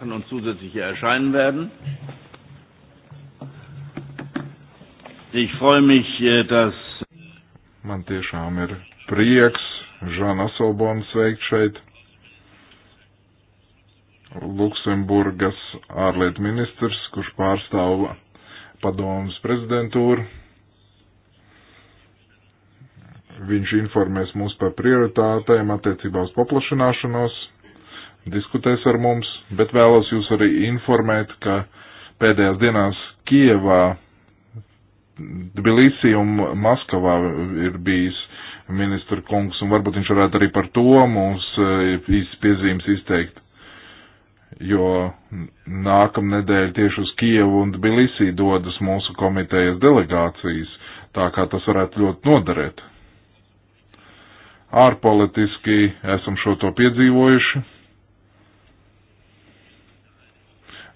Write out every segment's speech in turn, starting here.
und zusätzlich hier erscheinen werden. Ich freue mich, äh, dass. Man tiešām ir prieks Žana Sobonu sveikt šeit. Luksemburgas ārlietu ministrs, kurš pārstāv padomus prezidentūru. Viņš informēs mūs par prioritātēm attiecībā uz paplašanāšanos diskutēs ar mums, bet vēlos jūs arī informēt, ka pēdējās dienās Kievā, Tbilisī un Maskavā ir bijis ministra kungs, un varbūt viņš varētu arī par to mums eh, īsts piezīmes izteikt, jo nākamnedēļ tieši uz Kievu un Tbilisī dodas mūsu komitejas delegācijas, tā kā tas varētu ļoti noderēt. Ārpolitiski esam šo to piedzīvojuši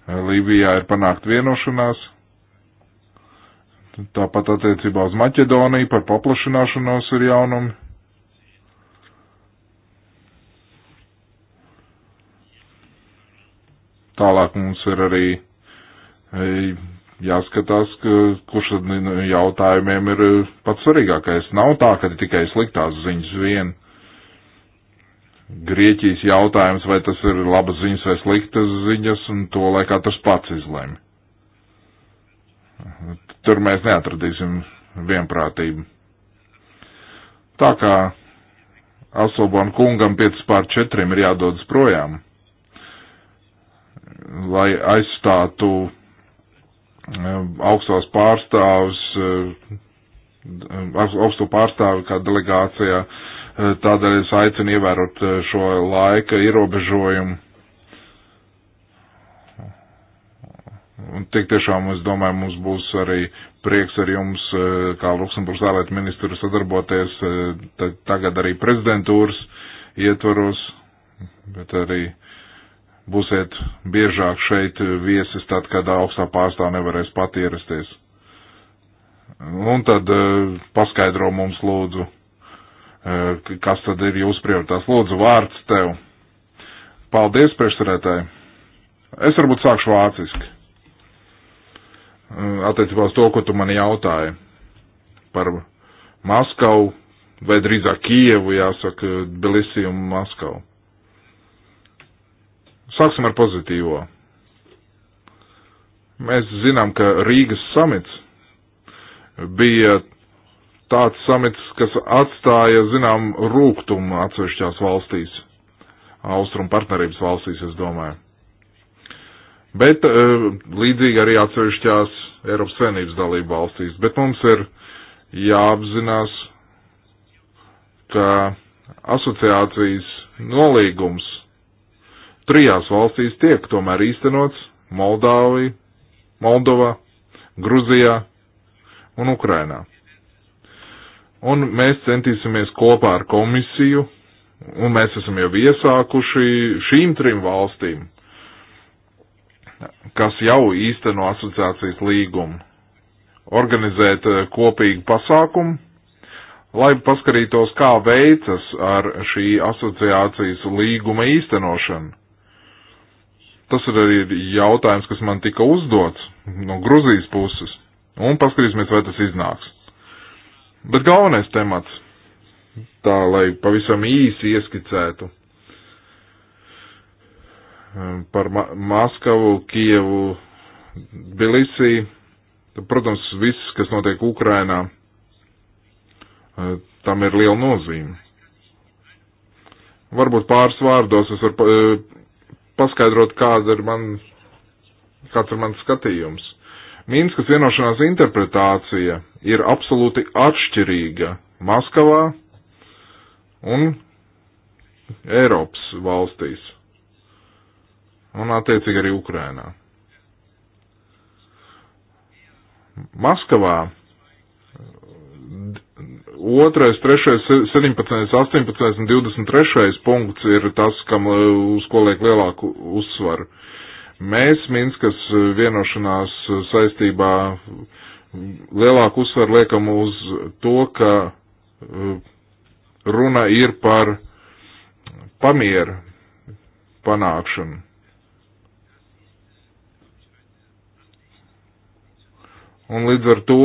Lībijā ir panākt vienošanās, tāpat attiecībā uz Maķedoniju par paplašināšanos ir jaunumi. Tālāk mums ir arī jāskatās, ka, kurš tad jautājumiem ir pats svarīgākais. Nav tā, ka tikai sliktās ziņas vien. Grieķijas jautājums, vai tas ir labas ziņas vai sliktas ziņas, un to lai katrs pats izlēma. Tur mēs neatradīsim vienprātību. Tā kā Asobam kungam 5 pār 4 ir jādodas projām, lai aizstātu eh, augstās pārstāvus, eh, augstu pārstāvi kā delegācijā uh, Eh, tādēļ es aicinu ievērot eh, šo laika ierobežojumu. Un tik tiešām, es domāju, mums būs arī prieks ar jums, eh, kā Luksemburgas ārlietu ministru, sadarboties tagad arī prezidentūras ietvaros, bet arī būsiet biežāk šeit viesis tad, kad augstā pārstāv nevarēs pat ierasties. Un tad paskaidro mums lūdzu Eh, kas tad ir jūsu prioritāts. Lūdzu, vārds tev. Paldies, priekšsarētāji. Es varbūt sākšu vāciski. Eh, attiecībā uz to, ko tu mani jautāji par Maskavu, vai drīzāk Kijevu, jāsaka, Belisi un Maskavu. Sāksim ar pozitīvo. Mēs zinām, ka Rīgas samits bija tāds samits, kas atstāja, zinām, rūgtumu atsevišķās valstīs, austrumu partnerības valstīs, es domāju. Bet eh, līdzīgi arī atsevišķās Eiropas Savienības dalību valstīs. Bet mums ir jāapzinās, ka asociācijas nolīgums trijās valstīs tiek tomēr īstenots - Moldāvi, Moldova, Gruzijā un Ukrainā. Un mēs centīsimies kopā ar komisiju, un mēs esam jau iesākuši šīm trim valstīm, kas jau īsteno asociācijas līgumu, organizēt eh, kopīgu pasākumu, lai paskarītos, kā veicas ar šī asociācijas līguma īstenošanu. Tas ir arī jautājums, kas man tika uzdots no Gruzijas puses, un paskatīsimies, vai tas iznāks. Bet galvenais temats, tā lai pavisam īsi ieskicētu um, par Ma Maskavu, Kievu, Bilisī, protams, viss, kas notiek Ukrainā, uh, tam ir liela nozīme. Varbūt pāris vārdos es varu uh, paskaidrot, kāda ir man, kāds ir mans skatījums. Minskas vienošanās interpretācija ir absolūti atšķirīga Maskavā un Eiropas valstīs, un attiecīgi arī Ukrainā. Maskavā 2, 3, 17, 18 un 23 punkts ir tas, kam, uz ko liek lielāku uzsvaru. Uh, Mēs Minskas vienošanās saistībā lielāku uzsvaru liekam uz to, ka eh, runa ir par pamieru panākšanu. Un līdz ar to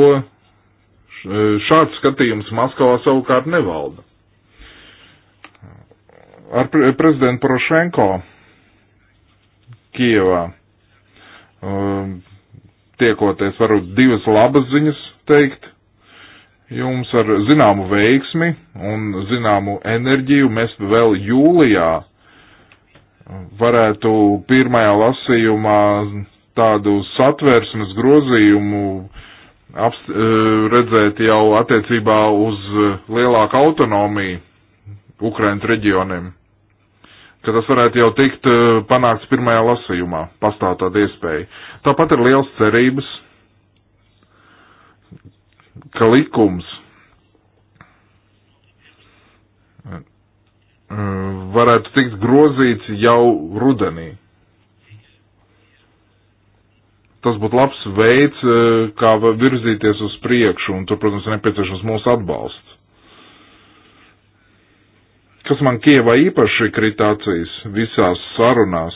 šāds skatījums Maskavā savukārt nevalda. Ar pre prezidentu Porošenko Kievā. Um, tiekoties varbūt divas labas ziņas teikt. Jums ar zināmu veiksmi un zināmu enerģiju mēs vēl jūlijā varētu pirmajā lasījumā tādu satversmes grozījumu apst, e, redzēt jau attiecībā uz e, lielāku autonomiju Ukrainas reģioniem ka tas varētu jau tikt eh, panākts pirmajā lasījumā. Pastāv tāda iespēja. Tāpat ir liels cerības, ka likums eh, varētu tikt grozīts jau rudenī. Tas būtu labs veids, eh, kā virzīties uz priekšu, un tur, protams, ir nepieciešams mūsu atbalsts kas man Kievā īpaši krit acīs visās sarunās.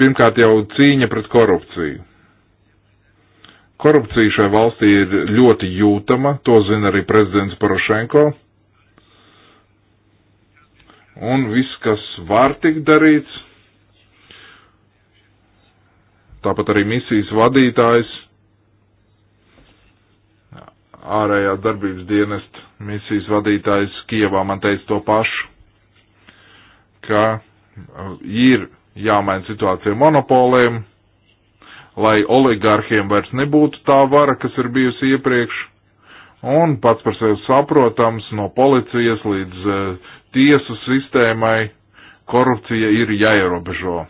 Pirmkārt jau cīņa pret korupciju. Korupcija šai valstī ir ļoti jūtama, to zina arī prezidents Porošenko. Un viss, kas var tikt darīts, tāpat arī misijas vadītājs ārējā darbības dienesta misijas vadītājs Kievā man teica to pašu, ka uh, ir jāmaina situācija monopoliem, lai oligarhiem vairs nebūtu tā vara, kas ir bijusi iepriekš, un pats par sevi saprotams no policijas līdz uh, tiesu sistēmai korupcija ir jāierobežo.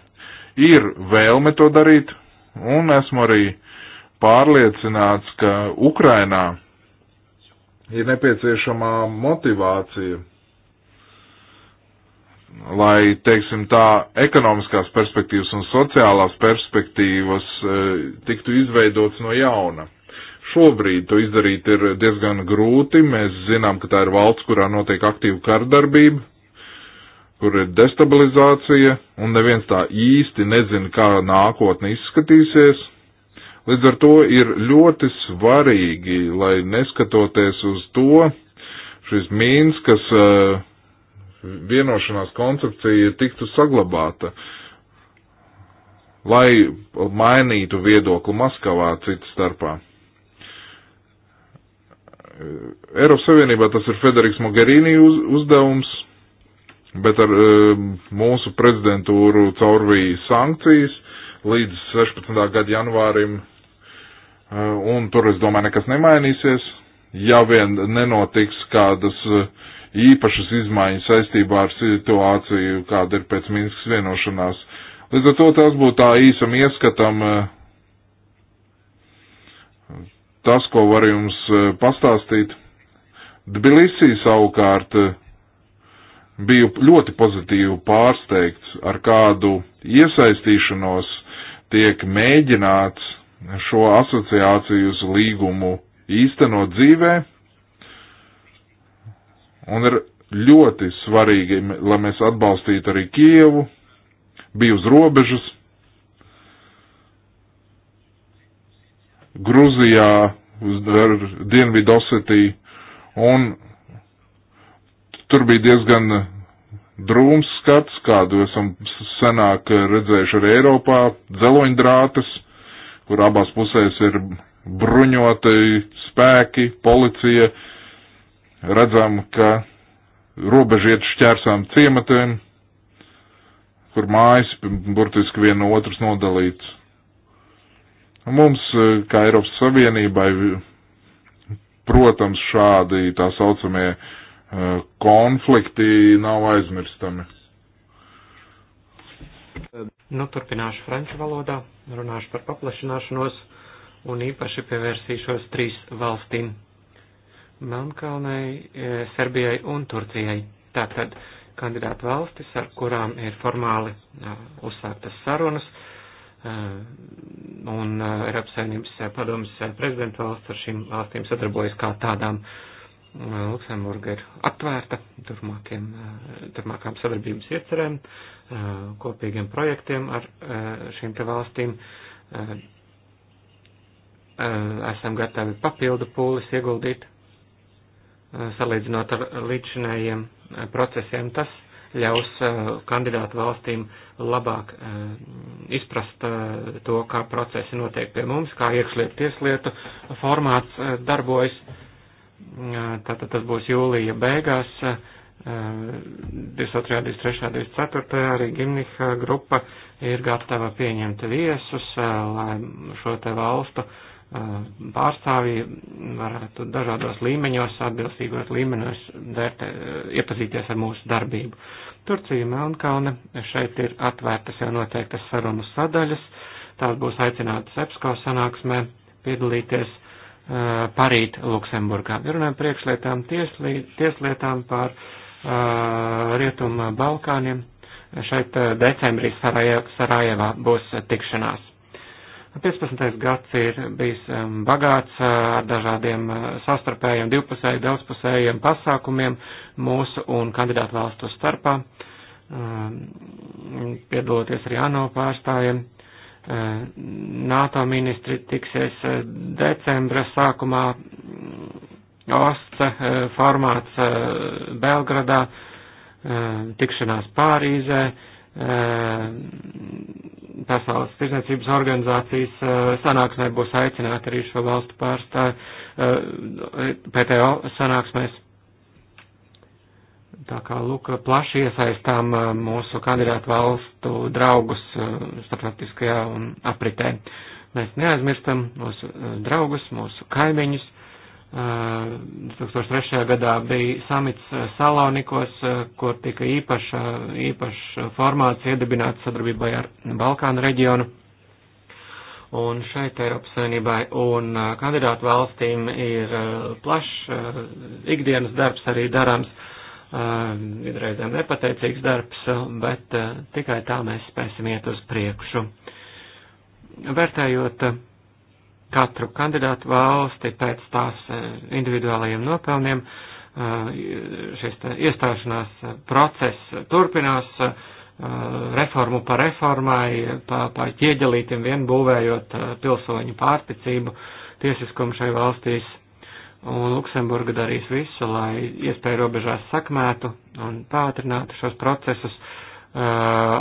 Ir vēlme to darīt, un esmu arī pārliecināts, ka Ukrainā ir nepieciešamā motivācija, lai, teiksim tā, ekonomiskās perspektīvas un sociālās perspektīvas e, tiktu izveidots no jauna. Šobrīd to izdarīt ir diezgan grūti. Mēs zinām, ka tā ir valsts, kurā notiek aktīva kardarbība, kur ir destabilizācija, un neviens tā īsti nezina, kā nākotne izskatīsies. Līdz ar to ir ļoti svarīgi, lai neskatoties uz to, šis Mīnskas eh, vienošanās koncepcija tiktu saglabāta, lai mainītu viedokli Maskavā citu starpā. Eh, Eiropas Savienībā tas ir Federiks Mogherini uz, uzdevums, bet ar um, mūsu prezidentūru caurvīja sankcijas līdz 16. gada janvārim Eh, un tur, es domāju, nekas nemainīsies, ja vien nenotiks kādas eh, īpašas izmaiņas saistībā ar situāciju, kāda ir pēc Minskas vienošanās. Līdz ar to tas būtu tā īsam ieskatam eh, tas, ko var jums pastāstīt. Tbilisī savukārt biju ļoti pozitīvi pārsteigts, ar kādu iesaistīšanos tiek mēģināts šo asociācijas līgumu īstenot dzīvē, un ir ļoti svarīgi, lai mēs atbalstītu arī Kievu, bija uz robežas. Gruzijā, Dienvidosetī, un tur bija diezgan drūms skats, kādu esam senāk redzējuši arī Eiropā, dzeloņdrātes, kur abās pusēs ir bruņoti spēki, policija. Redzam, ka robežiet šķērsām ciematiem, kur mājas burtiski viena otras nodalīts. Mums, kā Eiropas Savienībai, protams, šādi tā saucamie eh, konflikti nav aizmirstami. Nu, turpināšu franču valodā runāšu par paplašināšanos un īpaši pievērsīšos trīs valstīm - Melnkalnei, e, Serbijai un Turcijai. Tātad kandidātu valstis, ar kurām ir formāli e, uzsāktas sarunas, e, un Eiropas Savienības padomas prezidenta valsts ar šīm valstīm sadarbojas kā tādām. Luksemburga ir atvērta turmākiem, turmākām sadarbības iecerēm kopīgiem projektiem ar šīm te valstīm. Esam gatavi papildu pūles ieguldīt, salīdzinot ar līdzinējiem procesiem. Tas ļaus kandidātu valstīm labāk izprast to, kā procesi notiek pie mums, kā iekšlietu tieslietu formāts darbojas. Tātad tas būs jūlija beigās 22, 23, 24. arī Gimniha grupa ir gatava pieņemt viesus, eh, lai šo te valstu eh, pārstāvji varētu dažādos līmeņos, atbilstīgos līmeņos dērte, eh, iepazīties ar mūsu darbību. Turcija Melnkalne, šeit ir atvērtas jau noteiktas sarunas sadaļas, tās būs aicinātas EPSCO sanāksmē piedalīties parīt Luksemburgā. Runājam priekšlietām, tiesli, tieslietām par uh, Uh, Rietumu Balkāniem. Šeit uh, decembrī Sarajevā būs tikšanās. 15. gads ir bijis um, bagāts uh, ar dažādiem sastarpējiem, divpusēji, daudzpusējiem pasākumiem mūsu un kandidātu valstu starpā, um, piedaloties arī ANO pārstājiem. NATO ministri tiksies decembra sākumā osta eh, formāts eh, Belgradā, eh, tikšanās Pārīzē, Pasaules tirdzniecības organizācijas sanāksmē būs aicināti arī šo valstu pārstāvi PTO sanāksmēs. Tā kā, lūk, plaši iesaistām mūsu kandidātu valstu draugus starptautiskajā apritē. Mēs neaizmirstam mūsu draugus, mūsu kaimiņus, 2003. Eh, gadā bija samits eh, Salonikos, eh, kur tika īpaša, īpaša formāts iedibināts sadarbībai ar Balkānu reģionu. Un šeit Eiropas Savienībai un kandidātu valstīm ir plašs ikdienas darbs arī darāms, reizēm nepateicīgs darbs, bet tikai tā mēs spēsim iet uz priekšu. Vērtējot katru kandidātu valsti pēc tās eh, individuālajiem nopelniem. Eh, šis iestāšanās process turpinās eh, reformu pa reformai, pa, pa ķieģelītiem vien būvējot pilsoņu pārticību, tiesiskumu šai valstīs. Un Luksemburga darīs visu, lai iespēju robežās sakmētu un pātrinātu šos procesus,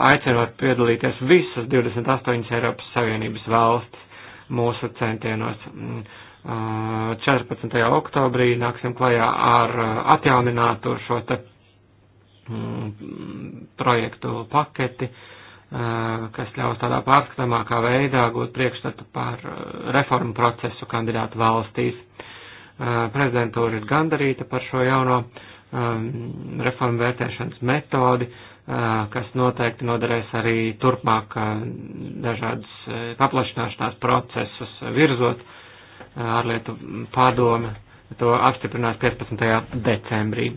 aicinot piedalīties visas 28 Eiropas Savienības valstis mūsu centienos. 14. Mm, oktobrī nāksim klajā ar atjauninātu šo te mm, projektu paketi, kas ļaus tādā pārskatāmākā veidā gūt priekšstatu par reformu procesu kandidātu valstīs. Prezidentūra ir gandarīta par šo jauno reformu vērtēšanas metodi, kas noteikti noderēs arī turpmāk dažādas paplašināšanās procesus virzot. Ārlietu padome to apstiprinās 15. decembrī.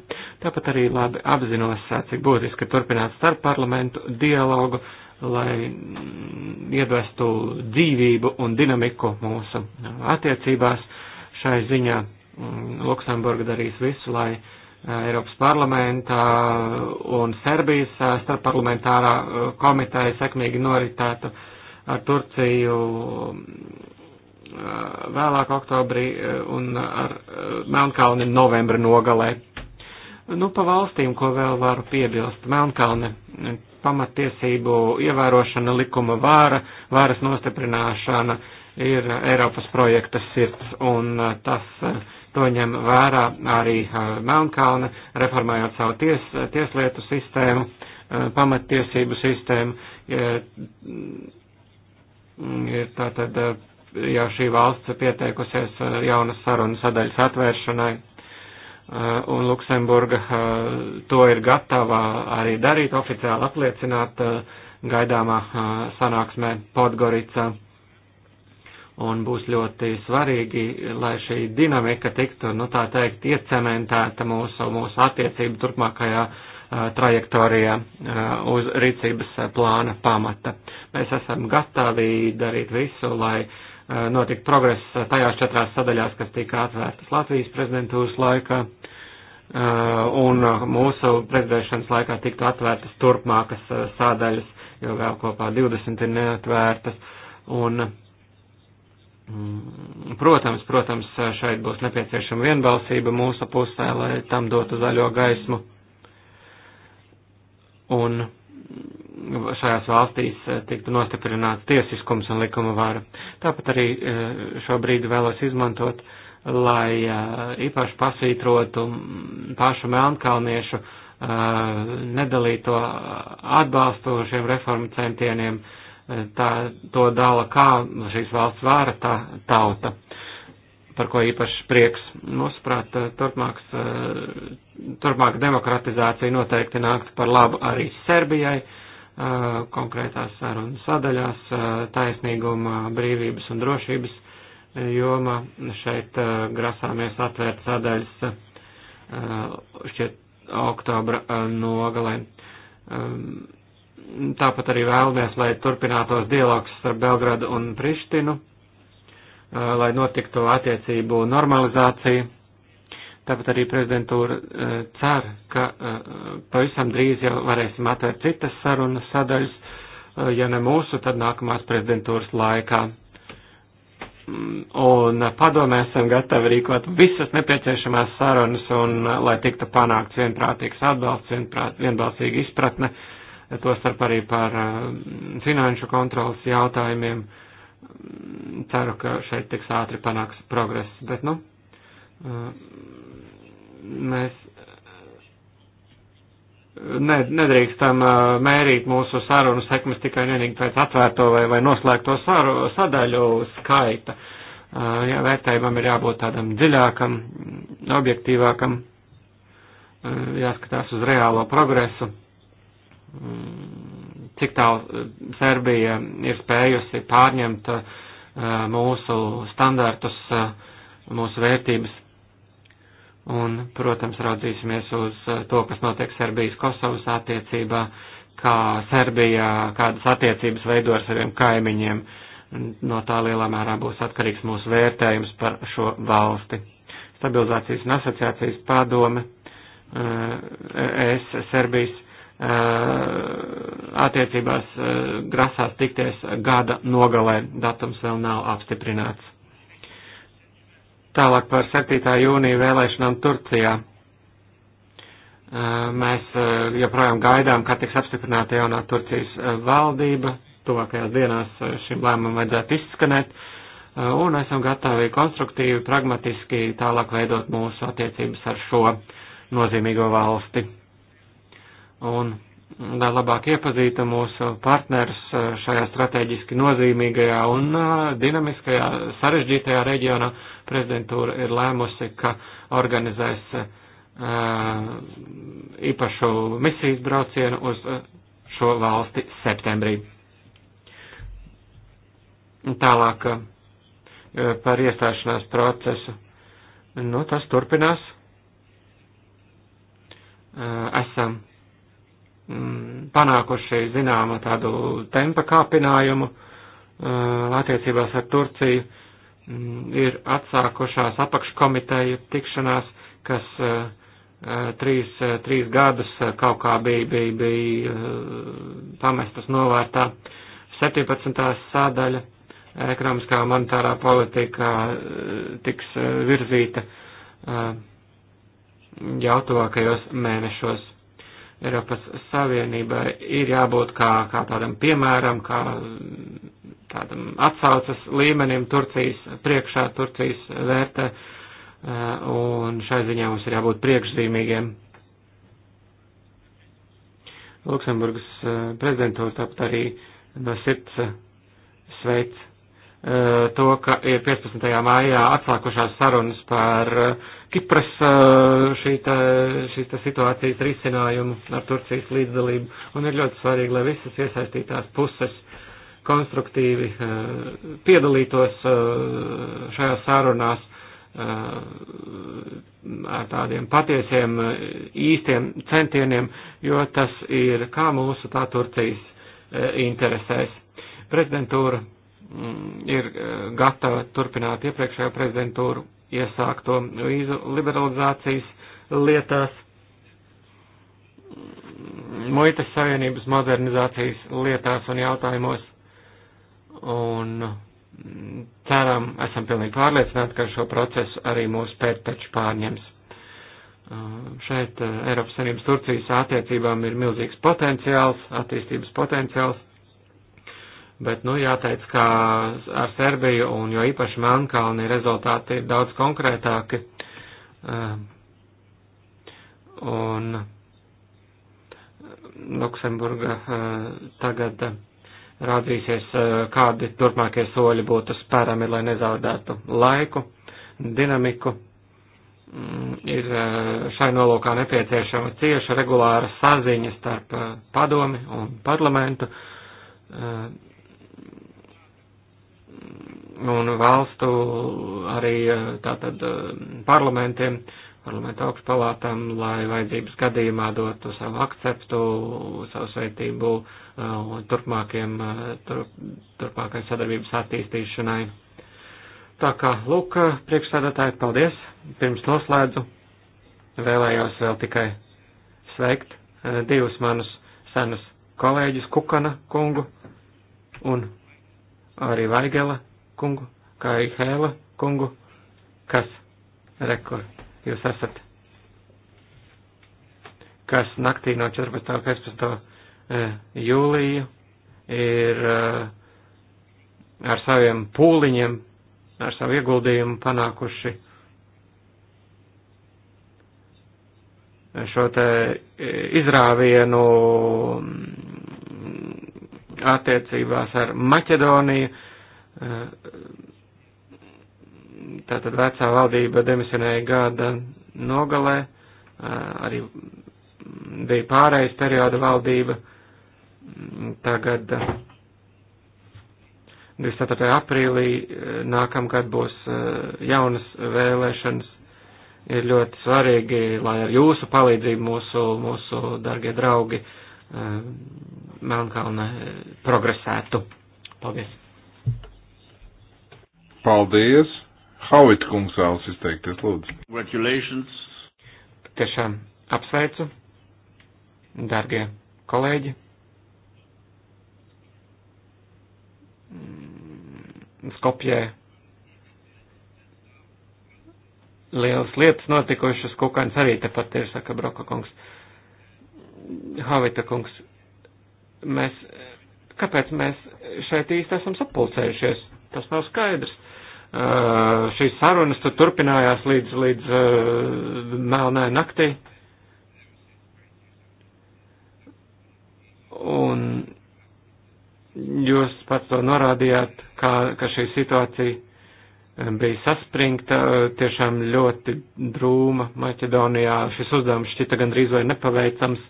Tāpat arī labi apzinos, cik būtiski turpināt starp parlamentu dialogu, lai mm, ievestu dzīvību un dinamiku mūsu attiecībās. Šai ziņā mm, Luksemburga darīs visu, lai uh, Eh, Eiropas parlamenta eh, un Serbijas eh, starpparlamentārā komiteja sekmīgi noritētu ar Turciju vēlāk oktobrī un ar Melnkalni novembra nogalē. Nu, pa valstīm, ko vēl varu piebilst, Melnkalne pamatiesību ievērošana, likuma vāra, vāras nostiprināšana ir Eiropas projekta sirds un tas To ņem vērā arī Melnkalne, reformējot savu ties, tieslietu sistēmu, pamattiesību sistēmu. Ir mm, tātad jau šī valsts pieteikusies jaunas sarunas sadaļas atvēršanai, un Luksemburga to ir gatava arī darīt, oficiāli apliecināt gaidāmā sanāksmē Podgoricā un būs ļoti svarīgi, lai šī dinamika tiktu, nu tā teikt, iecementēta mūsu, mūsu attiecību turpmākajā uh, trajektorijā uh, uz rīcības plāna pamata. Mēs esam gatavi darīt visu, lai uh, notiktu progress tajās četrās sadaļās, kas tika atvērtas Latvijas prezidentūras laikā, un mūsu prezidēšanas laikā tiktu atvērtas turpmākas sadaļas, jo vēl kopā 20 ir neatvērtas. Un Mm, protams, protams, šeit būs nepieciešama vienbalsība mūsu pusē, lai tam dotu zaļo gaismu. Un šajās valstīs eh, tiktu nostiprināts tiesiskums un likuma vara. Tāpat arī eh, šobrīd vēlos izmantot, lai eh, īpaši pasvītrotu mm, pašu melnkalniešu nedalīto atbalstu šiem reformu centieniem Eh, tā, to dala kā šīs valsts vāra tā tauta, par ko īpaši prieks. Mūsuprāt, eh, turpmāks, eh, turpmāk demokratizācija noteikti nāktu par labu arī Serbijai, konkrētās sarunas sadaļās, taisnīguma, brīvības un drošības joma. Šeit grasāmies atvērt sadaļas šķiet oktobra nogalē. Um, Tāpat arī vēlamies, lai turpinātos dialogs ar Belgradu un Prištinu, lai notiktu attiecību normalizācija. Tāpat arī prezidentūra cer, ka pavisam drīz jau varēsim atvērt citas sarunas sadaļas, ja ne mūsu, tad nākamās prezidentūras laikā. Un padomē esam gatavi rīkot visas nepieciešamās sarunas un lai tiktu panākts vienprātīgs atbalsts, vienprāt, vienbalsīga izpratne. Uh, tostarp arī par eh, finanšu kontrolas jautājumiem. Ceru, ka šeit tiks ātri panāks progress, bet, nu, eh, mēs eh, nedrīkstam mērīt mūsu sarunu sekmes tikai vienīgi pēc atvērto vai, vai noslēgto saru, sadaļu skaita. Jā, vērtējumam ir jābūt tādam dziļākam, objektīvākam, jāskatās uz reālo progresu Mm, cik tālu eh, Serbija ir spējusi pārņemt eh, mūsu standartus, eh, mūsu vērtības. Un, protams, raudzīsimies uz to, kas notiek Serbijas-Kosovas attiecībā, kā Serbija, kādas attiecības veido ar saviem kaimiņiem. No tā lielā mērā būs atkarīgs mūsu vērtējums par šo valsti. Stabilizācijas un asociācijas padome, es e Serbijas Eh, attiecībās eh, grasās tikties gada nogalē. Datums vēl nav apstiprināts. Tālāk par 7. jūniju vēlēšanām Turcijā. Eh, mēs joprojām gaidām, kad tiks apstiprināta jaunā Turcijas valdība. Tuvākajās dienās šim lēmumam vajadzētu izskanēt. Un esam gatavi konstruktīvi, pragmatiski tālāk veidot mūsu attiecības ar šo nozīmīgo valsti un lai labāk iepazītu mūsu partners e, šajā strateģiski nozīmīgajā un e, dinamiskajā sarežģītajā reģionā, prezidentūra ir lēmusi, ka organizēs e, īpašu misijas braucienu uz šo valsti septembrī. Tālāk par iestāšanās procesu. Nu, tas turpinās. Esam Mm, panākuši zināmu tādu tempa kāpinājumu eh, attiecībās ar Turciju. Mm, ir atsākušās apakškomiteja tikšanās, kas eh, eh, trīs, trīs gadus kaut kā bija, bija, bija pamestas novārtā. 17. sādaļa ekonomiskā monetārā politika tiks virzīta jau tuvākajos mēnešos Eiropas Savienībai ir jābūt kā, kā tādam piemēram, kā tādam atsaucas līmenim Turcijas priekšā, Turcijas vērtē, eh, un šai ziņā mums ir jābūt priekšzīmīgiem. Luksemburgas eh, prezidentūra tāpat arī no sirds eh, sveic to, ka ir 15. mājā atsākušās sarunas par Kipras šī, tā, šī tā situācijas risinājumu ar Turcijas līdzdalību. Un ir ļoti svarīgi, lai visas iesaistītās puses konstruktīvi piedalītos šajās sārunās ar tādiem patiesiem, īstiem centieniem, jo tas ir kā mūsu, tā Turcijas interesēs. Prezidentūra mm, ir gatava turpināt iepriekšējo prezidentūru iesākto vīzu liberalizācijas lietās, muitas savienības modernizācijas lietās un jautājumos. Un ceram, esam pilnīgi pārliecināti, ka šo procesu arī mūsu pēcteči pārņems. Uh, šeit uh, Eiropas Savienības Turcijas attiecībām ir milzīgs potenciāls, attīstības potenciāls bet, nu, jāteic, ka ar Serbiju un jo īpaši Mankalni rezultāti ir daudz konkrētāki. Ehm, un Luksemburga eh, tagad rādīsies, eh, kādi turpmākie soļi būtu spērami, lai nezaudētu laiku, dinamiku. Mm, ir eh, šai nolūkā nepieciešama cieša regulāra saziņa starp padomi un parlamentu ehm, un valstu arī eh, tātad eh, parlamentiem, parlamentu augstpalātām, lai vajadzības gadījumā dotu savu akceptu, savu sveitību eh, un turpmākiem, tur, turpmākai sadarbības attīstīšanai. Tā kā, lūk, priekšsēdētāji, paldies. Pirms noslēdzu, vēlējos vēl tikai sveikt divus manus senus kolēģus Kukana kungu un arī Vaigela kungu, kā arī Hēla kungu, kas, rekur, jūs esat, kas naktī no 14. un 15. jūlija ir e, ar saviem pūliņiem, ar savu ieguldījumu panākuši e, šo te e, izrāvienu attiecībās ar Maķedoniju, Tātad vecā valdība demisionēja gada nogalē, arī bija pārējais perioda valdība. Tagad 24. aprīlī nākamgad būs jaunas vēlēšanas. Ir ļoti svarīgi, lai ar jūsu palīdzību mūsu, mūsu dargie draugi Melnkalne progresētu. Paldies! Paldies! Hauit kungs vēlas izteikties, lūdzu. Congratulations! Tiešām apsveicu, dārgie kolēģi! Mm, Skopjē lielas lietas notikušas, kukans arī tepat ir, saka Broka kungs. Havita kungs, mēs, kāpēc mēs šeit īsti esam sapulcējušies? Tas nav skaidrs. Eh, šīs sarunas tur turpinājās līdz, līdz uh, eh, melnai naktī. Un jūs pats to norādījāt, kā, ka šī situācija eh, bija saspringta, tiešām ļoti drūma Maķedonijā. Šis uzdevums šķita gandrīz vai nepaveicams.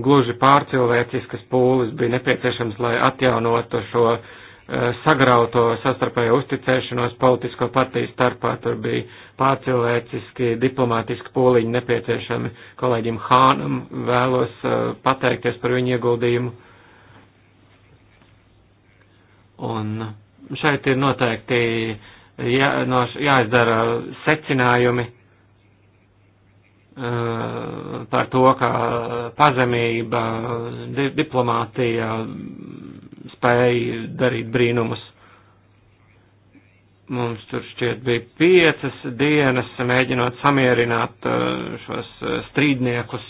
Gluži pārcilvēciskas pūles bija nepieciešams, lai atjaunotu šo uh, sagrauto sastarpējo uzticēšanos politisko partiju starpā. Tur bija pārcilvēciski, diplomātiski poliņi nepieciešami kolēģim Hānam. Vēlos uh, pateikties par viņu ieguldījumu. Un šeit ir noteikti jā, no, jāizdara secinājumi uh, par to, ka pazemība, diplomātija, spēja darīt brīnumus. Mums tur šķiet bija piecas dienas, mēģinot samierināt uh, šos uh, strīdniekus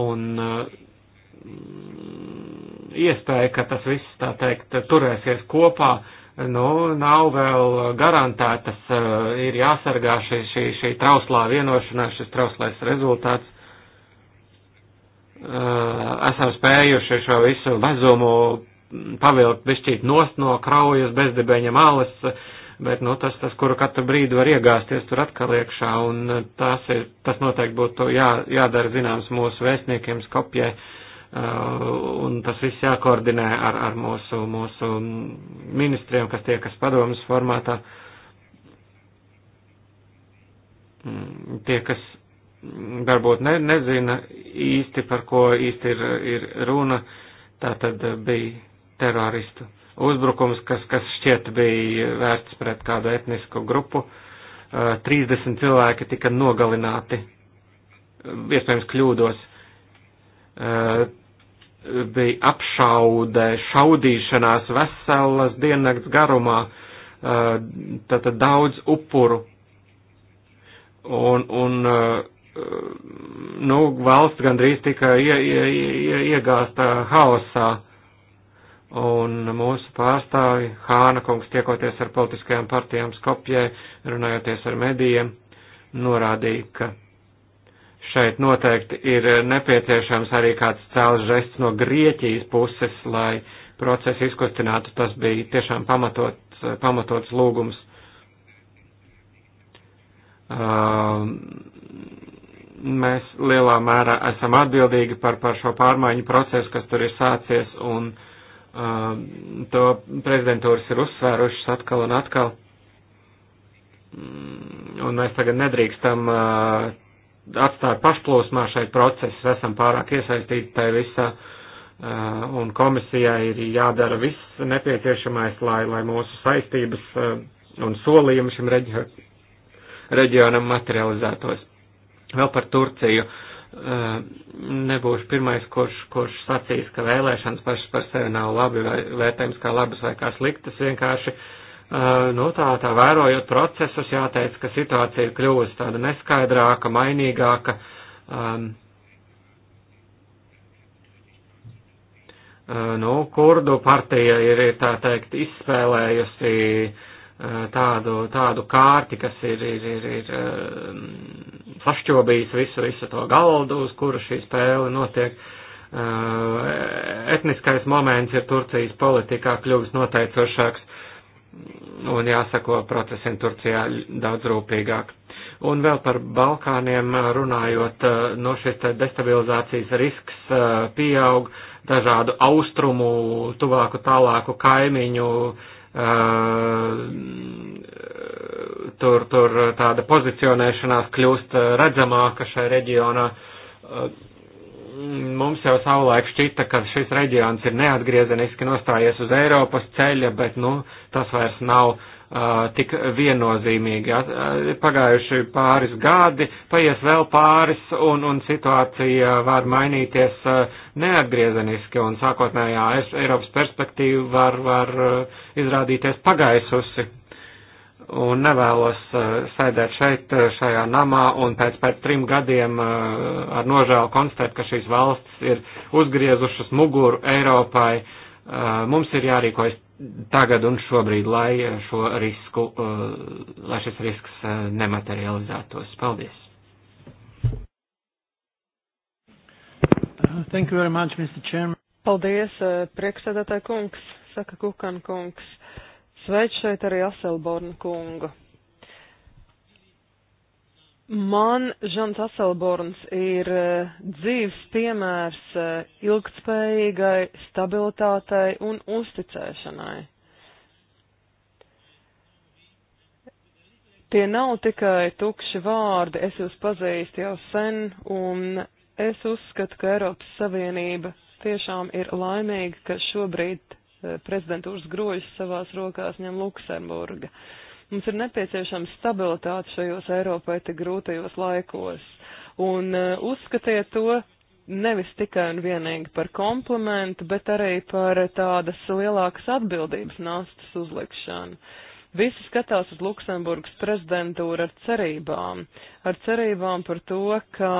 un uh, iespēja, ka tas viss, tā teikt, turēsies kopā, nu, nav vēl garantētas, ir jāsargā šī, šī, šī trauslā vienošanās, šis trauslais rezultāts. Esam spējuši šo visu vezumu pavilkt bešķīt nost no kraujas bezdebeņa malas, bet, nu, tas, tas, kuru katru brīdi var iegāzties tur atkal iekšā, un eh, tas ir, tas noteikti būtu jā, jādara zināms mūsu vēstniekiem Skopjē, eh, un tas viss jākoordinē ar, ar mūsu, mūsu ministriem, kas tiekas padomas formātā. Mm, tie, kas varbūt ne, nezina īsti, par ko īsti ir, ir runa, tā tad eh, bija teroristu uzbrukums, kas, kas šķiet bija vērts pret kādu etnisku grupu. 30 eh, cilvēki tika nogalināti, iespējams kļūdos. Eh, bija apšaude, šaudīšanās veselas diennakts garumā, tātad eh, daudz upuru. Un, un nu, valsts gandrīz tika ie, ie, ie, iegāsta haosā. Uh, un mūsu pārstāvi Hāna kungs tiekoties ar politiskajām partijām Skopjē, runājoties ar medijiem, norādīja, ka šeit noteikti ir nepieciešams arī kāds cēls žests no Grieķijas puses, lai procesu izkustinātu. Tas bija tiešām pamatots, pamatots lūgums. Um, mēs lielā mērā esam atbildīgi par, par šo pārmaiņu procesu, kas tur ir sācies, un to prezidentūras ir uzsvērušas atkal un atkal. Mm, un mēs tagad nedrīkstam atstāt pašplūsmā šai procesu, esam pārāk iesaistīti tajā visā, un komisijai ir jādara viss nepieciešamais, lai, lai mūsu saistības un solījumi šim reģionam materializētos. Vēl par Turciju. Uh, Eh, nebūšu pirmais, kurš, kurš sacīs, ka vēlēšanas pašas par sevi nav labi vai vērtējums kā labas vai kā sliktas. Vienkārši, eh, nu tā, tā vērojot procesus, jāteic, ka situācija ir kļuvusi tāda neskaidrāka, mainīgāka. Um, nu, kurdu partija ir, ir tā teikt izspēlējusi tādu, tādu kārti, kas ir, ir, ir, ir um, sašķobījis visu, visu to galdu, uz kura šī spēle notiek. Eh, etniskais moments ir Turcijas politikā kļuvis noteicošāks un jāsako procesiem Turcijā daudz rūpīgāk. Un vēl par Balkāniem runājot, eh, no šis destabilizācijas risks eh, pieaug dažādu austrumu, tuvāku, tālāku kaimiņu uh, tur, tur tāda pozicionēšanās kļūst redzamāka šai reģionā. Mums jau savulaik šķita, ka šis reģions ir neatgriezeniski nostājies uz Eiropas ceļa, bet, nu, tas vairs nav uh, tik viennozīmīgi. Pagājuši pāris gadi, paies vēl pāris, un, un situācija var mainīties neatgriezeniski, un sākotnējā Eiropas perspektīva var, var izrādīties pagaisusi. Un nevēlos sēdēt šeit, šajā namā, un pēc, pēc trim gadiem ar nožēlu konstatēt, ka šīs valsts ir uzgriezušas muguru Eiropai. Mums ir jārīkojas tagad un šobrīd, lai, šo risku, eh, lai šis risks eh, nematerializētos. Paldies! Thank you very much, Mr. Chairman. Paldies, eh, priekšsēdētāja kungs, saka Kukan kungs. Sveic šeit arī Aselborna kungu. Man Žants Aselborns ir e, dzīves piemērs e, ilgtspējīgai stabilitātei un uzticēšanai. Tie nav tikai tukši vārdi, es jūs pazīstu jau sen, un es uzskatu, ka Eiropas Savienība tiešām ir laimīga, ka šobrīd e, prezidentūras grožus savās rokās ņem Luksemburga. Uh, Mums ir nepieciešama stabilitāte šajos Eiropai tik grūtajos laikos. Un eh, uzskatiet to nevis tikai un vienīgi par komplementu, bet arī par tādas lielākas atbildības nastas uzlikšanu. Visi skatās uz Luksemburgas prezidentūru ar cerībām, ar cerībām par to, ka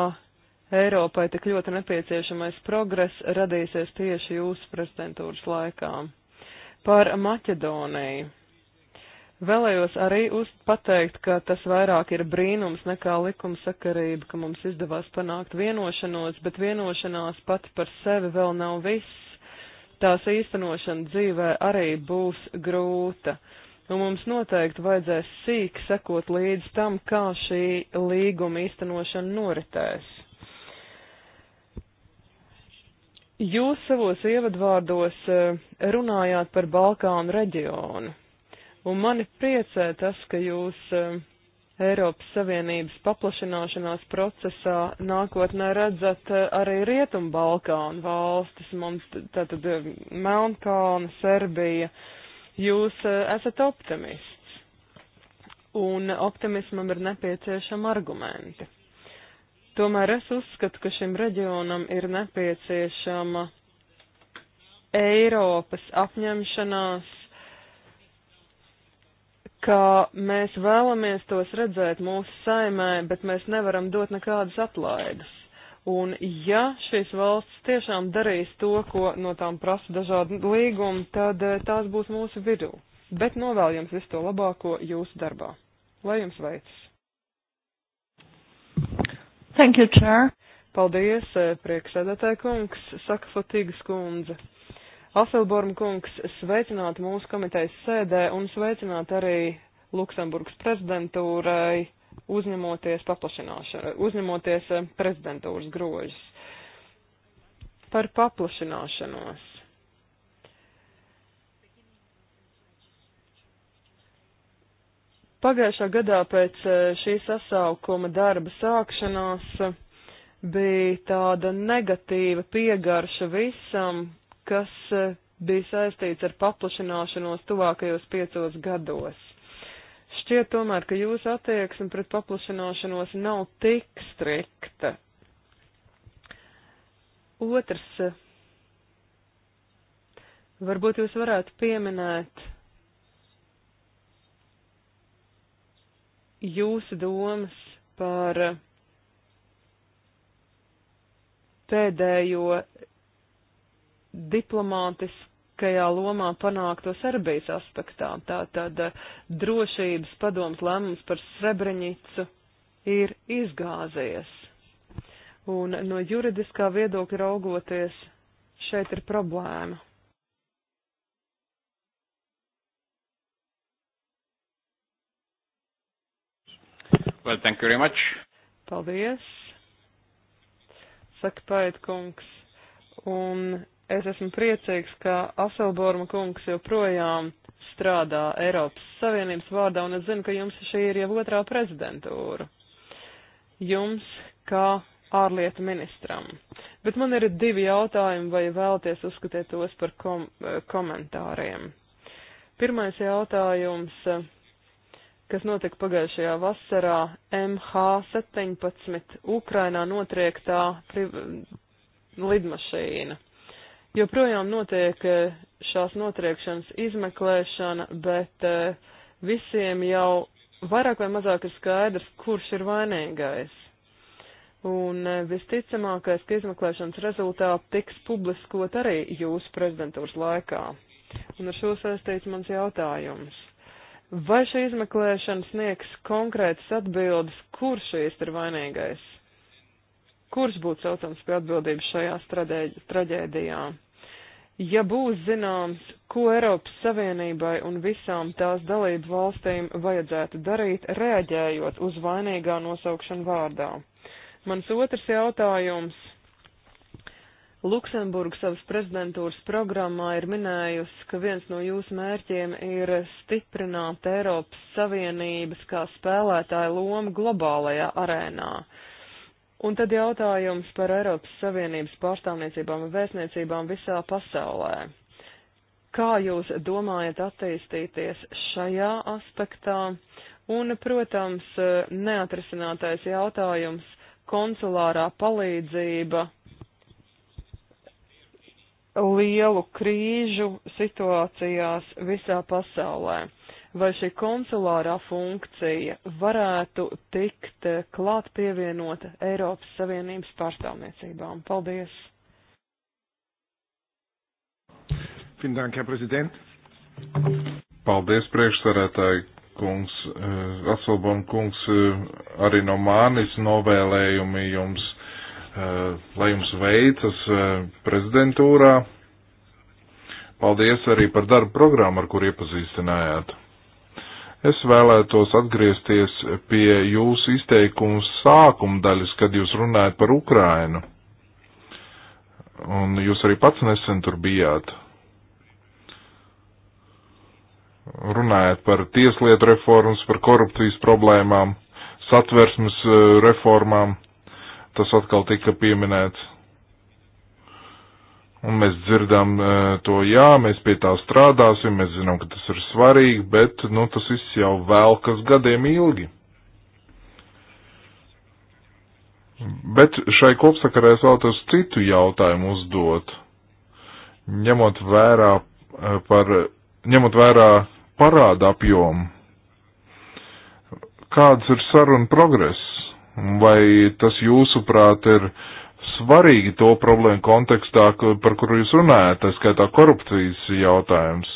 Eiropai tik ļoti nepieciešamais progress radīsies tieši jūsu prezidentūras laikā. Par Maķedoniju. Vēlējos arī pateikt, ka tas vairāk ir brīnums nekā likumsakarība, ka mums izdevās panākt vienošanos, bet vienošanās pati par sevi vēl nav viss. Tās īstenošana dzīvē arī būs grūta. Un mums noteikti vajadzēs sīk sekot līdz tam, kā šī līguma īstenošana noritēs. Jūs savos ievadvārdos eh, runājāt par Balkānu reģionu Un mani priecē tas, ka jūs eh, Eiropas Savienības paplašināšanās procesā nākotnē redzat eh, arī Rietumbalkānu valstis, mums tātad eh, Melnkalna, Serbija. Jūs esat optimists, un optimismam ir nepieciešama argumenti. Tomēr es uzskatu, ka šim reģionam ir nepieciešama Eiropas apņemšanās ka mēs vēlamies tos redzēt mūsu saimē, bet mēs nevaram dot nekādas atlaides. Un ja šīs valsts tiešām darīs to, ko no tām prasa dažādi līgumi, tad eh, tās būs mūsu vidū. Bet novēl jums visu to labāko jūsu darbā. Lai jums veicas! Thank you, Chair. Paldies, eh, prieksēdētāja kungs, saka Fatīgas kundze. Afelborn kungs sveicināt mūsu komitejas sēdē un sveicināt arī Luksemburgas prezidentūrai uzņemoties paplašināšanu, uzņemoties eh, prezidentūras grožus. Par paplašināšanos. Pagājušā gadā pēc eh, šī sasaukuma darba sākšanās eh, bija tāda negatīva piegarša visam, kas e, bija saistīts ar paplašināšanos tuvākajos piecos gados. Šķiet tomēr, ka jūsu attieksme pret paplašināšanos nav tik strikta. Otrs, e, varbūt jūs varētu pieminēt jūsu domas par e, pēdējo diplomātiskajā lomā panākto Serbijas aspektā. Tātad eh, drošības padoms lēmums par Srebrenicu ir izgāzies. Un no juridiskā viedokļa raugoties, šeit ir problēma. Well, thank you very much. Paldies. Saka Paitkungs. Un es esmu priecīgs, ka Aselborma kungs joprojām strādā Eiropas Savienības vārdā, un es zinu, ka jums šī ir jau otrā prezidentūra. Jums kā ārlietu ministram. Bet man ir divi jautājumi, vai vēlties uzskatīt tos par kom eh, komentāriem. Pirmais jautājums, kas notika pagājušajā vasarā, MH17 Ukrainā notriektā lidmašīna. Joprojām notiek eh, šās notriekšanas izmeklēšana, bet eh, visiem jau vairāk vai mazāk ir skaidrs, kurš ir vainīgais. Un eh, visticamākais, ka izmeklēšanas rezultāti tiks publiskot arī jūsu prezidentūras laikā. Un ar šo saistīts mans jautājums. Vai šī izmeklēšana sniegs konkrētas atbildes, kurš šīs ir vainīgais? kurš būtu saucams pie atbildības šajā traģēdijā. Ja būs zināms, ko Eiropas Savienībai un visām tās dalību valstīm vajadzētu darīt, reaģējot uz vainīgā nosaukšanu vārdā. Mans otrs jautājums. Luksemburga savas prezidentūras programmā ir minējusi, ka viens no jūsu mērķiem ir stiprināt Eiropas Savienības kā spēlētāja lomu globālajā arēnā. Uh, Un tad jautājums par Eiropas Savienības pārstāvniecībām un vēstniecībām visā pasaulē. Kā jūs domājat attīstīties šajā aspektā? Un, protams, neatrisinātais jautājums - konsulārā palīdzība lielu krīžu situācijās visā pasaulē vai šī konsulārā funkcija varētu tikt eh, klāt pievienota Eiropas Savienības pārstāvniecībām. Paldies! Dank, Paldies, priekšsarētāji kungs, eh, Aselbom kungs, eh, arī no manis novēlējumi jums, lai jums veicas prezidentūrā. Paldies arī par darbu programmu, ar kur iepazīstinājāt. Es vēlētos atgriezties pie jūsu izteikumu sākuma daļas, kad jūs runājat par Ukrainu. Un jūs arī pats nesen tur bijāt. Runājat par tieslietu reformas, par korupcijas problēmām, satversmes eh, reformām. Tas atkal tika pieminēts un mēs dzirdam e, to, jā, mēs pie tā strādāsim, mēs zinām, ka tas ir svarīgi, bet, nu, tas viss jau vēl kas gadiem ilgi. Bet šai kopsakarē es vēlētos citu jautājumu uzdot, ņemot vērā e, par, ņemot vērā parāda apjomu. Kāds ir saruna progress? Vai tas jūsuprāt ir uh, svarīgi to problēmu kontekstā, par kuru jūs runājat, tā skaitā korupcijas jautājums.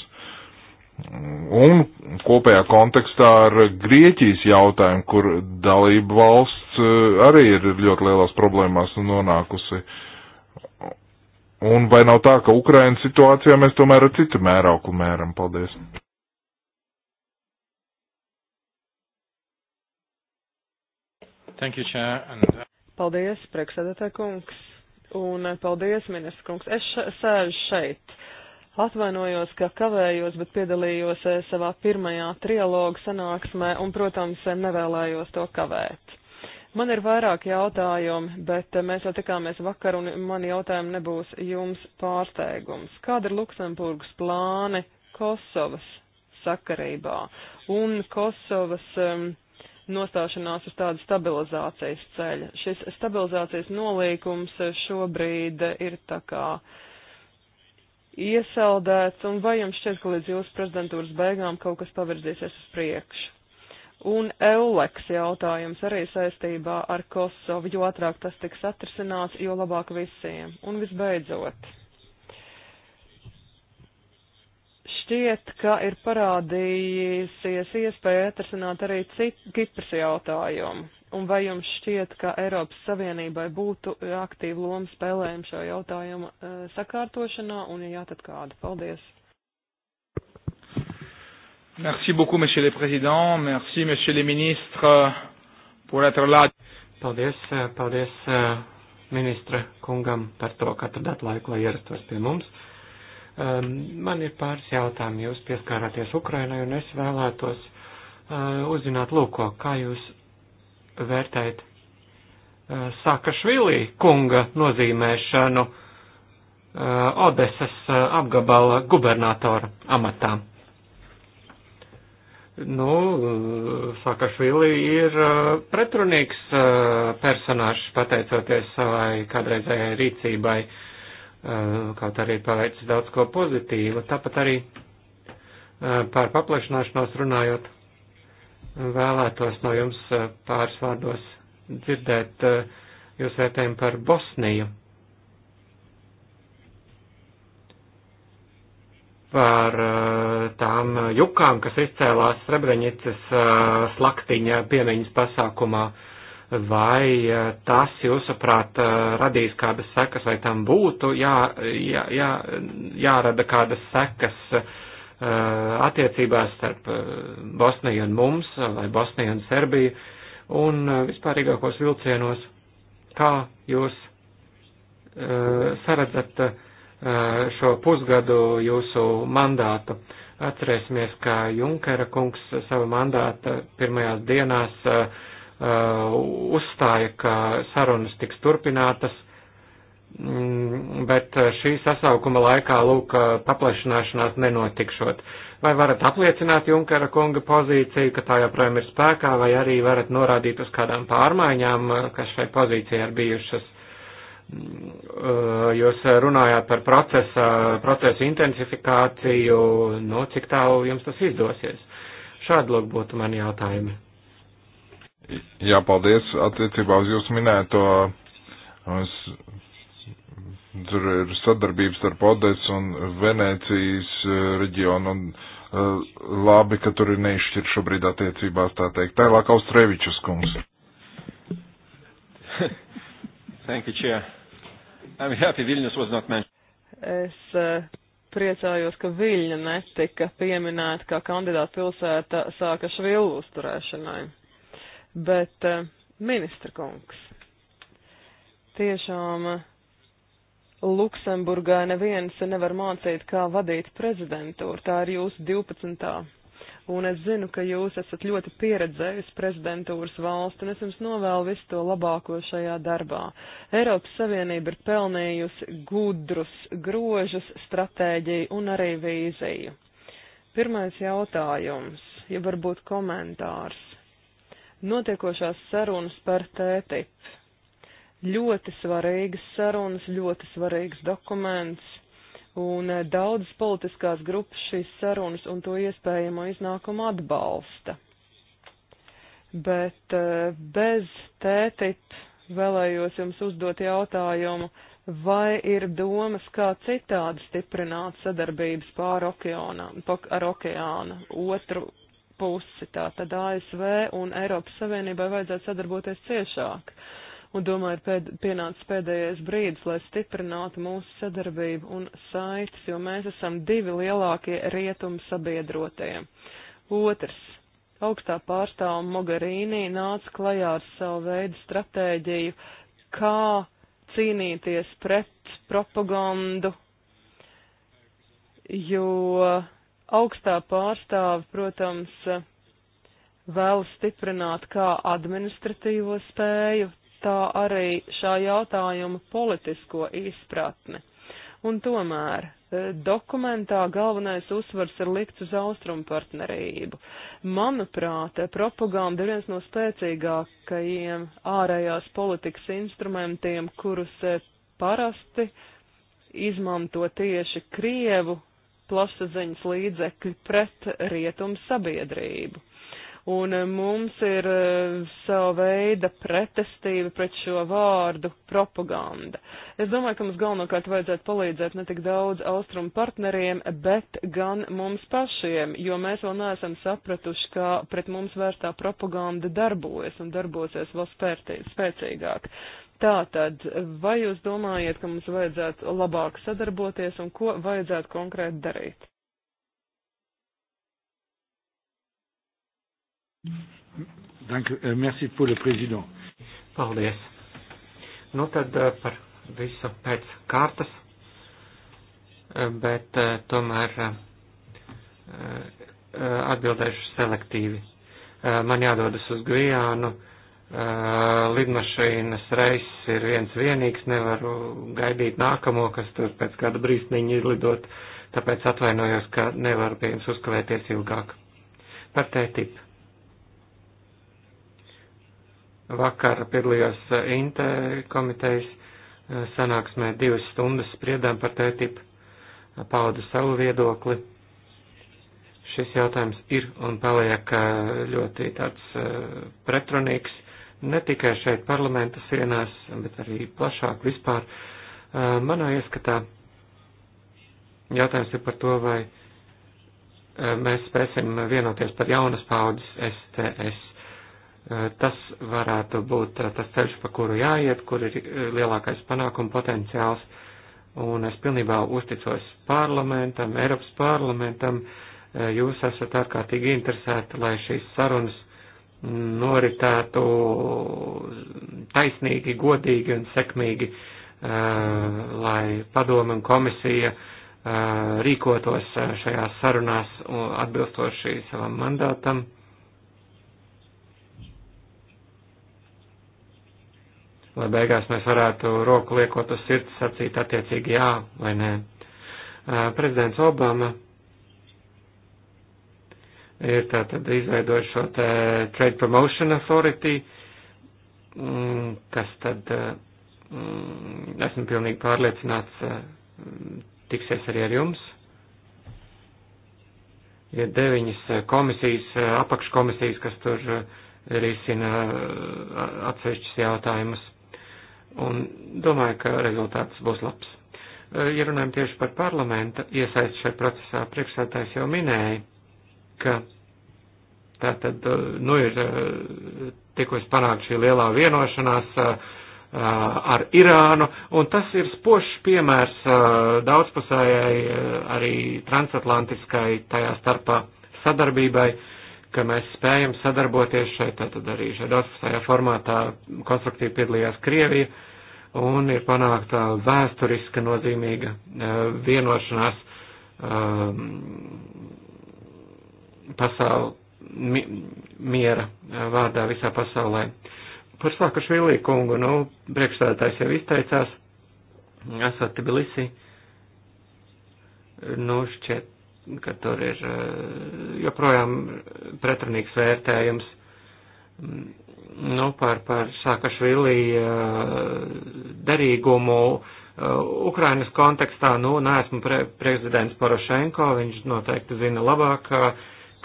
Un kopējā kontekstā ar Grieķijas jautājumu, kur dalība valsts eh, arī ir ļoti lielās problēmās nonākusi. Un vai nav tā, ka Ukrainas situācijā mēs tomēr ar citu mērauklu mēram? Paldies! Thank you, Chair. And, uh... Paldies, priekšsēdētā kungs, un eh, paldies, ministrs kungs. Es sēžu šeit. Atvainojos, ka kavējos, bet piedalījos eh, savā pirmajā trialogu sanāksmē un, protams, eh, nevēlējos to kavēt. Man ir vairāk jautājumu, bet mēs jau tikāmies vakar un mani jautājumi nebūs jums pārsteigums. Kāda ir Luksemburgas plāni Kosovas sakarībā? Un Kosovas um, nostāšanās uz tādu stabilizācijas ceļu. Šis stabilizācijas nolīkums šobrīd ir tā kā iesaldēts, un vai jums šķiet, ka līdz jūsu prezidentūras beigām kaut kas pavirzīsies uz priekšu? Un Euleks jautājums arī saistībā ar Kosovu, jo ātrāk tas tiks atrisināts, jo labāk visiem. Un visbeidzot. šķiet, ka ir parādījusies iespēja atrasināt arī Kipras jautājumu. Un vai jums šķiet, ka Eiropas Savienībai būtu aktīva loma spēlējuma šo jautājumu e, eh, sakārtošanā, un ja jā, tad kāda? Paldies! Merci beaucoup, monsieur le président. Merci, monsieur le ministre, pour être là. Paldies, eh, paldies eh, ministra kungam par to, ka atradāt laiku, lai ierastos pie mums. Um, man ir pāris jautājumi, jūs pieskārāties Ukrainai, un es vēlētos uh, uzzināt, lūko, kā jūs vērtējat uh, Sakašvilī kunga nozīmēšanu uh, Odesas apgabala gubernatora amatā. Nu, Sakašvili ir pretrunīgs personāžs pateicoties savai kādreizējai rīcībai. Uh, Eh, kaut arī ir paveicis daudz ko pozitīvu. Tāpat arī eh, par paplašināšanos runājot, vēlētos no jums eh, pāris vārdos dzirdēt jūs vērtējumu par Bosniju. Par tām jukām, kas izcēlās Srebrenicas slaktiņa piemiņas pasākumā. Uh, vai eh, tas, jūsuprāt, eh, radīs kādas sekas, vai tam būtu jā, jā, jā, jārada kādas sekas eh, attiecībās starp Bosniju un mums, vai Bosniju un Serbiju, un vispārīgākos vilcienos, kā jūs saredzat šo pusgadu jūsu mandātu. Atcerēsimies, ka Junkera kungs savu mandātu pirmajās dienās uh, Uh, uzstāja, ka sarunas tiks turpinātas, mm, bet uh, šī sasaukuma laikā, lūk, uh, paplašināšanās nenotikšot. Vai varat apliecināt Junkera kunga pozīciju, ka tā joprojām ir spēkā, vai arī varat norādīt uz kādām pārmaiņām, kas šai pozīcijai ir bijušas? Mm, jūs runājāt par procesa, procesu intensifikāciju, nu, cik tālu jums tas izdosies? Šādi lūk būtu mani jautājumi. Jā, paldies. Attiecībā uz jūsu minēto, es, tur ir sadarbības starp Odets un Venēcijas eh, reģionu, un eh, labi, ka tur ir neizšķir šobrīd attiecībās, tā teikt. Tālāk Austrevičus kungs. Thank you, Chair. I'm happy Vilnius was not mentioned. Es uh, priecājos, ka Viļņa netika pieminēta kā kandidāta pilsēta sāka švilu uzturēšanai. Bet, eh, ministra kungs, tiešām eh, Luksemburgā neviens nevar mācīt, kā vadīt prezidentūru. Tā ir jūsu 12. Un es zinu, ka jūs esat ļoti pieredzējusi prezidentūras valsts, un es jums novēlu visu to labāko šajā darbā. Eiropas Savienība ir pelnījusi gudrus, grožus, stratēģiju un arī vīziju. Pirmais jautājums, ja varbūt komentārs notiekošās sarunas par TTIP. Ļoti svarīgas sarunas, ļoti svarīgs dokuments, un eh, daudzas politiskās grupas šīs sarunas un to iespējamo iznākumu atbalsta. Bet eh, bez TTIP vēlējos jums uzdot jautājumu, vai ir domas, kā citādi stiprināt sadarbības pār okeāna, ar okeāna otru pusi. Tātad ASV un Eiropas Savienībai vajadzētu sadarboties ciešāk. Un domāju, pēd, pienācis pēdējais brīdis, lai stiprinātu mūsu sadarbību un saites, jo mēs esam divi lielākie rietumu sabiedrotie. Otrs augstā pārstāva Mogarīnī nāca klajā ar savu veidu stratēģiju, kā cīnīties pret propagandu, jo Augstā pārstāve, protams, vēlas stiprināt kā administratīvo spēju, tā arī šā jautājuma politisko izpratni. Un tomēr e, dokumentā galvenais uzsvars ir likts uz austrumu partnerību. Manuprāt, propaganda ir viens no spēcīgākajiem ārējās politikas instrumentiem, kurus e, parasti izmanto tieši Krievu plašsaziņas līdzekļi pret rietumu sabiedrību. Un eh, mums ir eh, sava veida pretestība pret šo vārdu propaganda. Es domāju, ka mums galvenokārt vajadzētu palīdzēt ne tik daudz austrumu partneriem, bet gan mums pašiem, jo mēs vēl neesam sapratuši, kā pret mums vērstā propaganda darbojas un darbosies vēl spērtī, spēcīgāk. Tātad, vai jūs domājat, ka mums vajadzētu labāk sadarboties un ko vajadzētu konkrēti darīt? Dank, eh, merci pour le président. Paldies. Nu tad eh, par visu pēc kārtas, eh, bet tomēr atbildēšu selektīvi. Man jādodas uz Gvijānu lidmašīnas reiss ir viens vienīgs, nevaru gaidīt nākamo, kas tur pēc kāda brīsniņa izlidot, tāpēc atvainojos, ka nevaru pie jums uzkavēties ilgāk. Par tētipu. Vakar piedalījos Inte komitejas sanāksmē divas stundas spriedām par tētipu, paudu savu viedokli. Šis jautājums ir un paliek ļoti tāds pretrunīgs ne tikai šeit parlamenta sienās, bet arī plašāk vispār. Manā ieskatā jautājums ir par to, vai mēs spēsim vienoties par jaunas paudzes STS. Tas varētu būt tas ceļš, pa kuru jāiet, kur ir lielākais panākuma potenciāls. Un es pilnībā uzticos parlamentam, Eiropas parlamentam. Jūs esat ārkārtīgi interesēti, lai šīs sarunas noritētu taisnīgi, godīgi un sekmīgi, lai padome un komisija rīkotos šajās sarunās atbilstoši savam mandātam. Lai beigās mēs varētu roku liekot uz sirds sacīt attiecīgi jā vai nē. Prezidents Obama ir tātad izveidojuši šo tā Trade Promotion Authority, mm, kas tad, mm, esmu pilnīgi pārliecināts, mm, tiksies arī ar jums. Ir deviņas komisijas, apakškomisijas, kas tur eh, risina atsevišķus jautājumus. Un domāju, ka rezultāts būs labs. Eh, ja runājam tieši par parlamenta iesaistu šajā procesā, priekšsētājs jau minēja, ka tā tad, uh, nu, ir uh, tikos panākt šī lielā vienošanās uh, ar Irānu, un tas ir spošs piemērs daudzpusējai arī transatlantiskai tajā starpā sadarbībai, ka mēs spējam sadarboties šeit, tātad arī šeit daudzpusējā formātā konstruktīvi piedalījās Krievija, un ir panākta vēsturiska nozīmīga vienošanās um, pasauli, mi, miera vārdā visā pasaulē. Par Sakašvili kungu, nu, priekšstādātājs jau izteicās, esot Tbilisi, nu, šķiet, ka tur ir eh, joprojām pretrunīgs vērtējums. Nu, par, par Sakašvili eh, derīgumu eh, Ukrainas kontekstā, nu, neesmu pre prezidents Porošenko, viņš noteikti zina labāk,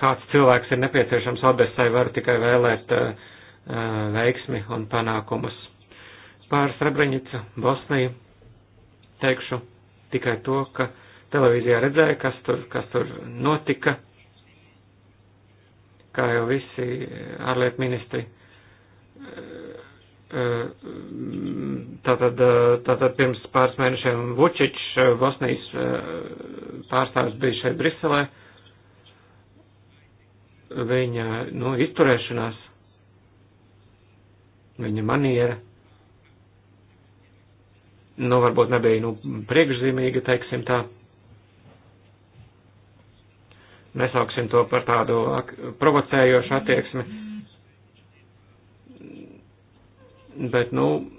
kāds cilvēks ir nepieciešams adresai, var tikai vēlēt uh, veiksmi un panākumus. Pār Srebrenica, Bosniju teikšu tikai to, ka televīzijā redzēju, kas tur, kas tur notika, kā jau visi eh, ārlietu ministri. Tātad, tātad pirms pāris mēnešiem Vučičs, Bosnijas pārstāvis, bija šeit Briselē viņa nu, izturēšanās, viņa maniera. Nu, varbūt nebija nu, priekšzīmīga, teiksim tā. Nesauksim to par tādu provocējošu attieksmi. Bet, nu,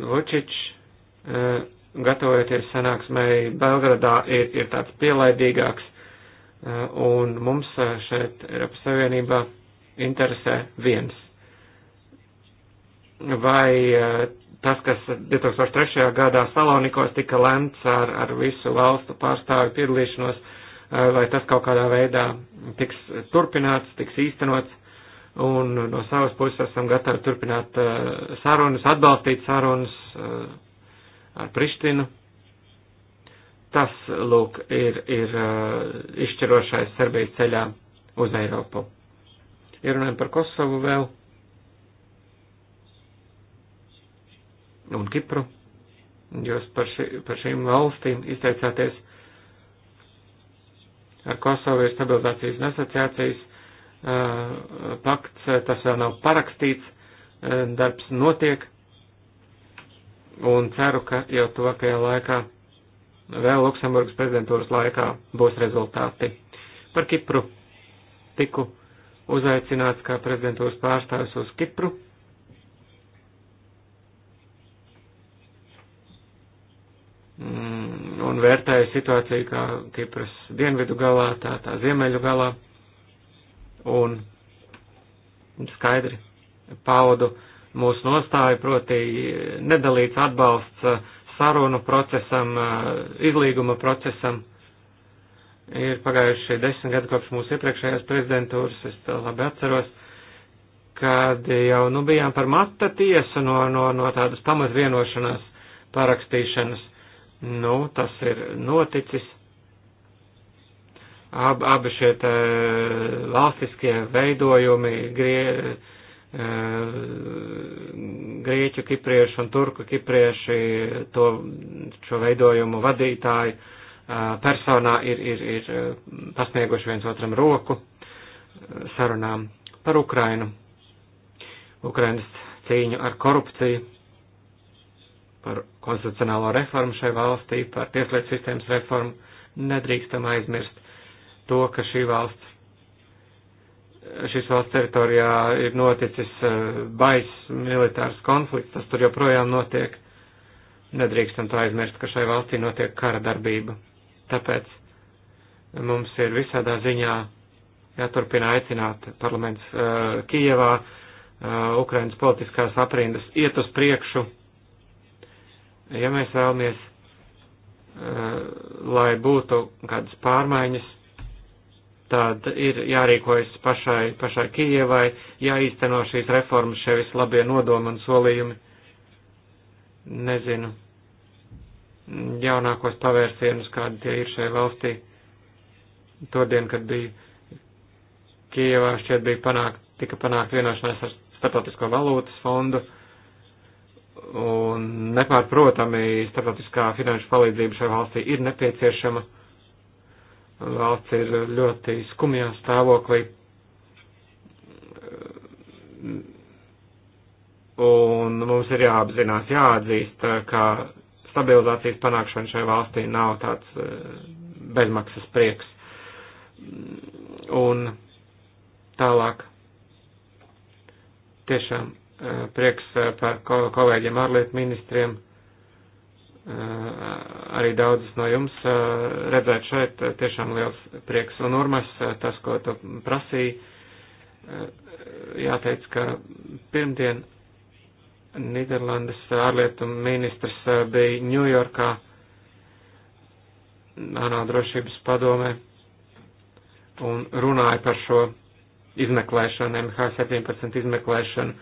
Vučičs. Uh, eh, gatavojoties sanāksmēji Belgradā, ir, ir tāds pielaidīgāks, eh, un mums eh, šeit Eiropas Savienībā interesē viens. Vai eh, tas, kas 2003. gadā Salonikos tika lemts ar, ar visu valstu pārstāvi piedalīšanos, vai tas kaut kādā veidā tiks turpināts, tiks īstenots, un no savas puses esam gatavi turpināt sarunas, atbalstīt sarunas, ar Prištinu. Tas, lūk, ir, ir uh, izšķirošais Serbijas ceļā uz Eiropu. Ja runājam par Kosovu vēl un Kipru, jūs par, ši, par šīm valstīm izteicāties ar Kosovu ir stabilizācijas un asociācijas uh, pakts, tas vēl nav parakstīts, uh, darbs notiek un ceru, ka jau tuvākajā laikā, vēl Luksemburgas prezidentūras laikā, būs rezultāti. Par Kipru tiku uzaicināts kā prezidentūras pārstāvis uz Kipru. Mm, un vērtēju situāciju kā Kipras dienvidu galā, tā tā ziemeļu galā. Un skaidri paudu uh, mūsu nostāju, proti nedalīts atbalsts uh, sarunu procesam, uh, izlīguma procesam. Ir pagājuši desmit gadi kopš mūsu iepriekšējās prezidentūras, es to labi atceros, kad jau nu bijām par mata tiesu no, no, no tādas pamatvienošanās parakstīšanas. Nu, tas ir noticis. Ab, abi šie uh, valstiskie veidojumi, grie, grieķu kipriešu un turku kiprieši to, šo veidojumu vadītāji personā ir, ir, ir pasnieguši viens otram roku sarunām par Ukrainu, Ukrainas cīņu ar korupciju, par konstitucionālo reformu šai valstī, par tieslietu sistēmas reformu. Nedrīkstam aizmirst to, ka šī valsts šīs valsts teritorijā ir noticis eh, bais militārs konflikts, tas tur joprojām notiek. Nedrīkstam to aizmirst, ka šai valstī notiek kara darbība. Tāpēc mums ir visādā ziņā jāturpina aicināt parlaments uh, Kijevā, uh, Ukrainas politiskās aprindas iet uz priekšu. Ja mēs vēlamies, uh, lai būtu kādas pārmaiņas, tad ir jārīkojas pašai, pašai Kijevai, jāīsteno šīs reformas, šie vislabie nodomi un solījumi. Nezinu jaunākos pavērsienus, kādi tie ir šai valstī. Todien, kad bija Kijevā, šķiet bija panākt, tika panākt vienošanās ar Startautisko valūtas fondu, un nepārprotami startautiskā finanšu palīdzība šai valstī ir nepieciešama valsts ir ļoti skumjā stāvoklī. Un mums ir jāapzinās, jāatzīst, ka stabilizācijas panākšana šai valstī nav tāds eh, bezmaksas prieks. Un tālāk tiešām eh, prieks eh, par kolēģiem ārlietu ministriem Eh, arī daudzas no jums eh, redzēt šeit, eh, tiešām liels prieks un urmas, tas, ko tu prasīji, jāteic, ka pirmdien Nīderlandes ārlietu ministrs bija Ņujorkā, ANO drošības padomē, un runāja par šo izmeklēšanu, MH17 izmeklēšanu,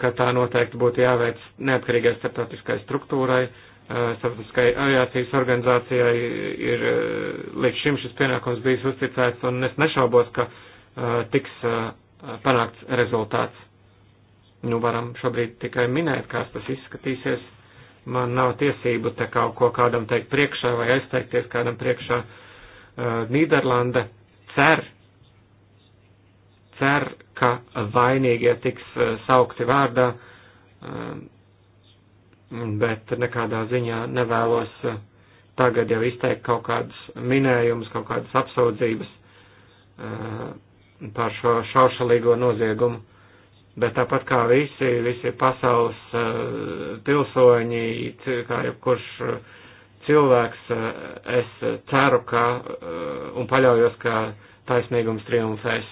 ka tā noteikti būtu jāveic neatkarīgai starptautiskai struktūrai, uh, Eh, starptautiskai aviācijas organizācijai ir eh, līdz šim šis pienākums bijis uzticēts, un es nešaubos, ka eh, tiks panākts rezultāts. Nu, varam šobrīd tikai minēt, kāds tas izskatīsies. Man nav tiesību te kaut ko kādam teikt priekšā vai aizteikties kādam priekšā. Nīderlanda cer, cer, ka vainīgie tiks saukti vārdā bet nekādā ziņā nevēlos eh, tagad jau izteikt kaut kādus minējumus, kaut kādas apsaudzības eh, par šo šaušalīgo noziegumu. Bet tāpat kā visi, visi pasaules eh, pilsoņi, kā jebkurš cilvēks, es ceru, ka un paļaujos, ka taisnīgums triumfēs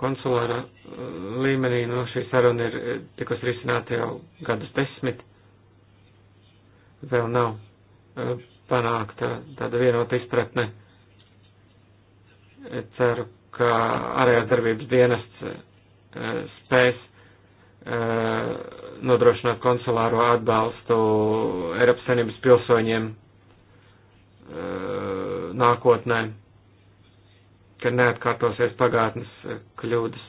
konsulāra eh, līmenī, nu, šī saruna ir eh, tikus risināta jau gadus desmit. Vēl nav eh, panākta tāda vienota izpratne. Ceru, ka ārējās darbības dienests spēs nodrošināt konsulāro atbalstu Eiropas Savienības pilsoņiem nākotnē ka neatkārtosies pagātnes eh, kļūdas.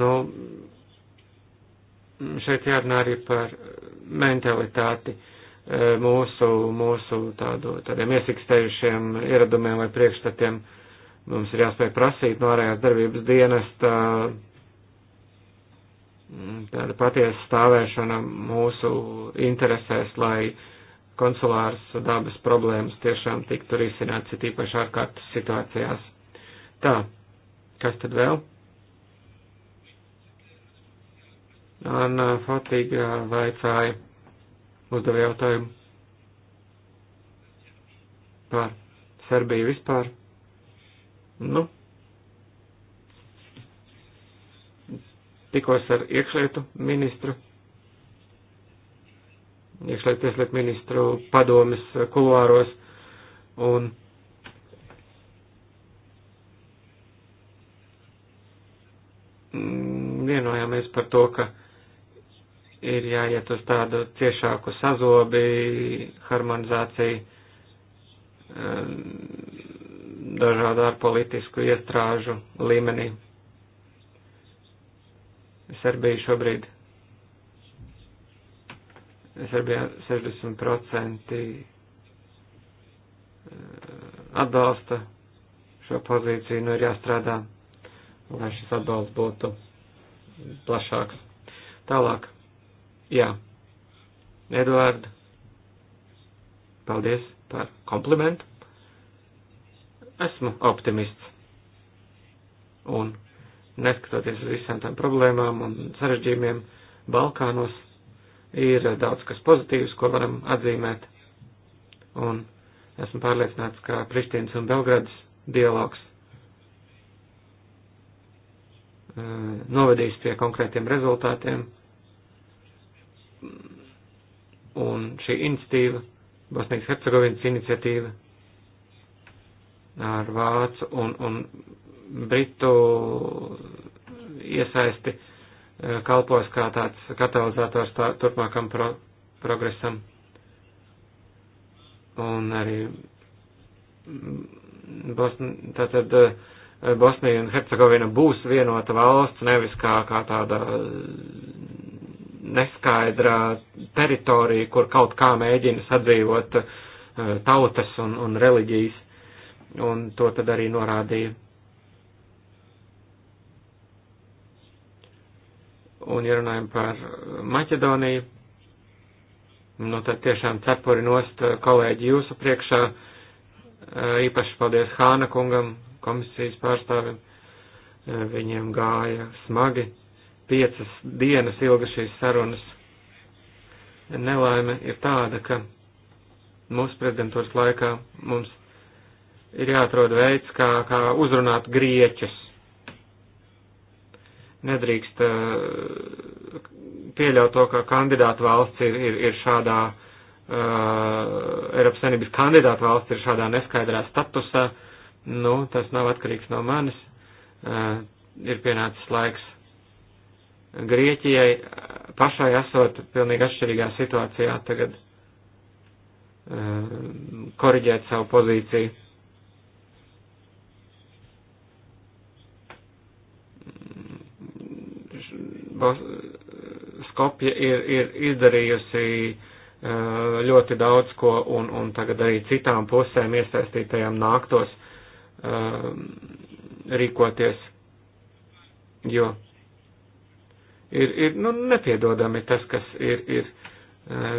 Nu, šeit jārunā arī par mentalitāti eh, mūsu, mūsu tādu, tādiem iesikstējušiem ieradumiem vai priekšstatiem. Mums ir jāspēj prasīt no ārējās darbības dienesta mm, tāda patiesa stāvēšana mūsu interesēs, lai uh, konsulāras dabas problēmas tiešām tiktu risināts, ir īpaši ārkārtas situācijās. Tā, kas tad vēl? Anna uh, Fatīga vaicāja uzdeva jautājumu par Serbiju vispār. Nu, tikos ar iekšlietu ministru iekšlietu tieslietu ministru padomes kuluāros. Un vienojāmies par to, ka ir jāiet uz tādu ciešāku sazobi, harmonizāciju um, dažādu ārpolitisku iestrāžu līmenī. Serbija šobrīd Serbijā 60% eh, atbalsta šo pozīciju, nu ir jāstrādā, lai šis atbalsts būtu plašāks. Tālāk, jā, Eduard, paldies par komplimentu. Esmu optimists. Un neskatoties uz visām tām problēmām un sarežģījumiem Balkānos, ir daudz kas pozitīvs, ko varam atzīmēt. Un esmu pārliecināts, ka Prištīnas un Belgradas dialogs eh, novedīs pie konkrētiem rezultātiem. Un šī iniciatīva, Bosnijas Hercegovinas iniciatīva ar Vācu un, un Britu iesaisti uh, kalpos kā tāds katalizators tā, turpmākam pro, progresam. Un arī Bosn, tātad eh, Bosnija un Hercegovina būs vienota valsts, nevis kā, kā tāda eh, neskaidra teritorija, kur kaut kā mēģina sadzīvot eh, tautas un, un reliģijas. Un to tad arī norādīja Un, ja runājam par Maķedoniju, nu tad tiešām cepuri nost kolēģi jūsu priekšā. Eh, īpaši paldies Hāna kungam, komisijas pārstāvim. Eh, viņiem gāja smagi. Piecas dienas ilga šīs sarunas. Nelaime ir tāda, ka mūsu prezidentūras laikā mums ir jāatrod veids, kā, kā uzrunāt grieķus nedrīkst eh, pieļaut to, ka kandidātu valsts ir, ir, ir šādā, uh, Eiropas Savienības kandidātu valsts ir šādā neskaidrā statusā. Nu, tas nav atkarīgs no manis. Uh, ir pienācis laiks Grieķijai pašai esot pilnīgi atšķirīgā situācijā tagad uh, koriģēt savu pozīciju. Eh, Skopja ir, ir izdarījusi eh, ļoti daudz ko un, un tagad arī citām pusēm iesaistītajām nāktos eh, rīkoties, jo ir, ir nu, nepiedodami tas, kas ir, ir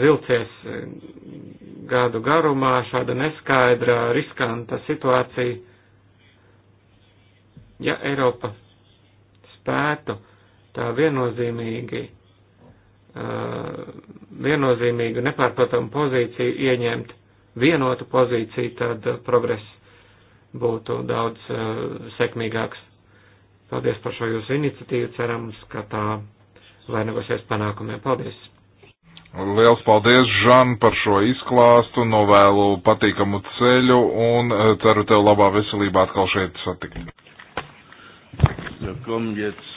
vilcies gadu garumā, šāda neskaidra, riskanta situācija. Ja Eiropa spētu uh, tā viennozīmīgi, viennozīmīgu nepārprotamu pozīciju ieņemt vienotu pozīciju, tad progress būtu daudz sekmīgāks. Paldies par šo jūsu iniciatīvu, cerams, ka tā vainagosies panākumiem. Paldies! Liels paldies, Žan, par šo izklāstu, novēlu patīkamu ceļu un ceru tev labā veselībā atkal šeit satikt. Ja, komm, jetzt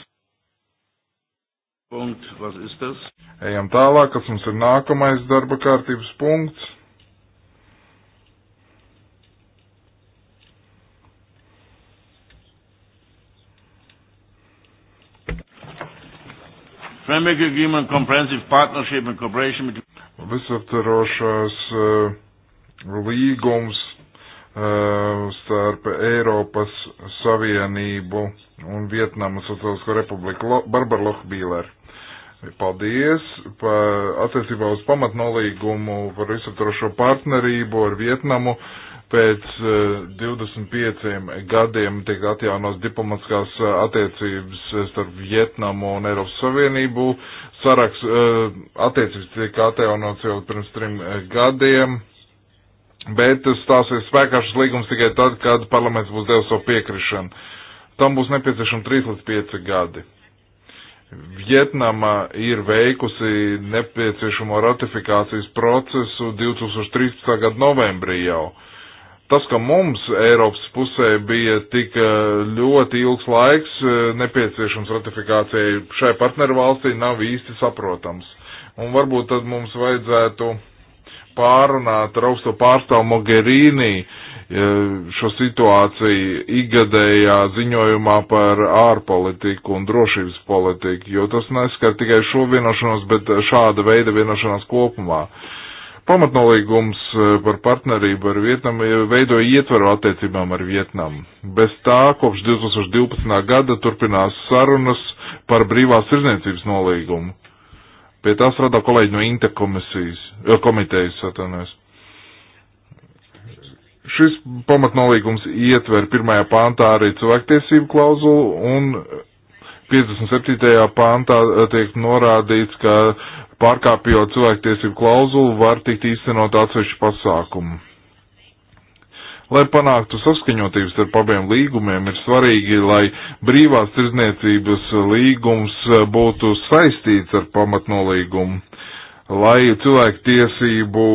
Punkt, was ist das? Ejam tālāk, kas mums ir nākamais darba kārtības punkts. Framework Agreement Comprehensive Partnership and Cooperation with Visaptvarošās uh, eh, līgums uh, starp Eiropas Savienību un Vietnamas Sociālisko Republiku. Barbara Lohbīlera. Paldies par attiecībā uz pamatnolīgumu par visaptrošo partnerību ar Vietnamu. Pēc 25 eh, gadiem tiek atjaunos diplomatiskās eh, attiecības eh, starp Vietnamu un Eiropas Savienību. Saraks attiecības tiek atjaunots jau pirms trim gadiem, bet stāsies spēkā šis līgums tikai tad, kad parlaments būs devis savu piekrišanu. Tam būs nepieciešami 3 līdz 5 gadi. Vietnama ir veikusi nepieciešamo ratifikācijas procesu 2013. gada novembrī jau. Tas, ka mums Eiropas pusē bija tik eh, ļoti ilgs laiks eh, nepieciešams ratifikācijai šai partnervalstī, nav īsti saprotams. Un varbūt tad mums vajadzētu pārunāt ar augsto pārstāvu Mogherīnī šo situāciju igadējā ziņojumā par ārpolitiku un drošības politiku, jo tas neskar tikai šo vienošanos, bet šāda veida vienošanās kopumā. Pamatnolīgums eh, par partnerību ar Vietnamu veidoja ietveru attiecībām ar Vietnamu. Bez tā kopš 2012. gada turpinās sarunas par brīvās tirzniecības nolīgumu Pie tā strādā kolēģi no Inta komisijas, komitejas, atvainojos. Šis pamatnolīgums ietver pirmajā pāntā arī cilvēktiesību klauzulu un 57. pāntā eh, tiek norādīts, ka pārkāpjot cilvēktiesību klauzulu var tikt īstenot atsevišķu pasākumu. Lai panāktu saskaņotības ar abiem līgumiem, ir svarīgi, lai brīvās tirzniecības līgums būtu saistīts ar pamatnolīgumu, lai cilvēktiesību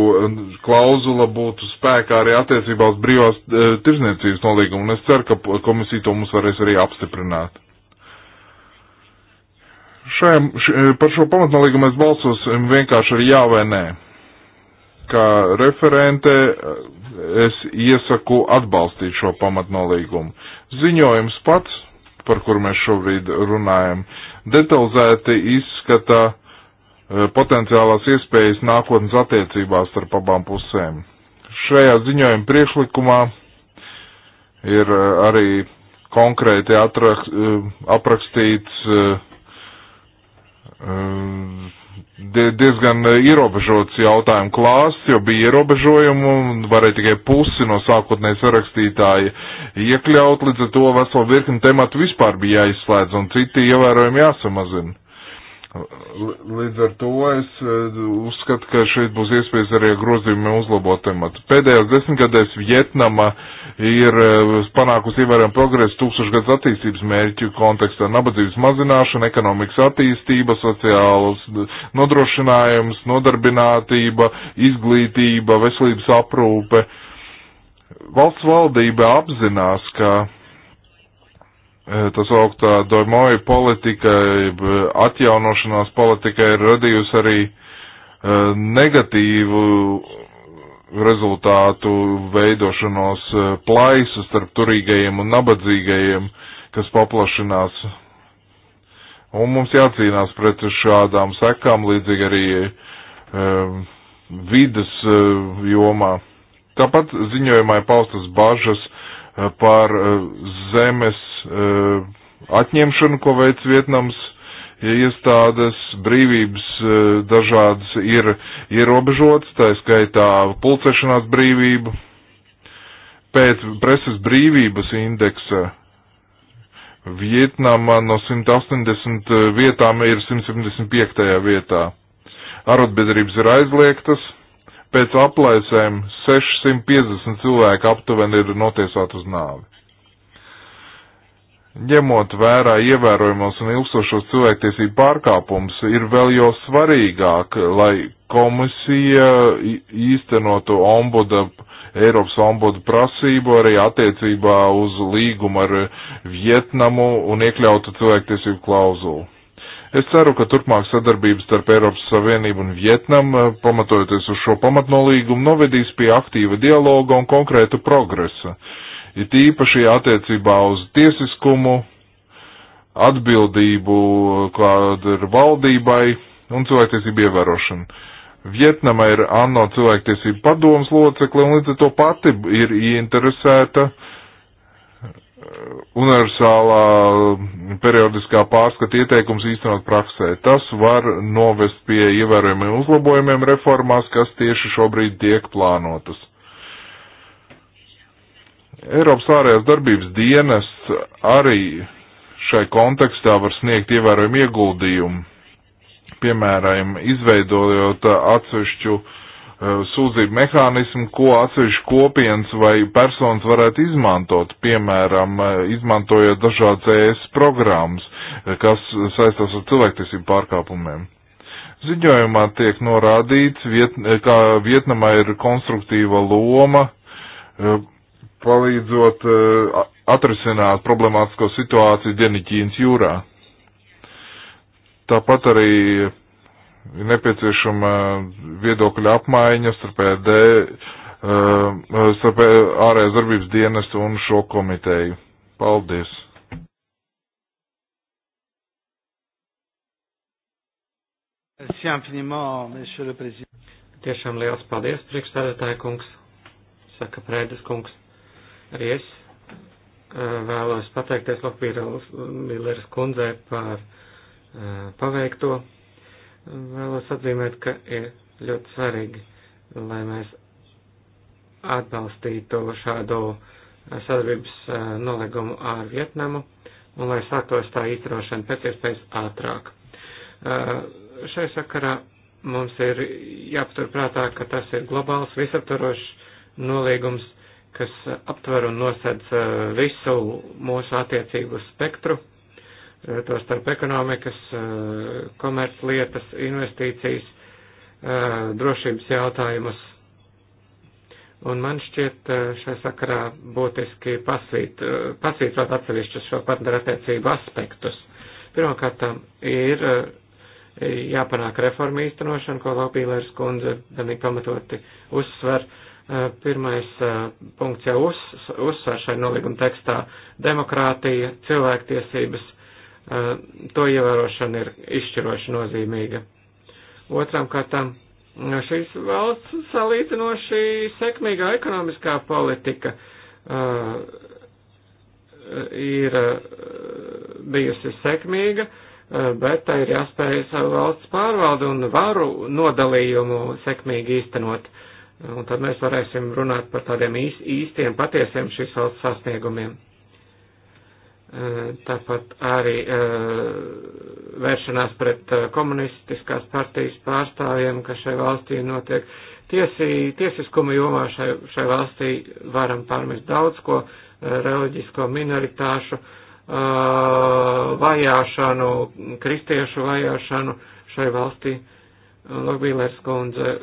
klauzula būtu spēkā arī attiecībā uz brīvās e, tirzniecības nolīgumu, un es ceru, ka komisija to mums varēs arī apstiprināt. Šajam, š, e, par šo pamatnolīgumu mēs balsosim vienkārši ar jā vai nē kā referente es iesaku atbalstīt šo pamatnolīgumu. Ziņojums pats, par kur mēs šobrīd runājam, detalizēti izskata e, potenciālās iespējas nākotnes attiecībās starp abām pusēm. Šajā ziņojuma priekšlikumā ir e, arī konkrēti atrak, e, aprakstīts diezgan eh, ierobežots jautājumu klāsts, jo bija ierobežojumi un varēja tikai pusi no sākotnēji sarakstītāji iekļaut, līdz ar to veselu virkni tematu vispār bija jāizslēdz un citi ievērojami jāsamazina. Līdz ar to es eh, uzskatu, ka šeit būs iespējas arī grozījumi uzlabot tematu. Pēdējās desmitgadēs Vietnama ir eh, panākusi ievērojami progresu tūkstošgadus attīstības mērķu kontekstā - nabadzības mazināšana, ekonomikas attīstība, sociāls eh, nodrošinājums, nodarbinātība, izglītība, veselības aprūpe. Valsts valdība apzinās, ka E, tas augtā doimoja politika, e, atjaunošanās politika ir radījusi arī e, negatīvu rezultātu veidošanos plaisu starp turīgajiem un nabadzīgajiem, kas paplašinās. Un mums jācīnās pret šādām sekām, līdzīgi arī um, vidas um, jomā. Tāpat ziņojumā ir paustas bažas par zemes uh, atņemšanu, ko veic Vietnams iestādes, brīvības uh, dažādas ir ierobežotas, tā skaitā pulcešanās brīvība. Pēc preses brīvības indeksa Vietnama no 180 vietām ir 175. vietā. Arotbiedrības ir aizliegtas, pēc aplēsēm 650 cilvēku aptuveni ir notiesāti uz nāvi ņemot vērā ievērojamos un ilgstošos cilvēktiesību pārkāpumus, ir vēl jau svarīgāk, lai komisija īstenotu ombuda, Eiropas ombuda prasību arī attiecībā uz līgumu ar Vietnamu un iekļautu cilvēktiesību klauzulu. Es ceru, ka turpmāk sadarbības starp Eiropas Savienību un Vietnamu, pamatojoties uz šo pamatnolīgumu, novedīs pie aktīva dialoga un konkrēta progresa. Uh, ir tīpaši attiecībā uz tiesiskumu, atbildību, kāda ir valdībai un cilvēktiesību ievērošanu. Vietnama ir ANO cilvēktiesību padomas locekle un līdz ar to pati ir ieinteresēta universālā periodiskā pārskata ieteikums īstenot praksē. Tas var novest pie ievērojumiem uzlabojumiem reformās, kas tieši šobrīd tiek plānotas. Eiropas ārējās darbības dienas arī šai kontekstā var sniegt ievērojumu ieguldījumu, piemēram, izveidojot atsevišķu uh, sūdzību mehānismu, ko atsevišķi kopienas vai personas varētu izmantot, piemēram, e, izmantojot dažādas ES programmas, e, kas saistās ar cilvēktiesību pārkāpumiem. Ziņojumā tiek norādīts, viet, ka Vietnamā ir konstruktīva loma palīdzot eh, atrisināt problemātisko situāciju Dienvidķīnas jūrā. Tāpat arī ir nepieciešama viedokļa apmaiņa starp ED, eh, starp e-, ārējās darbības dienestu un šo komiteju. Paldies! Tiešām liels paldies, priekšstādātāja kungs, saka Prēdas kungs. Arī es eh, vēlos pateikties Lokbīras kundzē par eh, paveikto. Vēlos atzīmēt, ka ir ļoti svarīgi, lai mēs atbalstītu šādu eh, sadarbības noliegumu ar Vietnamu un lai sāktos tā īstenošana pēc iespējas ātrāk. Šai sakarā mums ir jāpaturprātā, ka tas ir globāls, visaptarošs noliegums kas aptver un nosedz eh, visu mūsu attiecību spektru, eh, to starp ekonomikas, eh, komerclietas, investīcijas, drošības jautājumus. Un man šķiet šai sakarā būtiski pasvīt, pasvītrot atsevišķus šo partnerattiecību aspektus. Pirmkārt, ir jāpanāk reforma īstenošana, ko Lopīlērs kundze gan ir pamatoti uzsver. Uh, Pirmais punkts jau uz, uzsver šai nolīguma tekstā - demokrātija, cilvēktiesības, to ievērošana ir izšķiroši nozīmīga. Otram kārtām šīs valsts salīdzinoši sekmīgā ekonomiskā politika ir bijusi sekmīga, bet tai ir jāspēj savu valsts pārvaldu un varu nodalījumu sekmīgi īstenot. Uh, un tad mēs varēsim runāt par tādiem īstiem, patiesiem šīs valsts sasniegumiem. Eh, tāpat arī eh, vēršanās pret eh, komunistiskās partijas pārstāvjiem, kas šai valstī notiek. Tiesī, tiesiskuma jomā šai, šai valstī varam pārmest daudz ko, reliģisko minoritāšu vajāšanu, kristiešu vajāšanu šai valstī. Logbīlērs kundze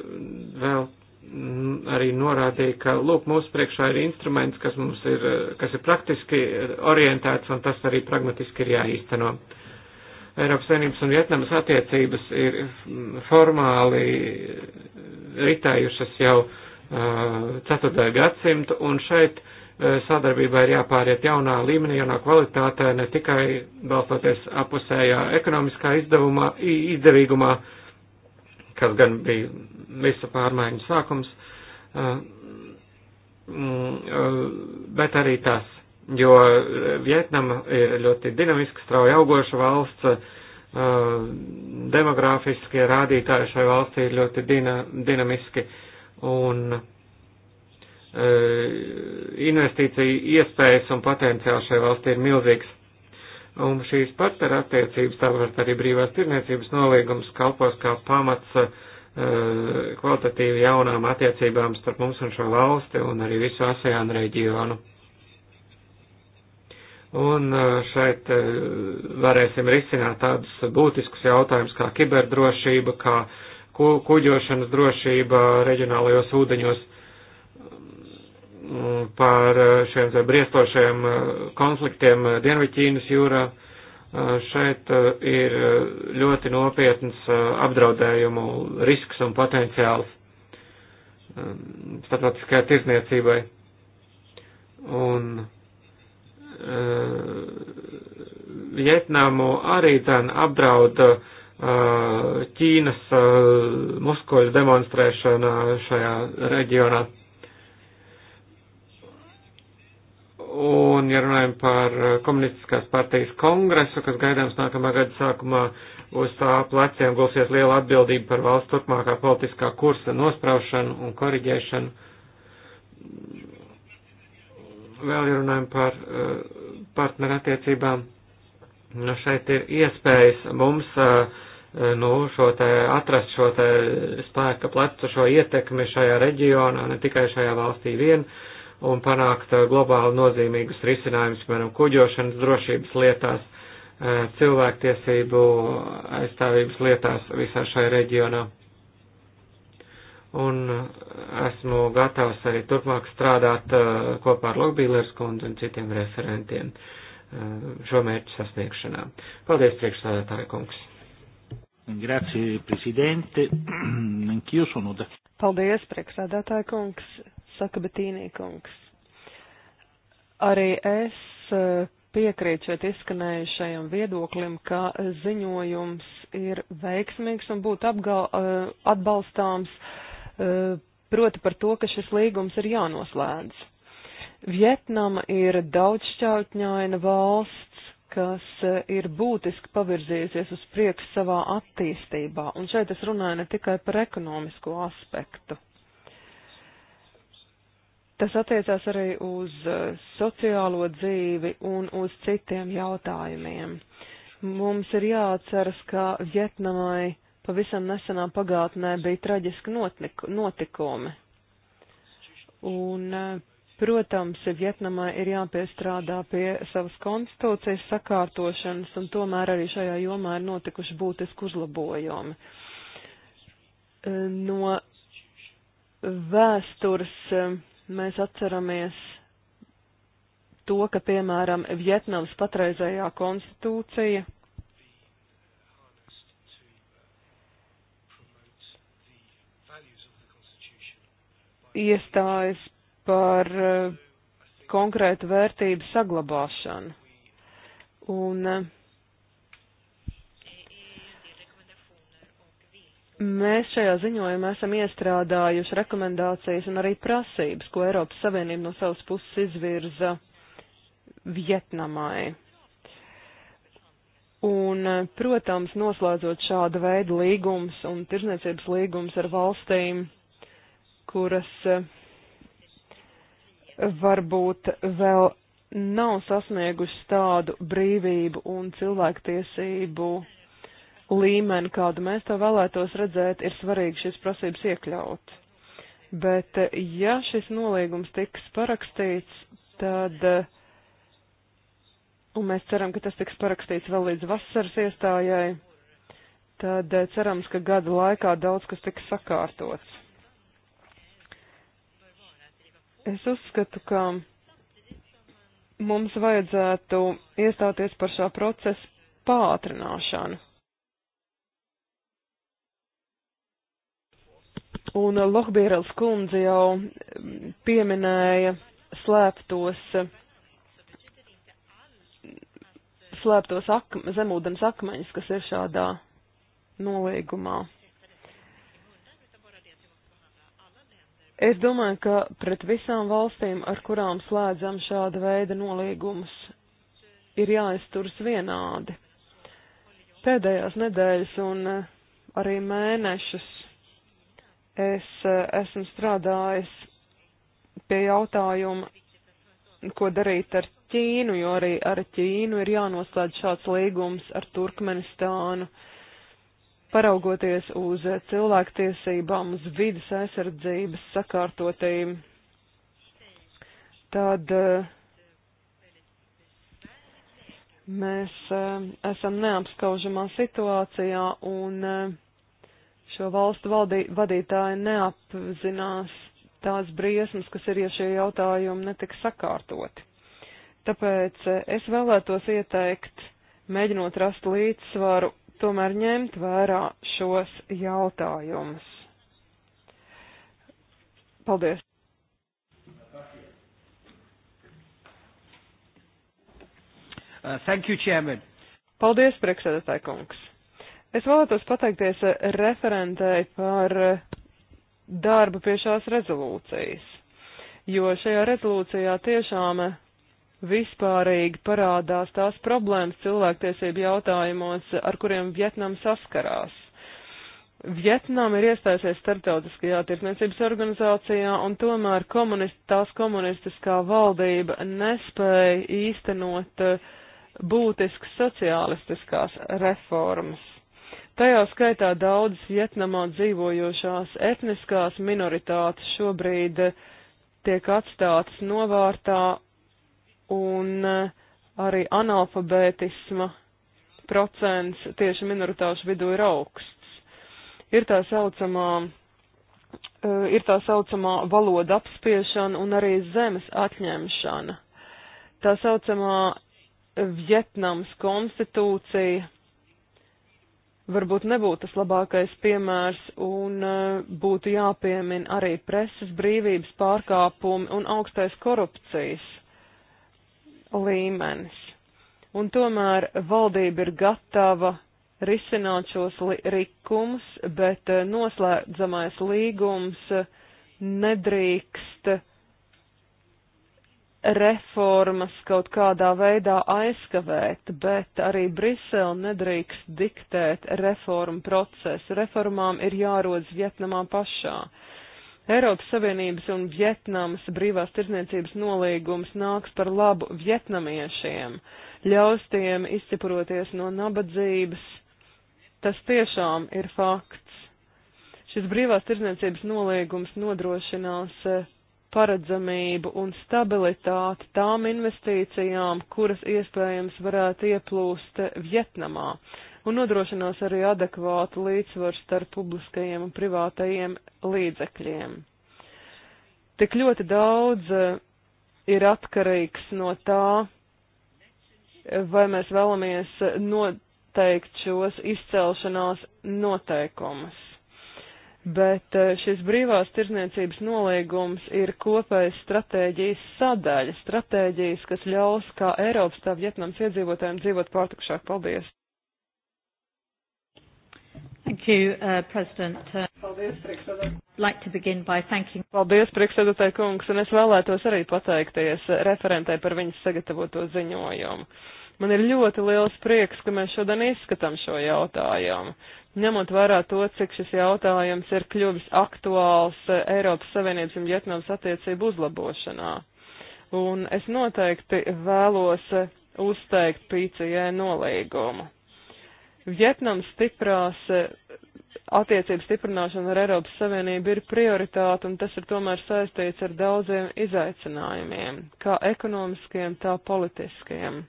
vēl Mm, arī norādīja, ka, lūk, mūsu priekšā ir instruments, kas mums ir, kas ir praktiski orientēts un tas arī pragmatiski ir jāīsteno. Eiropas Savienības un Vietnamas attiecības ir mm, formāli ritējušas jau ceturtā uh, gadsimta, un šeit uh, sadarbībā ir jāpāriet jaunā līmenī, jaunā kvalitātē, ne tikai balstoties apusējā ekonomiskā izdevumā, izdevīgumā, uh, kas gan bija visu pārmaiņu sākums, mm, bet arī tas, jo Vietnama ir ļoti dinamiska, strauja augoša valsts, demogrāfiskie rādītāji šai valstī ir ļoti dina, dinamiski un investīciju iespējas un potenciāls šai valstī ir milzīgs un šīs partnerattiecības, tāpat arī brīvās tirniecības nolīgums kalpos kā pamats uh, kvalitatīvi jaunām attiecībām starp mums un šo valsti un arī visu ASEAN reģionu. Un eh, šeit eh, varēsim risināt tādus būtiskus jautājumus kā kiberdrošība, kā kuģošanas drošība reģionālajos ūdeņos par eh, šiem te briestošiem eh, konfliktiem eh, Dienvidķīnas jūrā. Šeit ir ļoti nopietns apdraudējumu risks un potenciāls starptautiskajai tirzniecībai. Un Vietnamu arī ten apdraud Ķīnas muskuļu demonstrēšana šajā reģionā. Un, ja runājam par eh, komunistiskās partijas kongresu, kas gaidāms nākamā gada sākumā, uz tā pleciem gulsies liela atbildība par valsts turpmākā politiskā kursa nospraušanu un koriģēšanu. Vēl, ja runājam par eh, partnerattiecībām, nu šeit ir iespējas mums, eh, nu, šo te atrast šo te spēka plecu, šo ietekmi šajā reģionā, ne tikai šajā valstī vien un panākt uh, globāli nozīmīgus risinājumus, piemēram, kuģošanas drošības lietās, uh, cilvēktiesību aizstāvības lietās visā šai reģionā. Un uh, esmu gatavs arī turpmāk strādāt kopā ar Lokbīlers kundzi un citiem referentiem šo mērķu sasniegšanā. Paldies, priekšstādātāja kungs! Grazie, prezidente. Anch'io sono da. Paldies, priekšsēdētāja kungs saka Betīnīkungs. Arī es eh, piekrītu šeit izskanējušajam viedoklim, ka ziņojums ir veiksmīgs un būtu apgal, eh, atbalstāms eh, proti par to, ka šis līgums ir jānoslēdz. Vietnama ir daudzšķautņaina valsts, kas ir būtiski pavirzījusies uz priekšu savā attīstībā, un šeit es runāju ne tikai par ekonomisko aspektu. Tas attiecās arī uz eh, sociālo dzīvi un uz citiem jautājumiem. Mums ir jāatceras, ka Vietnamai pavisam nesenā pagātnē bija traģiski notikumi. Un, eh, protams, Vietnamai ir jāpiestrādā pie savas konstitūcijas sakārtošanas, un tomēr arī šajā jomā ir notikuši būtiski uzlabojumi. Eh, no vēstures mēs atceramies to, ka, piemēram, Vietnams patreizējā konstitūcija iestājas par eh, konkrētu vērtību saglabāšanu. Un uh, Mēs šajā ziņojumā esam iestrādājuši rekomendācijas un arī prasības, ko Eiropas Savienība no savas puses izvirza Vietnamai. Un, protams, noslēdzot šāda veida līgums un tirzniecības līgums ar valstīm, kuras eh, varbūt vēl nav sasniegušas tādu brīvību un cilvēktiesību līmeni, kādu mēs to vēlētos redzēt, ir svarīgi šīs prasības iekļaut. Bet ja šis nolīgums tiks parakstīts, tad, un mēs ceram, ka tas tiks parakstīts vēl līdz vasaras iestājai, tad cerams, ka gada laikā daudz kas tiks sakārtots. Es uzskatu, ka mums vajadzētu iestāties par šā procesa pātrināšanu. Un Lohbīrels kundze jau pieminēja slēptos, slēptos ak zemūdens akmeņus, kas ir šādā nolīgumā. Es domāju, ka pret visām valstīm, ar kurām slēdzam šāda veida nolīgumus, ir jāizturas vienādi. Pēdējās nedēļas un arī mēnešus Es eh, esmu strādājis pie jautājuma, ko darīt ar Ķīnu, jo arī ar Ķīnu ir jānoslēdz šāds līgums ar Turkmenistānu. Paraugoties uz cilvēktiesībām, uz vidas aizsardzības sakārtotību, tad eh, mēs eh, esam neapskaužamā situācijā un šo valstu valdī, vadītāji neapzinās tās briesmas, kas ir, ja šie jautājumi netiks sakārtoti. Tāpēc eh, es vēlētos ieteikt, mēģinot rast līdzsvaru, tomēr ņemt vērā šos jautājumus. Paldies! Uh, thank you, Chairman. Paldies, priekšsēdētāji kungs. Es vēlētos pateikties referentei par darbu pie šās rezolūcijas, jo šajā rezolūcijā tiešām vispārīgi parādās tās problēmas cilvēktiesību jautājumos, ar kuriem Vietnam saskarās. Vietnam ir iestājusies starptautiskajā tirsniecības organizācijā, un tomēr komunist, tās komunistiskā valdība nespēja īstenot būtiskas sociālistiskās reformas. Tajā skaitā daudzas Vietnamā dzīvojošās etniskās minoritātes šobrīd eh, tiek atstātas novārtā un eh, arī analfabētisma procents tieši minoritāšu vidū ir augsts. Ir tā saucamā, eh, ir tā saucamā valoda apspiešana un arī zemes atņemšana. Tā saucamā Vietnams konstitūcija varbūt nebūtu tas labākais piemērs un eh, būtu jāpiemina arī preses brīvības pārkāpumi un augstais korupcijas līmenis. Un tomēr valdība ir gatava risināt šos likumus, bet eh, noslēdzamais līgums eh, nedrīkst reformas kaut kādā veidā aizkavēt, bet arī Brisele nedrīkst diktēt reformu procesu. Reformām ir jārodas Vietnamā pašā. Eiropas Savienības un Vietnamas brīvās tirdzniecības nolīgums nāks par labu vietnamiešiem, ļaus tiem izciproties no nabadzības. Tas tiešām ir fakts. Šis brīvās tirdzniecības nolīgums nodrošinās eh, paredzamību un stabilitāti tām investīcijām, kuras iespējams varētu ieplūst Vietnamā, un nodrošinās arī adekvātu līdzsvaru starp publiskajiem un privātajiem līdzekļiem. Tik ļoti daudz eh, ir atkarīgs no tā, vai mēs vēlamies noteikt šos izcelšanās noteikumus bet eh, šis brīvās tirzniecības nolīgums ir kopējas stratēģijas sadaļa, stratēģijas, kas ļaus kā Eiropas tā Vietnams iedzīvotājiem dzīvot pārtukšāk. Paldies! Thank you, uh, President. Uh, Paldies, priekšsēdētāji. Like to begin by thanking. Paldies, priekšsēdētāji kungs, un es vēlētos arī pateikties referentai par viņas sagatavoto ziņojumu. Man ir ļoti liels prieks, ka mēs šodien izskatām šo jautājumu. Ņemot vērā to, cik šis jautājums ir kļuvis aktuāls eh, Eiropas Savienības un Vietnams attiecību uzlabošanā. Un es noteikti vēlos eh, uzteikt pīcijai e nolīgumu. Vietnams stiprās eh, attiecības stiprināšana ar Eiropas Savienību ir prioritāte, un tas ir tomēr saistīts ar daudziem izaicinājumiem, kā ekonomiskiem, tā politiskiem.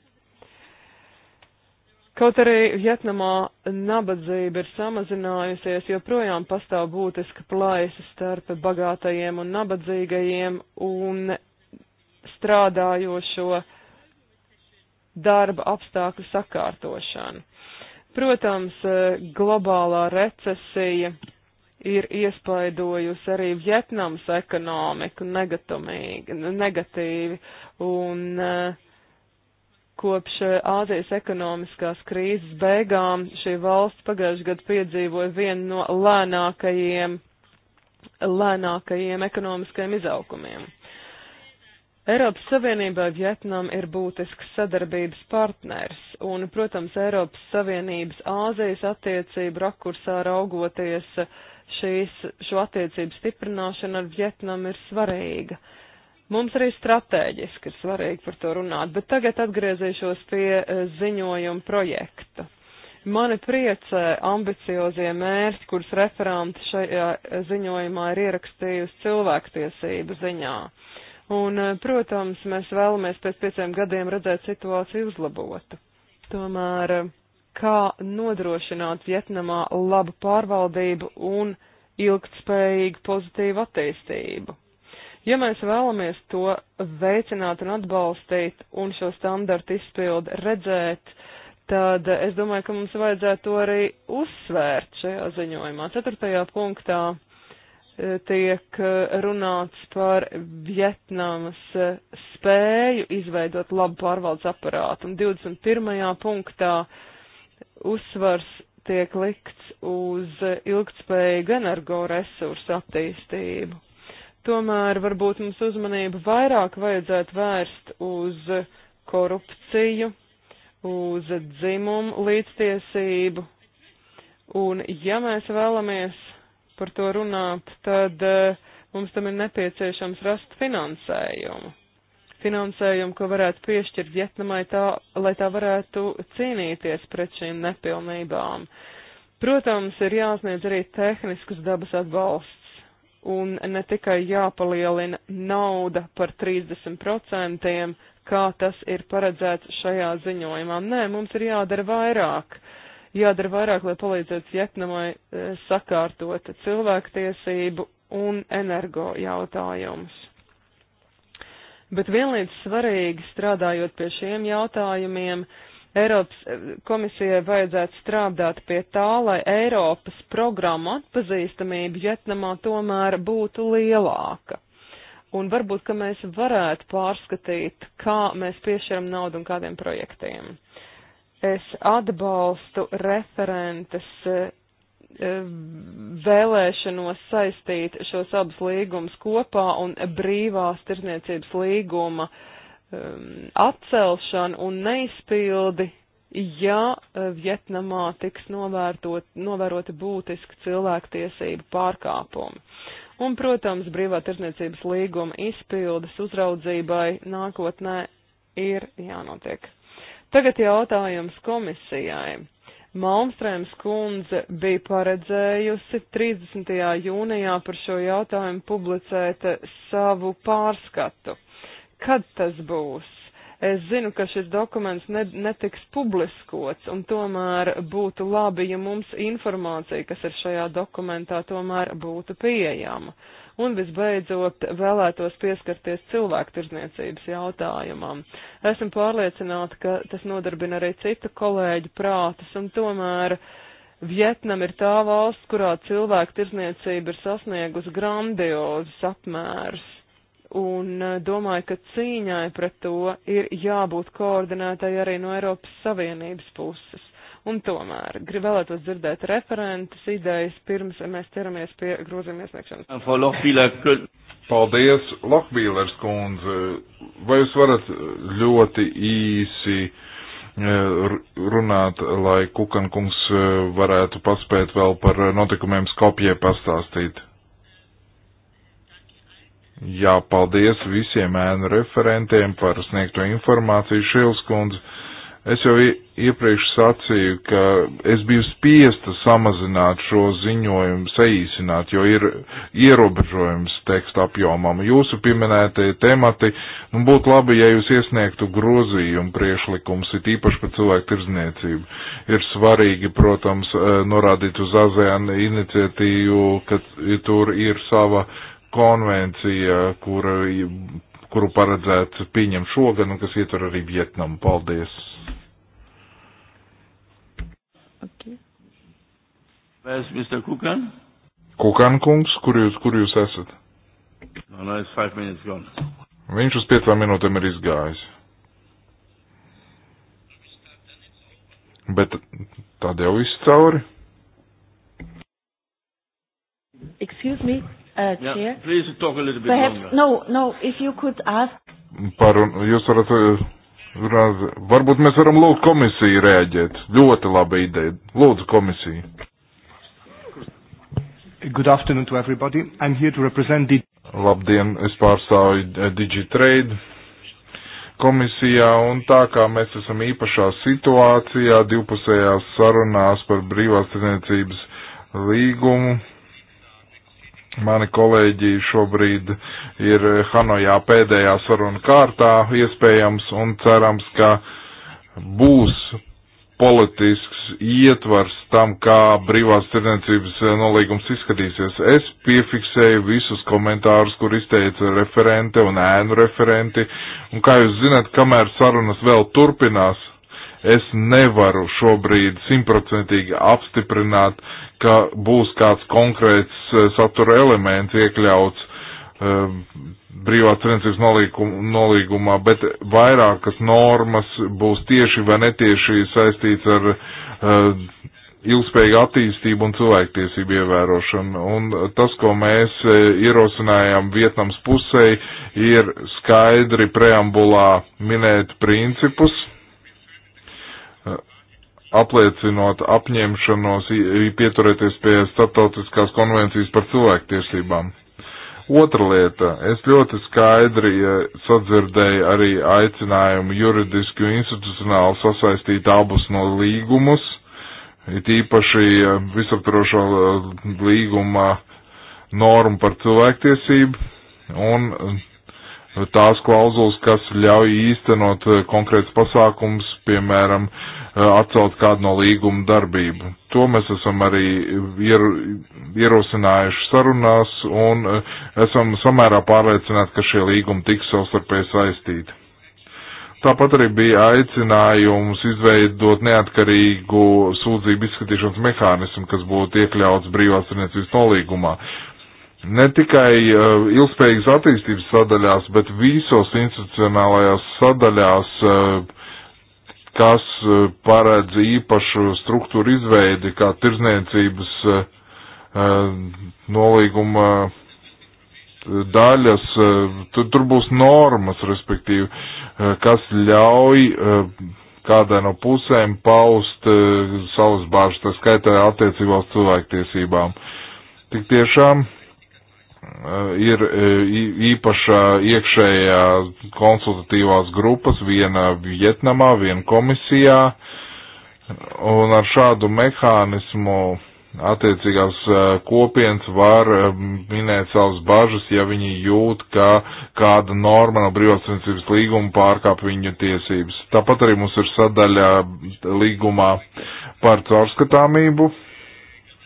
Kaut arī Vietnamā nabadzība ir samazinājusies, joprojām pastāv būtiska plaisa starp bagātajiem un nabadzīgajiem un strādājošo darba apstākļu sakārtošanu. Protams, globālā recesija ir iespaidojusi arī Vietnams ekonomiku negatīvi, un uh, kopš eh, Āzijas ekonomiskās krīzes beigām šī valsts pagājušajā gadā piedzīvoja vienu no lēnākajiem, lēnākajiem ekonomiskajiem izaugumiem. Eiropas Savienībā Vietnam ir būtisks sadarbības partners, un, protams, Eiropas Savienības Āzijas attiecību rakursā raugoties šīs, šo attiecību stiprināšana ar Vietnam ir svarīga. Uh, Mums arī strateģiski ir svarīgi par to runāt, bet tagad atgriezīšos pie e, ziņojuma projekta. Mani priecē ambiciozie mērķi, kurus referanti šajā e, ziņojumā ir ierakstījusi cilvēktiesību ziņā. Un, e, protams, mēs vēlamies pēc pieciem gadiem redzēt situāciju uzlabotu. Tomēr, kā nodrošināt Vietnamā labu pārvaldību un ilgtspējīgu pozitīvu attīstību? Ja mēs vēlamies to veicināt un atbalstīt un šo standartu izpildu redzēt, tad es domāju, ka mums vajadzētu to arī uzsvērt šajā ziņojumā. Ceturtajā punktā e, tiek e, runāts par Vietnamas e, spēju izveidot labu pārvaldes aparātu. Un 21. punktā uzsvars tiek likts uz ilgtspējīgu energoresursu attīstību. Tomēr varbūt mums uzmanību vairāk vajadzētu vērst uz korupciju, uz dzimumu līdztiesību. Un ja mēs vēlamies par to runāt, tad eh, mums tam ir nepieciešams rast finansējumu. Finansējumu, ko varētu piešķirt Vietnamai, tā, lai tā varētu cīnīties pret šīm nepilnībām. Protams, ir jāsniedz arī tehniskas dabas atbalsts un ne tikai jāpalielina nauda par 30%, kā tas ir paredzēts šajā ziņojumā. Nē, mums ir jādara vairāk. Jādara vairāk, lai palīdzētu Vietnamai eh, sakārtot cilvēktiesību un energo jautājumus. Bet vienlīdz svarīgi strādājot pie šiem jautājumiem, uh, Eiropas eh, komisijai vajadzētu strādāt pie tā, lai Eiropas programma atpazīstamība Vietnamā tomēr būtu lielāka. Un varbūt, ka mēs varētu pārskatīt, kā mēs piešķiram naudu un kādiem projektiem. Es atbalstu referentes eh, vēlēšanos saistīt šos abus līgumus kopā un brīvās tirzniecības līguma uh, um, atcelšanu un neizpildi, ja uh, Vietnamā tiks novērtot, novēroti būtiski cilvēktiesību pārkāpumi. Un, protams, brīvā tirdzniecības līguma izpildes uzraudzībai nākotnē ir jānotiek. Tagad jautājums komisijai. Malmstrēms kundze bija paredzējusi 30. jūnijā par šo jautājumu publicēt savu pārskatu. Kad tas būs? Es zinu, ka šis dokuments ne, netiks publiskots, un tomēr būtu labi, ja mums informācija, kas ir šajā dokumentā, tomēr būtu pieejama. Un visbeidzot, vēlētos pieskarties cilvēktirzniecības jautājumam. Esmu pārliecināta, ka tas nodarbina arī citu kolēģu prātus, un tomēr Vietnam ir tā valsts, kurā cilvēktirzniecība ir sasniegusi grandiozus apmērus un e, domāju, ka cīņai pret to ir jābūt koordinētai arī no Eiropas Savienības puses. Un tomēr gribētos dzirdēt referentus idejas pirms mēs ķeramies pie grozījuma iesniegšanas. Paldies, Lokbīlers kundze. Vai jūs varat ļoti īsi e, runāt, lai Kukankungs e, varētu paspēt vēl par notikumiem Skopjē pastāstīt? Jā, paldies visiem ēnu referentiem par sniegto informāciju, Šilskundze. Es jau iepriekš sacīju, ka es biju spiesta samazināt šo ziņojumu, saīsināt, jo ir ierobežojums teksta apjomam. Jūsu pieminētie temati, nu būtu labi, ja jūs iesniegtu grozījumu priešlikums, it īpaši par cilvēku tirzniecību. Ir svarīgi, protams, eh, norādīt uz ASEAN iniciatīvu, ka tur ir sava uh, konvencija, kura, kuru paredzētu pieņemt šogad un kas ietver arī Vietnamu. Paldies! Okay. Where's Mr. Kukan? Kukan kungs, kur jūs, kur jūs esat? No, no, it's five minutes gone. Viņš uz piecām minūtēm ir izgājis. Bet tad jau viss cauri. Excuse me uh, Chair. Yeah, please talk a little bit Perhaps, longer. No, no, if you could ask. Par, jūs varat, uh, rāz, varbūt mēs varam lūgt komisiju reaģēt. Ļoti laba ideja. Lūdzu komisiju. Good afternoon to everybody. I'm here to represent the... Labdien, es pārstāvu uh, DigiTrade komisijā un tā kā mēs esam īpašā situācijā divpusējās sarunās par brīvās tirniecības līgumu Mani kolēģi šobrīd ir Hanojā pēdējā saruna kārtā iespējams un cerams, ka būs politisks ietvars tam, kā brīvās tirdzniecības nolīgums izskatīsies. Es piefiksēju visus komentārus, kur izteica referente un ēnu referenti, un kā jūs zināt, kamēr sarunas vēl turpinās, Es nevaru šobrīd simtprocentīgi apstiprināt, ka būs kāds konkrēts eh, satura elements iekļauts ehm, brīvā tirdzniecības nolīgumā, bet vairākas normas būs tieši vai netieši saistīts ar uh, ilgspējīgu attīstību un cilvēktiesību ievērošanu. Un tas, ko mēs eh, ierosinājām Vietnams pusē, ir skaidri preambulā minēt principus, apliecinot apņemšanos pieturēties pie starptautiskās konvencijas par cilvēktiesībām. Otra lieta, es ļoti skaidri sadzirdēju arī aicinājumu juridiski un institucionāli sasaistīt abus no līgumus, it īpaši visaptrošo eh, līguma normu par cilvēktiesību un eh, tās klauzulas, kas ļauj īstenot eh, konkrēts pasākums, piemēram, uh, Eh, atcelt kādu no līguma darbību. To mēs esam arī ier, ierosinājuši sarunās un eh, esam samērā pārliecināti, ka šie līgumi tiks savstarpēji saistīti. Tāpat arī bija aicinājums izveidot neatkarīgu sūdzību izskatīšanas mehānismu, kas būtu iekļauts brīvās tirniecības nolīgumā. Ne tikai uh, ilgspējīgas attīstības sadaļās, bet visos institucionālajās sadaļās uh, kas eh, paredz īpašu struktūru izveidi, kā tirzniecības eh, nolīguma eh, daļas, tur, tur būs normas, respektīvi, kas ļauj kādai no pusēm paust savus bāžas, tā skaitā attiecībā uz cilvēktiesībām. Tik tiešām Eh, ir eh, īpaša iekšējā konsultatīvās grupas, viena Vietnamā, viena komisijā, un ar šādu mehānismu attiecīgās eh, kopienas var minēt savas bažas, ja viņi jūt, ka kāda norma no brīvācensības līguma pārkāp viņu tiesības. Tāpat arī mums ir sadaļa līgumā par caurskatāmību,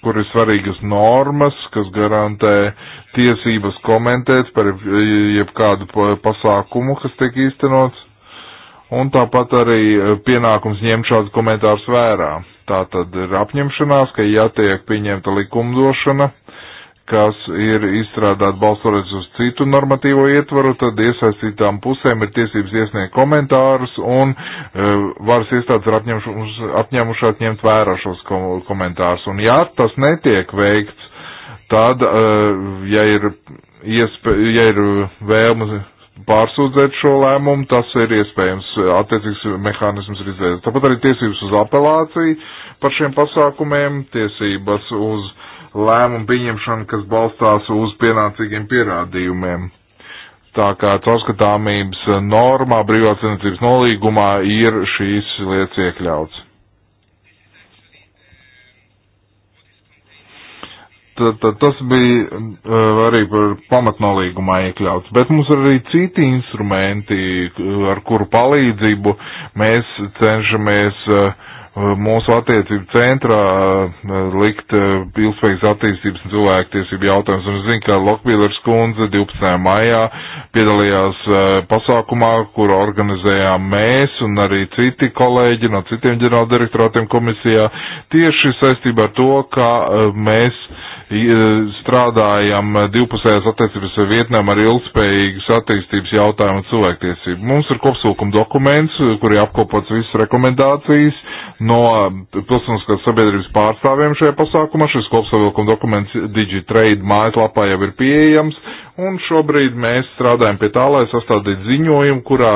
kur ir svarīgas normas, kas garantē uh, tiesības komentēt par jebkādu pasākumu, kas tiek īstenots, un tāpat arī e, pienākums ņemt šādus komentārus vērā. Tā tad ir apņemšanās, ka jātiek pieņemta likumdošana, kas ir izstrādāt balstoties uz citu normatīvo ietvaru, tad iesaistītām pusēm ir tiesības iesniegt komentārus un uh, varas iestādes ir apņemušās ņemt vērā šos komentārus. Un ja tas netiek veikts, Tad, eh, ja ir, iespē, ja ir vēlme pārsūdzēt šo lēmumu, tas ir iespējams, attiecīgs mehānisms ir izveidots. Tāpat arī tiesības uz apelāciju par šiem pasākumiem, tiesības uz lēmumu pieņemšanu, kas balstās uz pienācīgiem pierādījumiem tā kā caurskatāmības normā, brīvās cenības nolīgumā ir šīs lietas iekļauts. Tad, tad tas bija eh, arī par pamatnolīgumā iekļauts, bet mums ir arī citi instrumenti, ar kuru palīdzību mēs cenšamies eh, mūsu attiecību centrā eh, likt ilgspējīgas attīstības un cilvēktiesību jautājumus. Un es zinu, ka Lokbīlers kundze 12. maijā piedalījās pasākumā, kuru organizējām mēs un arī citi kolēģi no citiem ģenerāldirektorātiem komisijā tieši saistībā ar to, ka mēs E, strādājam divpusējās attiecības ar Vietnam ar ilgspējīgas attīstības jautājumu un cilvēktiesību. Mums ir kopsulkuma dokuments, kur ir apkopots visas rekomendācijas no e, pilsoniskās sabiedrības pārstāvjiem šajā pasākumā. Šis kopsulkuma dokuments DigiTrade mājaslapā jau ir pieejams, un šobrīd mēs strādājam pie tā, lai sastādītu ziņojumu, kurā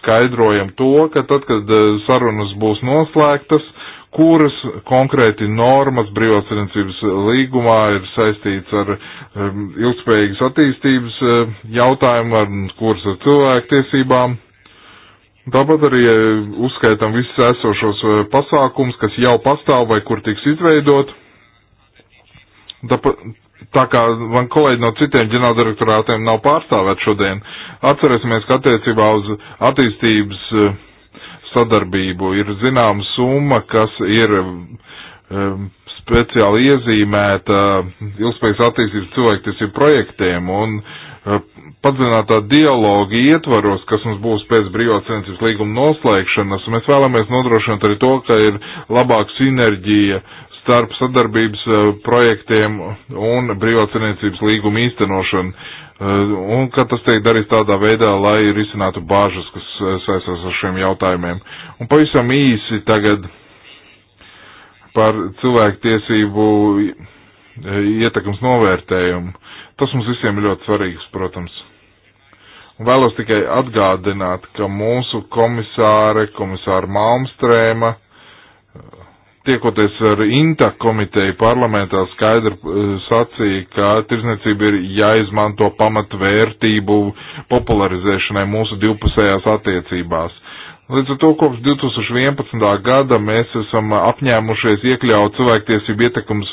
skaidrojam to, ka tad, kad e, sarunas būs noslēgtas, kuras konkrēti normas brīvās tirdzniecības līgumā ir saistīts ar um, ilgspējīgas attīstības um, jautājumu, ar, kuras ar cilvēku tiesībām. Tāpat arī uh, uzskaitam visus esošos uh, pasākums, kas jau pastāv vai kur tiks izveidot. Tāpat, tā kā man kolēģi no citiem ģenerāldirektorātiem nav pārstāvēt šodien, atcerēsimies, ka attiecībā uz attīstības uh, sadarbību. Ir zināma summa, kas ir um, speciāli iezīmēta ilgspējas attīstības cilvēktiesību projektiem un uh, padzinātā dialoga ietvaros, kas mums būs pēc brīvās cenības līguma noslēgšanas. Mēs vēlamies nodrošināt arī to, ka ir labāka sinerģija starp sadarbības uh, projektiem un brīvā cenības līguma īstenošanu. Eh, un ka tas tiek darīts tādā veidā, lai risinātu bāžas, kas eh, saistās ar šiem jautājumiem. Un pavisam īsi tagad par cilvēku tiesību eh, ietekmes novērtējumu. Tas mums visiem ir ļoti svarīgs, protams. Un vēlos tikai atgādināt, ka mūsu komisāre, komisāra Malmstrēma, tiekoties ar INTA komiteju parlamentā skaidri eh, sacīja, ka tirzniecība ir jāizmanto pamatvērtību popularizēšanai mūsu divpusējās attiecībās. Līdz ar to kopš 2011. gada mēs esam apņēmušies iekļaut cilvēktiesību ietekums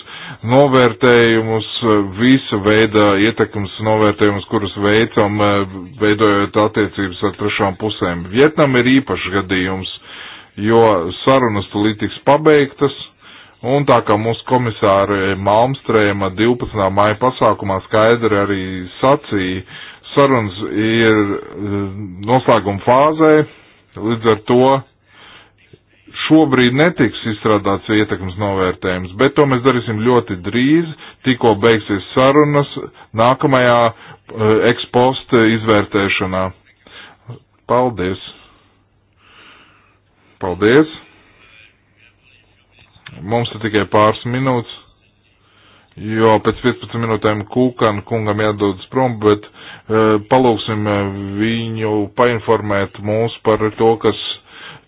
novērtējumus, visu veidu ietekums novērtējumus, kurus veicam, eh, veidojot attiecības ar trešām pusēm. Vietnam ir īpašs gadījums jo sarunas tulīt tiks pabeigtas, un tā kā mūsu komisāra Malmstrēma 12. māja pasākumā skaidri arī sacīja, sarunas ir eh, noslēguma fāzē, līdz ar to šobrīd netiks izstrādāts ietekmes novērtējums, bet to mēs darīsim ļoti drīz, tikko beigsies sarunas nākamajā eh, ekspostu izvērtēšanā. Paldies! Paldies! Mums ir tikai pāris minūtes, jo pēc 15 minūtēm Kūkan kungam jādodas prom, bet uh, palūksim e, viņu painformēt mūs par to, kas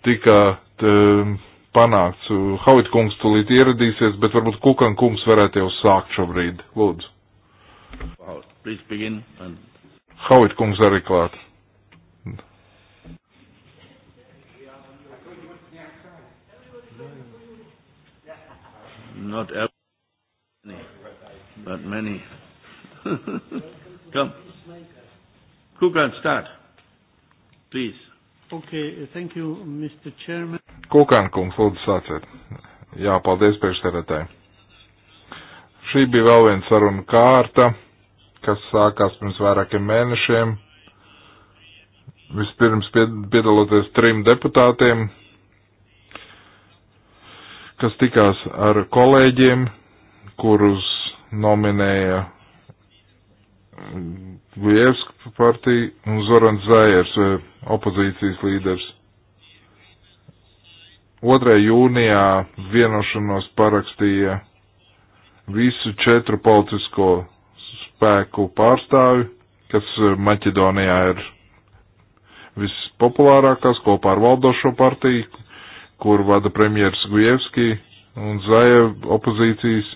tika uh, panākts. Havit kungs tulīt ieradīsies, bet varbūt Kukan kungs varētu jau sākt šobrīd. Lūdzu. Havit kungs arī klāt. Not every, but many. Come. Kukan, start. Please. Okay, thank you, Mr. Chairman. Kukan, kungs, lūdzu sāciet. Jā, paldies priekšsēdētāji. Šī bija vēl viena saruna kārta, kas sākās pirms vairākiem mēnešiem. Vispirms piedaloties trim deputātiem kas tikās ar kolēģiem, kurus nominēja Lievska partija un Zorans Zājers, eh, opozīcijas līderis. 2. jūnijā vienošanos parakstīja visu četru politisko spēku pārstāvi, kas eh, Maķedonijā ir vispopulārākās kopā ar valdošo partiju, kur vada premjers Gujevski un Zaja opozīcijas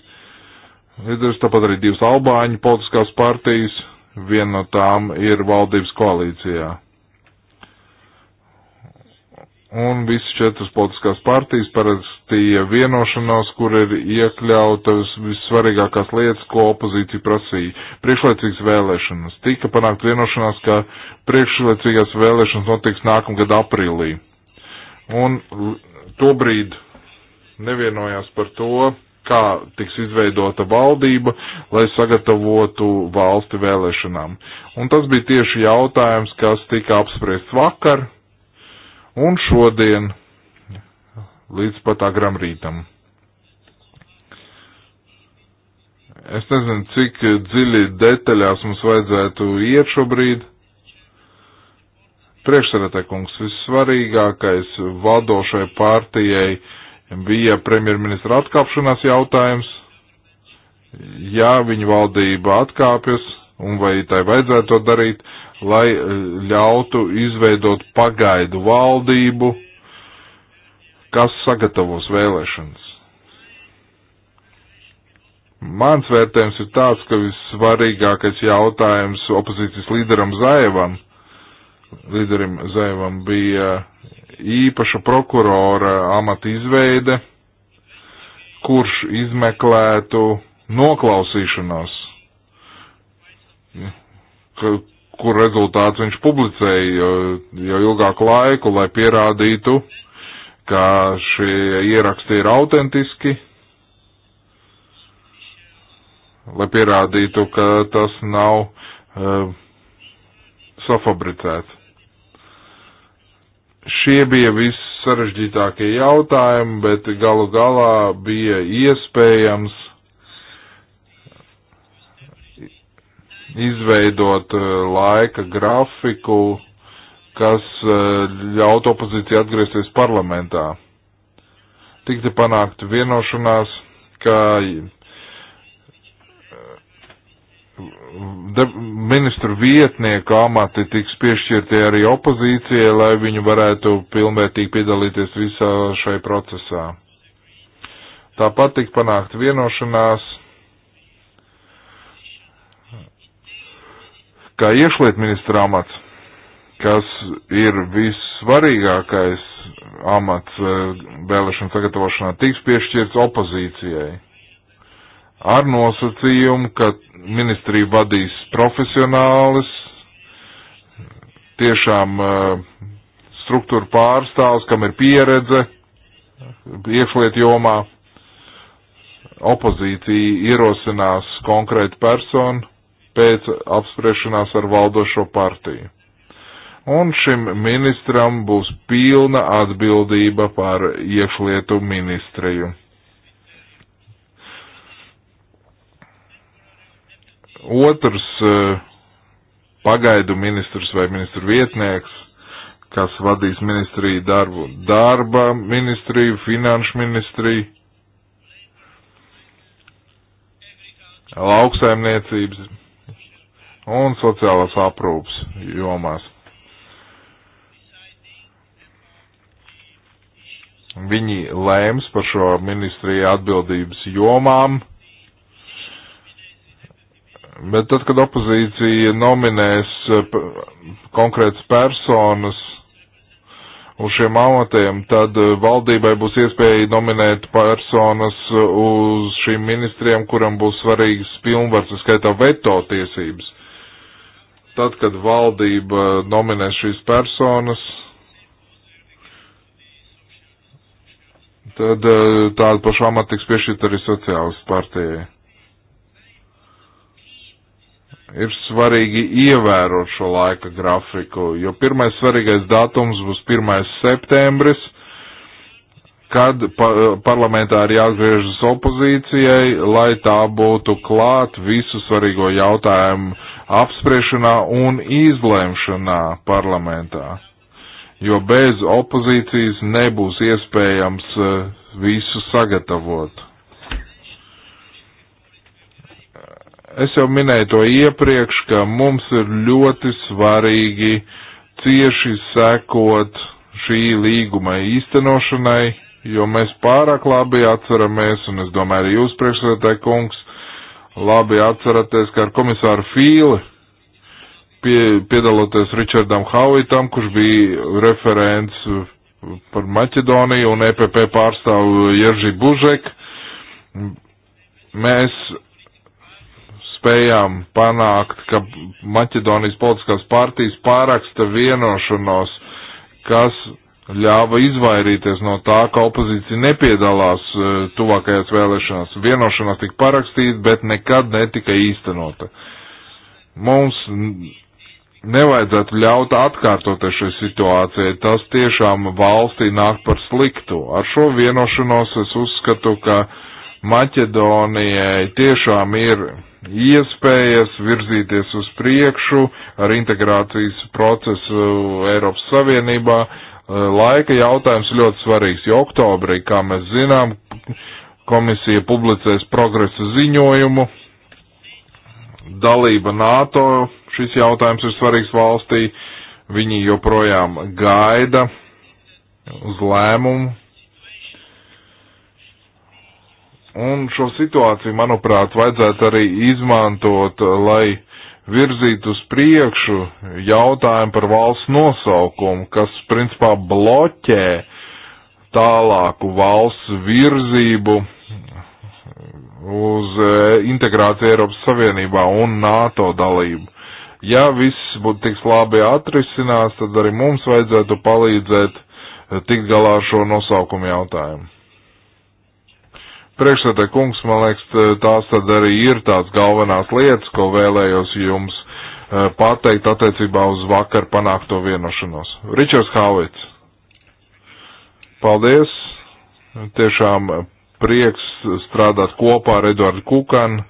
līderis, tāpat arī divas Albāņu politiskās partijas, viena no tām ir valdības koalīcijā. Un visas četras politiskās partijas parastīja vienošanos, kur ir iekļautas vissvarīgākās lietas, ko opozīcija prasīja. Priekšlaicīgas vēlēšanas. Tika panākt vienošanās, ka priekšlaicīgās vēlēšanas notiks nākamgad aprīlī. Un tobrīd nevienojās par to, kā tiks izveidota valdība, lai sagatavotu valsti vēlēšanām. Un tas bija tieši jautājums, kas tika apspriests vakar un šodien līdz pat agram rītam. Es nezinu, cik dziļi detaļās mums vajadzētu iet šobrīd Priekšsēdētājkungs, vissvarīgākais vadošai partijai bija premjerministra atkāpšanās jautājums. Ja viņa valdība atkāpjas, un vai tai vajadzētu to darīt, lai eh, ļautu izveidot pagaidu valdību, kas sagatavos vēlēšanas. Mans vērtējums ir tāds, ka vissvarīgākais jautājums opozīcijas līderam Zaevam līderim Zēvam bija īpaša prokurora amata izveide, kurš izmeklētu noklausīšanās, ka, kur rezultāts viņš publicēja jau, jau ilgāku laiku, lai pierādītu, ka šie ieraksti ir autentiski, lai pierādītu, ka tas nav uh, safabricēts. Šie bija viss sarežģītākie jautājumi, bet galu galā bija iespējams izveidot eh, laika grafiku, kas eh, ļaut opozīcijai atgriezties parlamentā. Tikti panākt vienošanās, ka ministru vietnieku amati tiks piešķirtie arī opozīcijai, lai viņi varētu pilnvērtīgi piedalīties visā šai procesā. Tāpat tika panākt vienošanās, kā iešliet ministra amats, kas ir vissvarīgākais amats eh, vēlēšana sagatavošanā, tiks piešķirts opozīcijai ar nosacījumu, ka ministrija vadīs profesionālis, tiešām eh, struktūra pārstāvs, kam ir pieredze iekšliet jomā. Opozīcija ierosinās konkrētu personu pēc apspriešanās ar valdošo partiju. Un šim ministram būs pilna atbildība par iekšlietu ministriju. Otrs eh, pagaidu ministrs vai ministru vietnieks, kas vadīs ministriju darbu, darba ministriju, finanšu ministriju, lauksaimniecības un sociālās aprūpas jomās. Viņi lēms par šo ministriju atbildības jomām Bet tad, kad opozīcija nominēs eh, konkrētas personas uz šiem amatiem, tad eh, valdībai būs iespēja nominēt personas eh, uz šīm ministriem, kuram būs svarīgas pilnvaras, skaitā veto tiesības. Tad, kad valdība nominēs šīs personas, tad tādu pašu amatu tiks piešķirt arī sociālas partijai ir svarīgi ievērot šo laika grafiku, jo pirmais svarīgais datums būs 1. septembris, kad pa parlamentā ir jāatgriežas opozīcijai, lai tā būtu klāt visu svarīgo jautājumu apspriešanā un izlēmšanā parlamentā. Jo bez opozīcijas nebūs iespējams eh, visu sagatavot. Es jau minēju to iepriekš, ka mums ir ļoti svarīgi cieši sekot šī līguma īstenošanai, jo mēs pārāk labi atceramies, un es domāju, arī jūs priekšsēdētāji kungs labi atceraties, ka ar komisāru Fīli pie, piedaloties Richardam Hauitam, kurš bija referents par Maķedoniju un EPP pārstāvu Jerži Bužek, mēs spējām panākt, ka Maķedonijas politiskās partijas pāraksta vienošanos, kas ļāva izvairīties no tā, ka opozīcija nepiedalās e, tuvākajās vēlēšanās. Vienošanās tika parakstīta, bet nekad netika īstenota. Mums nevajadzētu ļaut atkārtoties šai situācijai. Tas tiešām valstī nāk par sliktu. Ar šo vienošanos es uzskatu, ka Maķedonijai tiešām ir iespējas virzīties uz priekšu ar integrācijas procesu uh, Eiropas Savienībā. Uh, laika jautājums ļoti svarīgs, jo oktobrī, kā mēs zinām, komisija publicēs progresa ziņojumu. Dalība NATO, šis jautājums ir svarīgs valstī, viņi joprojām gaida uz lēmumu Un šo situāciju, manuprāt, vajadzētu arī izmantot, lai virzītu uz priekšu jautājumu par valsts nosaukumu, kas principā bloķē tālāku valsts virzību uz e, integrāciju Eiropas Savienībā un NATO dalību. Ja viss būtu tiks labi atrisinās, tad arī mums vajadzētu palīdzēt e, tikt galā ar šo nosaukumu jautājumu. Priekšsēdē kungs, man liekas, tās tad arī ir tās galvenās lietas, ko vēlējos jums e, pateikt attiecībā uz vakar panākto vienošanos. Ričards Hāvits. Paldies. Tiešām prieks strādāt kopā ar Eduardu Kukanu.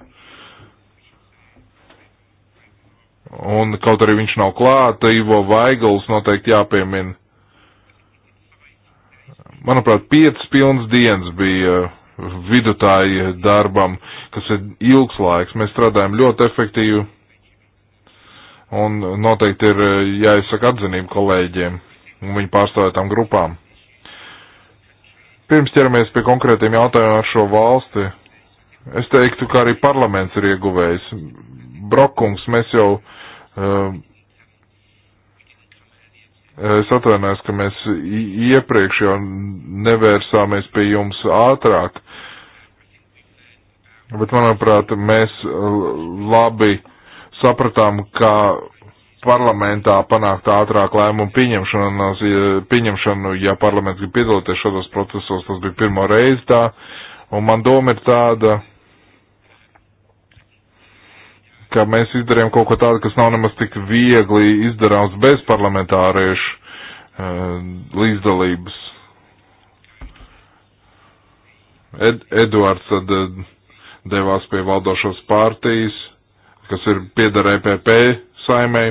Un kaut arī viņš nav klāta, Ivo Vaigls noteikti jāpiemina. Manuprāt, piecas pilnas dienas bija vidutāji darbam, kas ir ilgs laiks. Mēs strādājam ļoti efektīvi un noteikti ir eh, jāizsaka atzinību kolēģiem un viņu pārstāvētām grupām. Pirms ķeramies pie konkrētiem jautājumiem ar šo valsti, es teiktu, ka arī parlaments ir ieguvējis. Brokkungs, mēs jau uh, Es atvainojos, ka mēs iepriekš jau nevērsāmies pie jums ātrāk, bet manuprāt, mēs labi sapratām, ka parlamentā panākt ātrāk lēmumu pieņemšanu, pieņemšanu, ja parlaments grib piedalīties šādos procesos, tas bija pirmo reizi tā, un man doma ir tāda, ka mēs izdarījām kaut ko tādu, kas nav nemaz tik viegli izdarāms bez parlamentāriešu uh, līdzdalības. Ed, Eduards tad uh, devās pie valdošās pārtīs, kas ir piedara EPP saimē,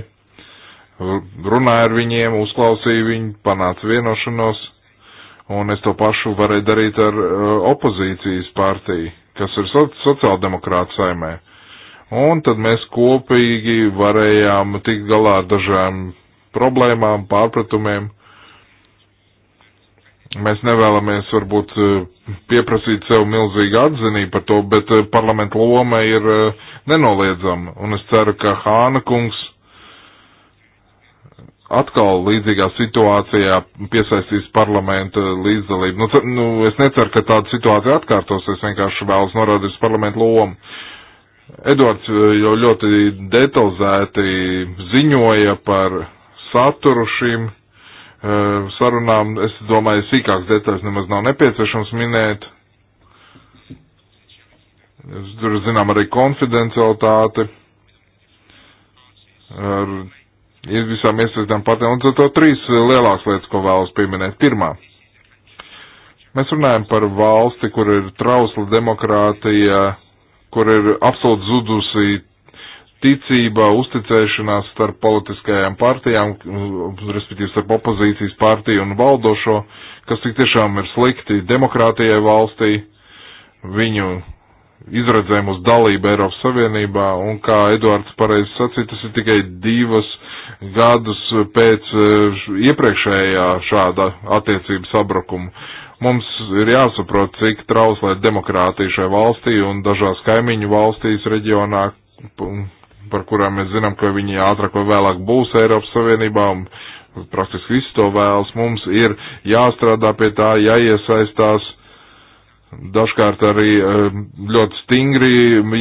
runāja ar viņiem, uzklausīja viņu, panāca vienošanos, un es to pašu varēju darīt ar uh, opozīcijas pārtī, kas ir so, sociāldemokrāta saimē un tad mēs kopīgi varējām tikt galā ar dažām problēmām, pārpratumiem. Mēs nevēlamies varbūt pieprasīt sev milzīgu atzinību par to, bet eh, parlamenta loma ir eh, nenoliedzama, un es ceru, ka Hāna kungs atkal līdzīgā situācijā piesaistīs parlamenta līdzdalību. Nu, nu, es neceru, ka tāda situācija atkārtos, es vienkārši vēlos norādīt uz parlamentu lomu. Edvards eh, jau ļoti detalizēti ziņoja par saturu šīm eh, sarunām. Es domāju, sīkāks detaļas nemaz nav nepieciešams minēt. Es tur zinām arī konfidencialitāti ar visām iesaistītām partijām. Un tad to trīs lielās lietas, ko vēlos pieminēt. Pirmā. Mēs runājam par valsti, kur ir trausla demokrātija, kur ir absolūti zudusi ticība, uzticēšanās starp politiskajām partijām, respektīvi starp opozīcijas partiju un valdošo, kas tik tiešām ir slikti demokrātijai valstī, viņu izredzēm uz dalību Eiropas Savienībā, un kā Eduards pareizi sacīja, tas ir tikai divas gadus pēc eh, iepriekšējā šāda attiecības sabrukuma. Mums ir jāsaprot, cik trauslē demokrātija šajā valstī un dažās kaimiņu valstīs reģionā, par kurām mēs zinām, ka viņi ātrāk vai vēlāk būs Eiropas Savienībā, un praktiski viss to vēlas. Mums ir jāstrādā pie tā, jāiesaistās dažkārt arī eh, ļoti stingri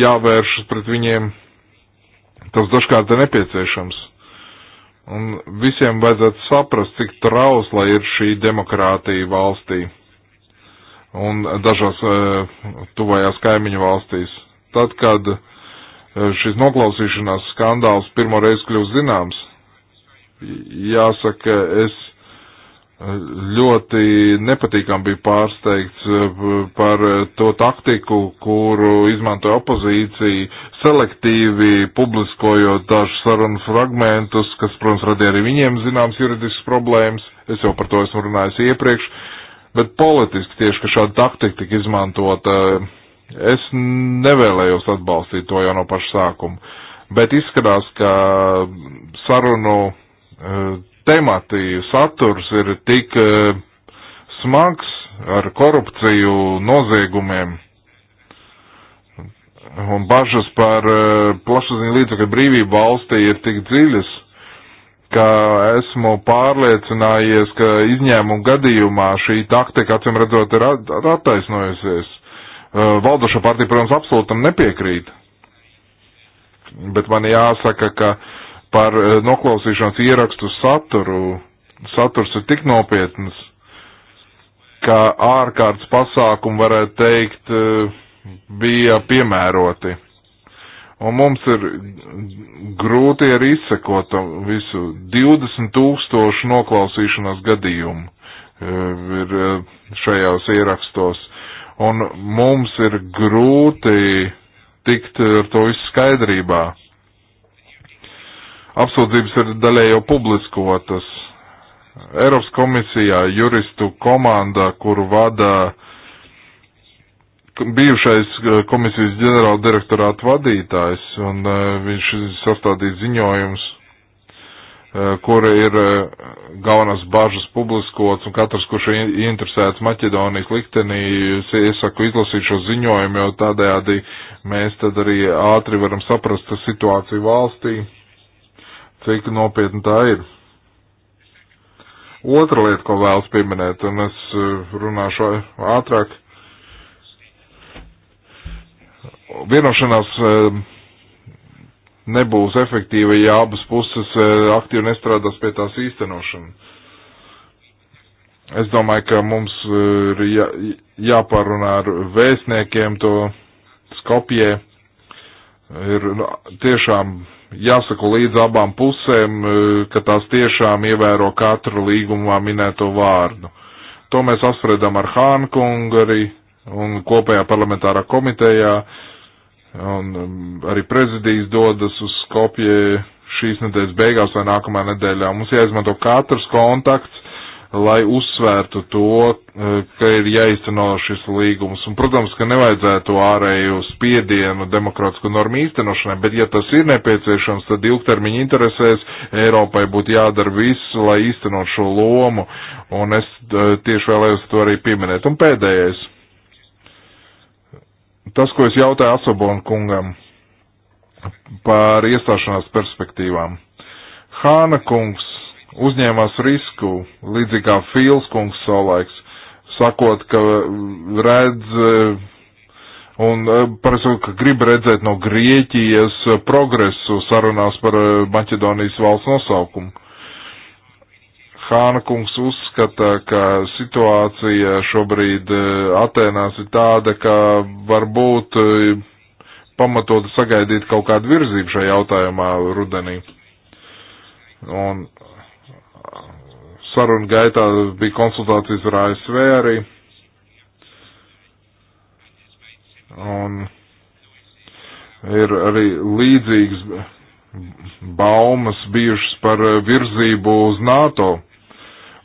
jāvēršas pret viņiem. Tas dažkārt ir nepieciešams. Un visiem vajadzētu saprast, cik trausla ir šī demokrātija valstī un dažās e, tuvajās kaimiņu valstīs. Tad, kad e, šis noklausīšanās skandāls pirmo reizi kļūst zināms, jāsaka, es e, ļoti nepatīkam bija pārsteigts par to taktiku, kuru izmantoja opozīcija, selektīvi publiskojot dažus sarunu fragmentus, kas, protams, radīja arī viņiem zināms juridisks problēmas. Es jau par to esmu runājis iepriekš. Uh, bet politiski tieši, ka šāda taktika tika izmantota, es nevēlējos atbalstīt to jau no paša sākuma. Bet izskatās, ka sarunu e, temati, saturs ir tik e, smags ar korupciju, noziegumiem un bažas par e, plašsaziņu līdzekļu brīvību valstī ir tik dziļas ka esmu pārliecinājies, ka izņēmumu gadījumā šī taktika, acīm redzot, ir attaisnojusies. Uh, Valdoša partija, protams, absolūtam nepiekrīt. Bet man jāsaka, ka par uh, noklausīšanas ierakstu saturu, saturs ir tik nopietns, ka ārkārtas pasākumi, varētu teikt, uh, bija piemēroti Un mums ir grūti arī izsekot visu 20 tūkstošu noklausīšanās gadījumu e, ir e, šajās ierakstos. Un mums ir grūti tikt ar to visu skaidrībā. Apsūdzības ir daļai jau publiskotas. Eiropas komisijā juristu komanda, kuru vada uh, bijušais eh, komisijas ģenerāla direktorāta vadītājs, un eh, viņš sastādīja ziņojums, eh, kura ir galvenās bažas publiskots, un katrs, kurš ir interesēts Maķedonijas liktenī, iesaku izlasīt šo ziņojumu, jo tādējādi mēs tad arī ātri varam saprast situāciju valstī, cik nopietni tā ir. Otra lieta, ko vēlas pieminēt, un es runāšu ātrāk vienošanās eh, nebūs efektīva, ja abas puses eh, aktīvi nestrādās pie tās īstenošanas. Es domāju, ka mums eh, ir jā, jāparunā ar vēstniekiem to skopjē. Ir nu, tiešām jāsako līdz abām pusēm, ka tās tiešām ievēro katru līgumā minēto vārdu. To mēs apspriedām ar Hānkungu arī un kopējā parlamentārā komitejā. Uh, Un um, arī prezidijas dodas uz Skopje šīs nedēļas beigās vai nākamā nedēļā. Mums jāizmanto katrs kontakts, lai uzsvērtu to, eh, ka ir jāizteno šis līgums. Un, protams, ka nevajadzētu ārēju spiedienu demokrātisku normu īstenošanai, bet ja tas ir nepieciešams, tad ilgtermiņa interesēs Eiropai būtu jādara viss, lai īstenot šo lomu. Un es eh, tieši vēlējos to arī pieminēt. Un pēdējais Tas, ko es jautāju Asobonu kungam par iestāšanās perspektīvām. Hāna kungs uzņēmās risku, līdzīgi kā Fīls kungs savulaiks, sakot, ka redz un eh, parasot, ka grib redzēt no Grieķijas progresu sarunās par eh, Maķedonijas valsts nosaukumu. Hānkungs uzskata, ka situācija šobrīd e, Atēnās ir tāda, ka varbūt e, pamatot sagaidīt kaut kādu virzību šajā jautājumā rudenī. Un sarunu gaitā bija konsultācijas ar ASV arī. Un ir arī līdzīgas baumas bijušas par virzību uz NATO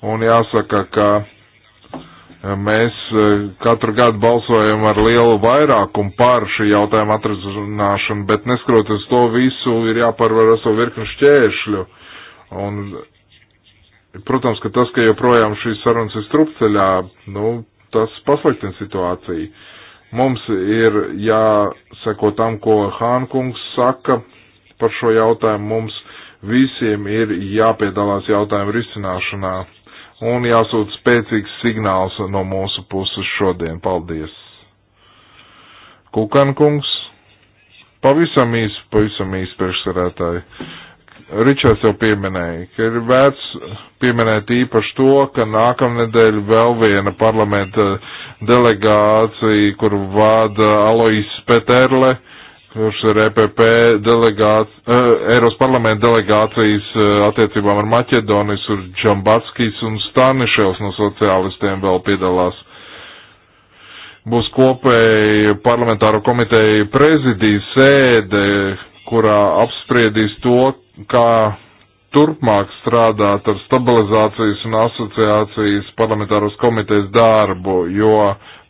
un jāsaka, ka e, mēs e, katru gadu balsojam ar lielu vairākumu par šī jautājuma atrisināšanu, bet neskroties to visu, ir jāpārvar ar savu virkni šķēršļu. Un, protams, ka tas, ka joprojām šīs sarunas ir strupceļā, nu, tas pasliktina situāciju. Mums ir jāseko tam, ko Hānkungs saka par šo jautājumu. Mums visiem ir jāpiedalās jautājumu risināšanā un jāsūt spēcīgs signāls no mūsu puses šodien. Paldies! Kukankungs, pavisam īsi, pavisam īsi priekšsarētāji. Ričards jau pieminēja, ka ir vērts pieminēt īpaši to, ka nākamnedēļ vēl viena parlamenta delegācija, kuru vada Alois Peterle, uh, kurš ir EPP delegāts, uh, eh, Eiros parlamenta delegācijas uh, attiecībām ar Maķedonis, un Džambatskis un Staniševs no sociālistiem vēl piedalās. Būs kopēja parlamentāro komiteju prezidijas sēde, kurā apspriedīs to, kā turpmāk strādāt ar stabilizācijas un asociācijas parlamentāros komitejas darbu, jo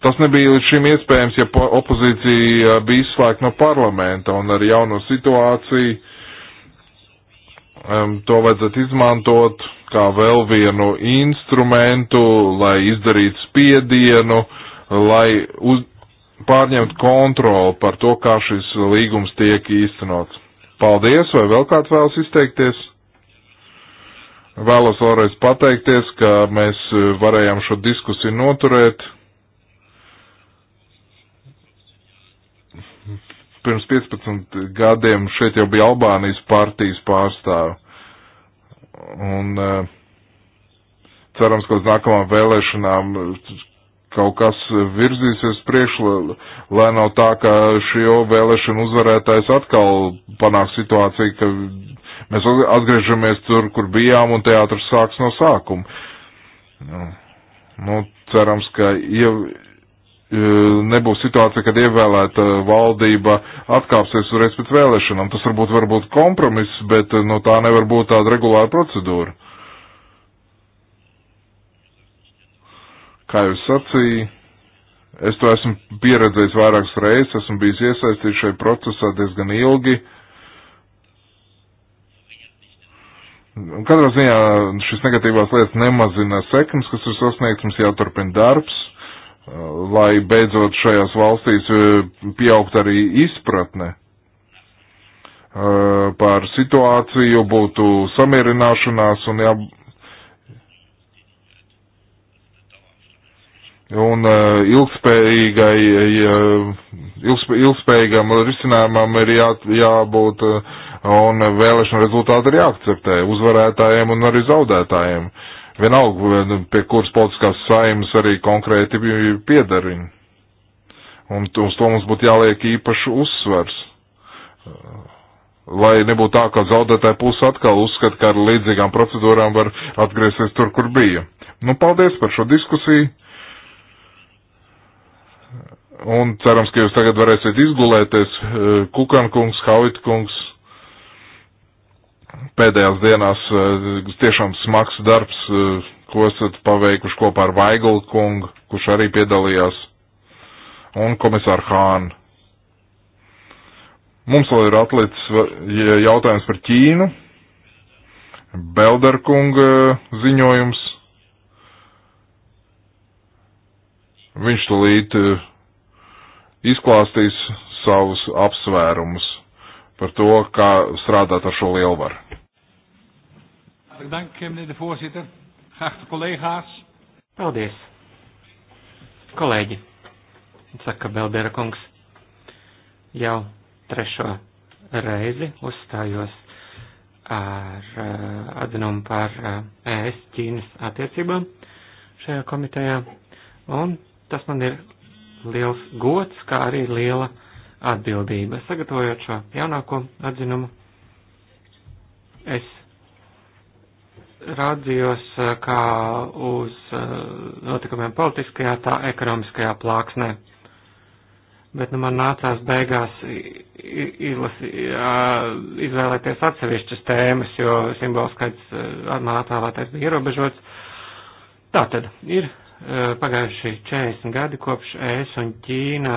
Tas nebija līdz šim iespējams, ja opozīcija eh, bija izslēgta no parlamenta un ar jauno situāciju um, to vajadzētu izmantot kā vēl vienu instrumentu, lai izdarītu spiedienu, lai uz, pārņemtu kontroli par to, kā šis līgums tiek īstenots. Paldies, vai vēl kāds vēlas izteikties? Vēlos vēlreiz pateikties, ka mēs eh, varējām šo diskusiju noturēt. pirms 15 gadiem šeit jau bija Albānijas partijas pārstāvi. Un eh, cerams, ka uz nākamām vēlēšanām eh, kaut kas virzīsies priekš, lai nav tā, ka šī vēlēšana uzvarētājs atkal panāk situāciju, ka mēs atgriežamies tur, kur bijām, un teātris sāks no sākuma. Nu, nu cerams, ka jau E, nebūs situācija, kad ievēlēta valdība atkāpsies uzreiz pēc vēlēšanām. Tas varbūt var būt kompromiss, bet e, no tā nevar būt tāda regulāra procedūra. Kā jau sacīju, es to esmu pieredzējis vairākas reizes, esmu bijis iesaistīts šajā procesā diezgan ilgi. Katrā ziņā šis negatīvās lietas nemazina sekmes, kas ir sasniegts, mums jāturpina darbs Eh, lai beidzot šajās valstīs eh, pieaugt arī izpratne eh, par situāciju, būtu samierināšanās un jā. Un ilgspējīgai, ilgspējīgam risinājumam ir jā, jābūt un vēlēšana rezultāti ir jāakceptē uzvarētājiem un arī zaudētājiem. Uh, vienalga, nu, pie kuras politiskās saimas arī konkrēti piedariņi. Un uz to mums būtu jāliek īpaši uzsvars. Lai nebūtu tā, ka zaudētāja puse atkal uzskata, ka ar līdzīgām procedūrām var atgriezties tur, kur bija. Nu, paldies par šo diskusiju. Un cerams, ka jūs tagad varēsiet izgulēties. Eh, Kukankungs, Havitkungs pēdējās dienās eh, tiešām smags darbs, eh, ko esat paveikuši kopā ar Vaiglu kungu, kurš arī piedalījās, un komisāru Hānu. Mums vēl ir atlicis jautājums par Ķīnu, Belderkunga ziņojums. Viņš tulīt eh, izklāstīs savus apsvērumus par to, kā strādāt ar šo lielvaru. Hartelijk dank, eh, meneer de voorzitter. Geachte collega's. Paldies. Kolēģi, saka Beldera kungs, jau trešo reizi uzstājos ar uh, atzinumu par uh, eh, ES Ķīnas attiecībām šajā komitejā, un tas man ir liels gods, kā arī liela atbildība. Sagatavojot šo jaunāko atzinumu, es rādzījos eh, kā uz eh, notikumiem politiskajā, tā ekonomiskajā plāksnē. Bet nu, man nācās beigās izlasi, izvēlēties atsevišķas tēmas, jo simbolu skaits eh, man atvēlētais bija ierobežots. Tātad ir pagājuši 40 gadi kopš ES un Ķīna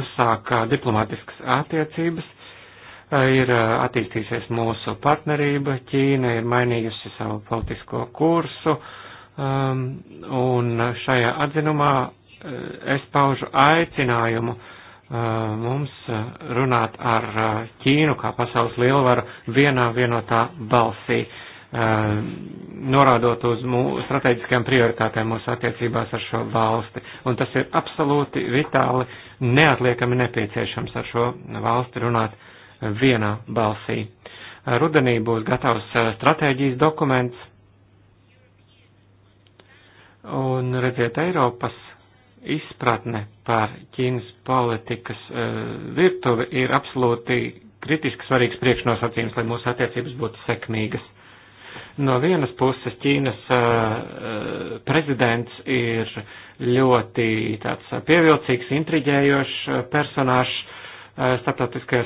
uzsāka diplomātiskas attiecības ir attīstīsies mūsu partnerība, Ķīna ir mainījusi savu politisko kursu, um, un šajā atzinumā es paužu aicinājumu uh, mums runāt ar Ķīnu kā pasaules lielvaru vienā vienotā balsī, uh, norādot uz mūsu strateģiskajām prioritātēm mūsu attiecībās ar šo valsti. Un tas ir absolūti vitāli neatliekami nepieciešams ar šo valsti runāt vienā balsī. Rudenī būs gatavs stratēģijas dokuments, un redziet, Eiropas izpratne par Ķīnas politikas virtuvi ir absolūti kritiski svarīgs priekšnosacījums, lai mūsu attiecības būtu sekmīgas. No vienas puses Ķīnas uh, prezidents ir ļoti tāds pievilcīgs, intriģējošs personāžs, Eh, starptautiskajā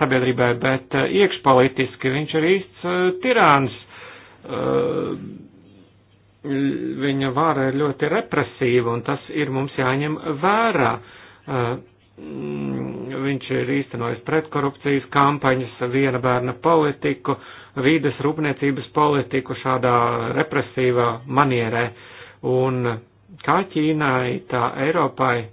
sabiedrībai, bet eh, iekšpolitiski viņš ir īsts eh, tirāns. Viņa vāra ir ļoti represīva, un tas ir mums jāņem vērā. Mm, viņš ir īstenojis pretkorupcijas kampaņas, viena bērna politiku, vīdes rūpniecības politiku šādā represīvā manierē. Un kā Ķīnai, tā Eiropai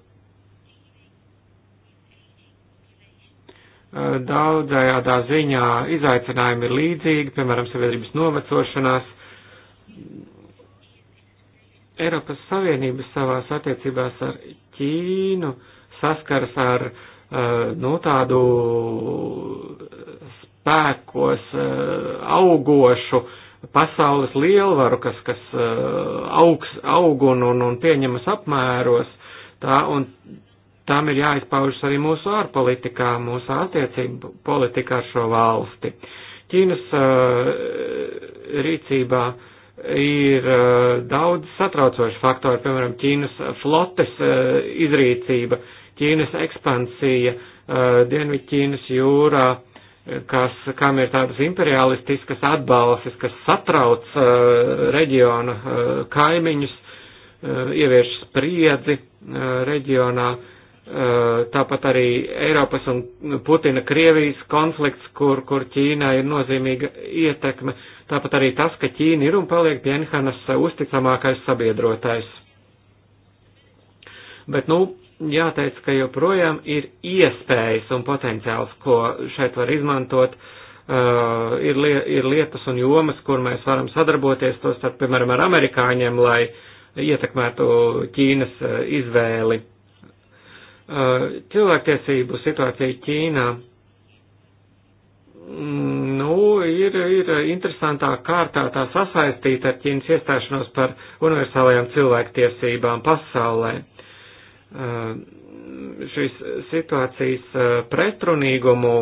Eh, daudzējādā ziņā izaicinājumi ir līdzīgi, piemēram, sabiedrības novecošanās. Eiropas Savienība savās attiecībās ar Ķīnu saskaras ar eh, nu, tādu spēkos eh, augošu pasaules lielvaru, kas, kas augs, aug un, un, un pieņemas apmēros. Tā, un tam ir jāizpaužas arī mūsu ārpolitikā, mūsu attiecību politikā ar šo valsti. Ķīnas uh, rīcībā ir uh, daudz satraucoši faktori, piemēram, Ķīnas flotes uh, izrīcība, Ķīnas ekspansija, uh, Dienvidu Ķīnas jūrā, kas, kam ir tādas imperialistiskas atbalstis, kas satrauc uh, reģiona uh, kaimiņus, uh, ievieš spriedzi uh, reģionā. Uh, Eh, tāpat arī Eiropas un Putina Krievijas konflikts, kur, kur Ķīnā ir nozīmīga ietekme, tāpat arī tas, ka Ķīna ir un paliek Pienhanas uzticamākais sabiedrotais. Bet, nu, jāteic, ka joprojām ir iespējas un potenciāls, ko šeit var izmantot. Uh, ir, li ir lietas un jomas, kur mēs varam sadarboties, tos, tad, piemēram, ar amerikāņiem, lai ietekmētu Ķīnas eh, izvēli. Eh, cilvēktiesību situācija Ķīnā nu, ir, ir interesantā kārtā tā sasaistīta ar Ķīnas iestāšanos par universālajām cilvēktiesībām pasaulē. Eh, šīs situācijas eh, pretrunīgumu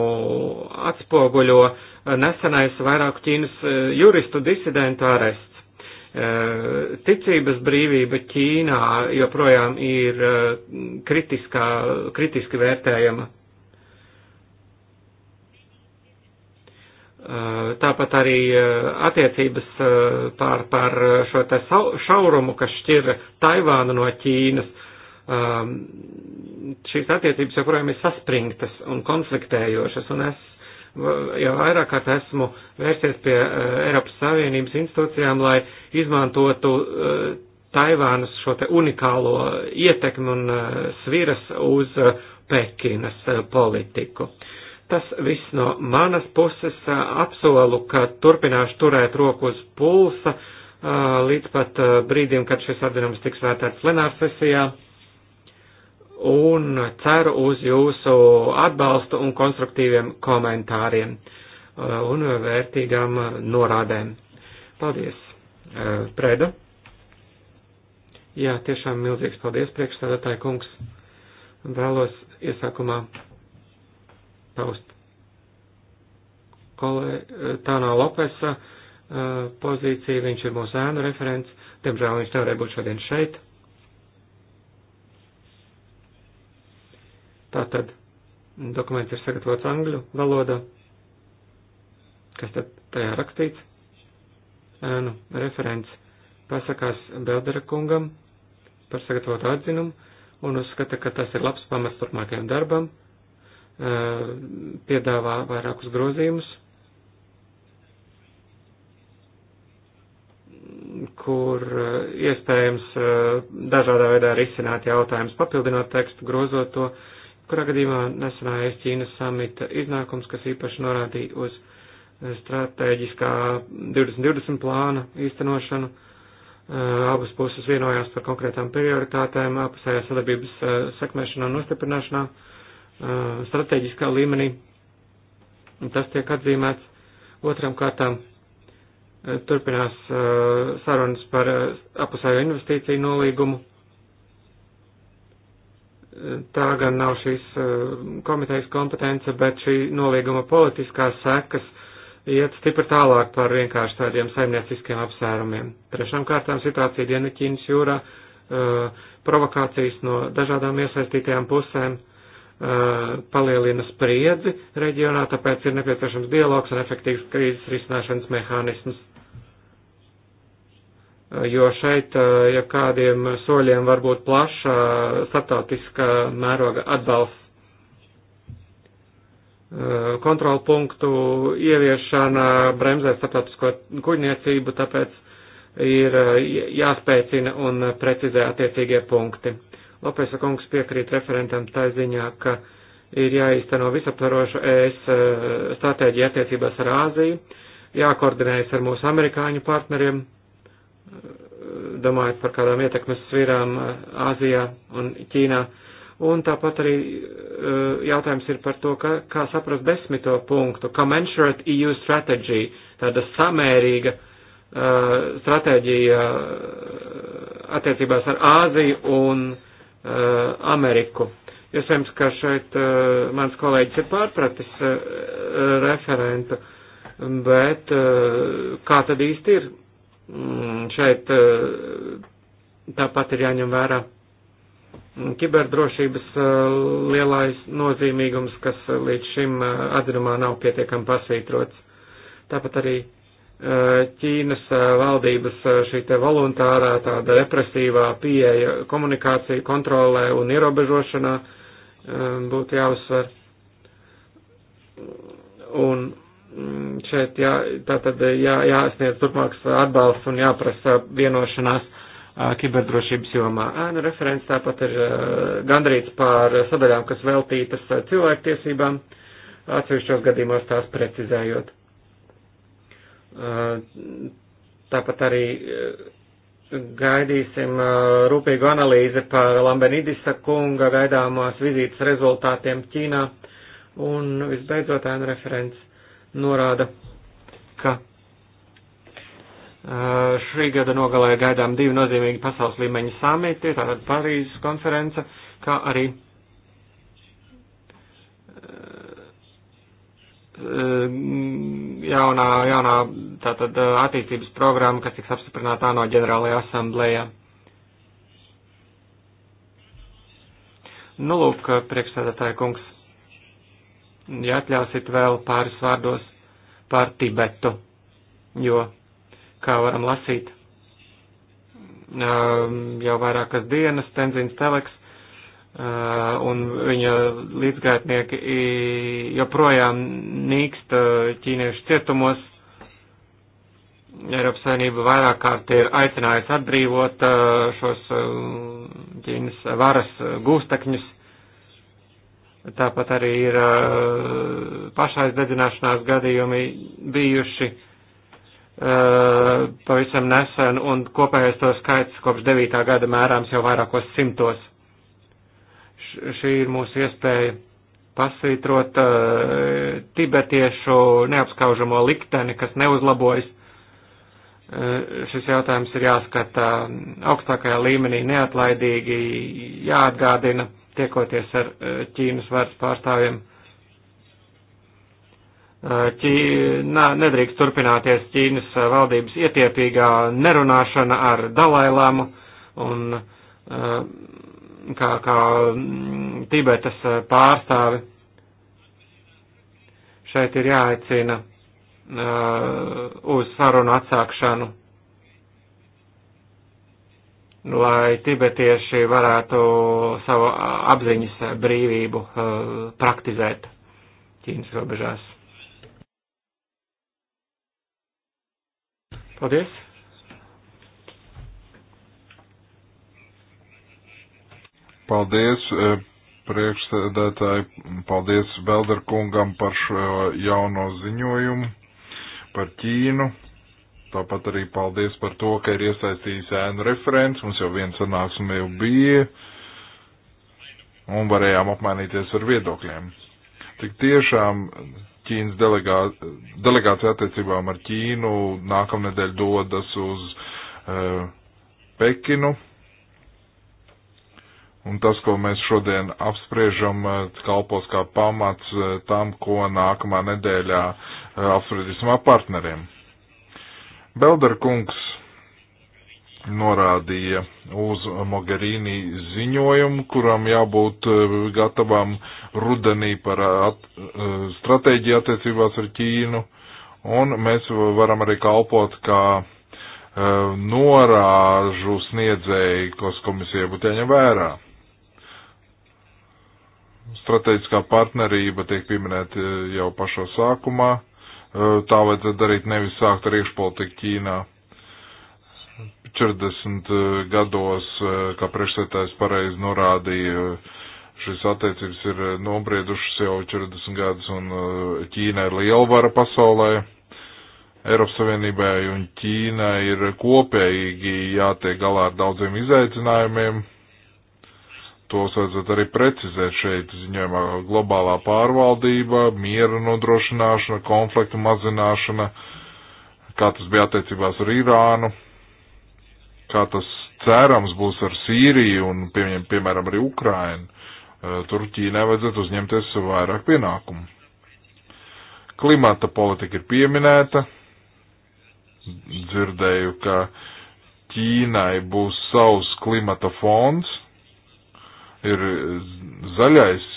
atspoguļo nesenais vairāku Ķīnas juristu disidentu arests. Eh, ticības brīvība Ķīnā joprojām ir eh, kritiskā, kritiski vērtējama. Eh, tāpat arī attiecības pār, pār šo te šaurumu, kas šķir Taivānu no Ķīnas, šīs attiecības joprojām ir saspringtas un konfliktējošas, un es jau vairāk kārt esmu vērsies pie eh, Eiropas Savienības institūcijām, lai izmantotu eh, Taivānas šo te unikālo ietekmi un eh, sviras uz Pekinas politiku. Tas viss no manas puses apsolu, ka turpināšu turēt roku uz pulsa līdz pat brīdim, kad šis atzinums tiks vērtēts plenārsesijā. sesijā un ceru uz jūsu atbalstu un konstruktīviem komentāriem uh, un vērtīgām uh, norādēm. Paldies, uh, Preda. Jā, tiešām milzīgs paldies, priekšstādātāji kungs. Vēlos iesākumā paust kolē, Tānā Lopesa pozīciju, viņš ir mūsu ēnu referents, diemžēl viņš nevarēja būt šodien šeit Tātad dokuments ir sagatavots angļu valodā. Kas tad tajā rakstīts? Nu, referents pasakās Beldera kungam par sagatavotu atzinumu un uzskata, ka tas ir labs pamats turpmākajam darbam, piedāvā vairākus grozījumus, kur iespējams dažādā veidā risināt jautājumus, papildināt tekstu, grozot to, uh, kurā gadījumā nesenājais Ķīnas samita iznākums, kas īpaši norādīja uz eh, stratēģiskā 2020 plāna īstenošanu. Eh, abas puses vienojās par konkrētām prioritātēm, apusējā sadarbības eh, sekmēšanā un nostiprināšanā stratēģiskā līmenī. Tas tiek atzīmēts otram kārtām. Turpinās sarunas par apusējo investīciju nolīgumu Tā gan nav šīs e, komitejas kompetence, bet šī nolieguma politiskās sekas iet stipri tālāk par vienkārši tādiem saimnieciskiem apsērumiem. Trešām kārtām situācija Dienvidķīnas jūrā, e, provokācijas no dažādām iesaistītajām pusēm e, palielina spriedzi reģionā, tāpēc ir nepieciešams dialogs un efektīvs krīzes risināšanas mehānisms jo šeit, ja kādiem soļiem var būt plaša startautiska mēroga atbalsts. Kontrola punktu ieviešana bremzē startautisko kuģniecību, tāpēc ir jāspēcina un precizē attiecīgie punkti. Lopesa kungs piekrīt referentam tā ziņā, ka ir jāīsteno visaptvaroša ES stratēģija attiecībās ar Āziju, jākoordinējas ar mūsu amerikāņu partneriem domājot par kādām ietekmes sfērām eh, Āzijā un Ķīnā. Un tāpat arī eh, jautājums ir par to, ka, kā saprast desmito punktu, commensurate EU strategy, tāda samērīga uh, stratēģija attiecībās ar Āziju un uh, Ameriku. Iespējams, ka šeit uh, mans kolēģis ir pārpratis uh, referentu, bet uh, kā tad īsti ir? Mm, šeit eh, tāpat ir jāņem vērā kiberdrošības eh, lielais nozīmīgums, kas eh, līdz šim atzinumā nav pietiekami pasvītrots. Tāpat arī Ķīnas valdības šī te voluntārā tāda represīvā pieeja komunikāciju kontrolē un ierobežošanā būtu jāuzsver. Un Mm, šeit jā, tātad eh, jā, jāsniedz turpmāks atbalsts un jāprasa vienošanās eh, kiberdrošības jomā. Ēnu referents tāpat ir eh, gandrīz pār sadaļām, kas veltītas cilvēktiesībām, atsevišķos gadījumos tās precizējot. Tāpat arī gaidīsim rūpīgu analīzi par Lambenidisa kunga gaidāmās vizītes rezultātiem Ķīnā un visbeidzot ēnu referents norāda, ka šī gada nogalē gaidām divi nozīmīgi pasaules līmeņa samiti, tātad Parīzes konference, kā arī jaunā, jaunā tātad attīstības programma, kas tiks apstiprināta no ģenerālajā asamblējā. Nu, lūk, priekšsēdētāja kungs, ja atļausit vēl pāris vārdos par Tibetu, jo, kā varam lasīt, um, jau vairākas dienas Tenzins Teleks uh, un viņa līdzgaitnieki joprojām nīkst uh, ķīniešu cietumos. Eiropas Savienība vairāk kārt ir aicinājusi atbrīvot uh, šos um, Ķīnas varas gūstekņus Tāpat arī ir pašaizdedzināšanās gadījumi bijuši pavisam nesen, un kopējais to skaits kopš 9. gada mērāms jau vairākos simtos. Šī ir mūsu iespēja pasvītrot uh, tibetiešu neapskaužamo likteni, kas neuzlabojas. Uh, šis jautājums ir jāskata augstākajā līmenī neatlaidīgi, jāatgādina. Uh, tiekoties ar e, Ķīnas varas pārstāvjiem. E, Ķī, nā, nedrīkst turpināties Ķīnas e, valdības ietiepīgā nerunāšana ar Dalailāmu un kā, kā mm, Tibetas pārstāvi. Šeit ir jāaicina uz sarunu atsākšanu lai tibetieši varētu savu apziņas brīvību uh, praktizēt Ķīnas robežās. Paldies! Paldies, eh, priekšsēdētāji, paldies Belderkungam par šo jauno ziņojumu par Ķīnu. Tāpat arī paldies par to, ka ir iesaistījis ēnu referents. Mums jau viens sanāksme jau bija un varējām apmainīties ar viedokļiem. Tik tiešām Ķīnas delegā, delegācija attiecībām ar Ķīnu nākamnedēļ dodas uz uh, Pekinu. Un tas, ko mēs šodien apspriežam, e, kalpos kā pamats e, tam, ko nākamā nedēļā apspriedīsim ar partneriem. Belderkungs norādīja uz Mogherini ziņojumu, kuram jābūt e, gatavam rudenī par at, e, stratēģiju attiecībās ar Ķīnu, un mēs varam arī kalpot kā e, norāžu sniedzēji, kas komisija būtu jāņem vērā. Strateģiskā partnerība tiek pieminēta jau pašā sākumā Eh, tā vajadzētu darīt nevis sākt ar iekšpolitiku Ķīnā. 40 eh, gados, eh, kā priekšsētājs pareizi norādīja, šīs attiecības ir nobriedušas jau 40 gadus, un Ķīna ir lielvara pasaulē. Eiropas Savienībai un Ķīnai ir kopīgi jātiek galā ar daudziem izaicinājumiem, tos vajadzētu arī precizēt šeit ziņojumā - globālā pārvaldība, miera nodrošināšana, konfliktu mazināšana, kā tas bija attiecībās ar Irānu, kā tas cerams būs ar Sīriju un, piemēram, piemēram arī Ukrainu. E, Turķija nevajadzētu uzņemties vairāk pienākumu. Klimata politika ir pieminēta. Dzirdēju, ka Ķīnai būs savs klimata fonds, ir zaļais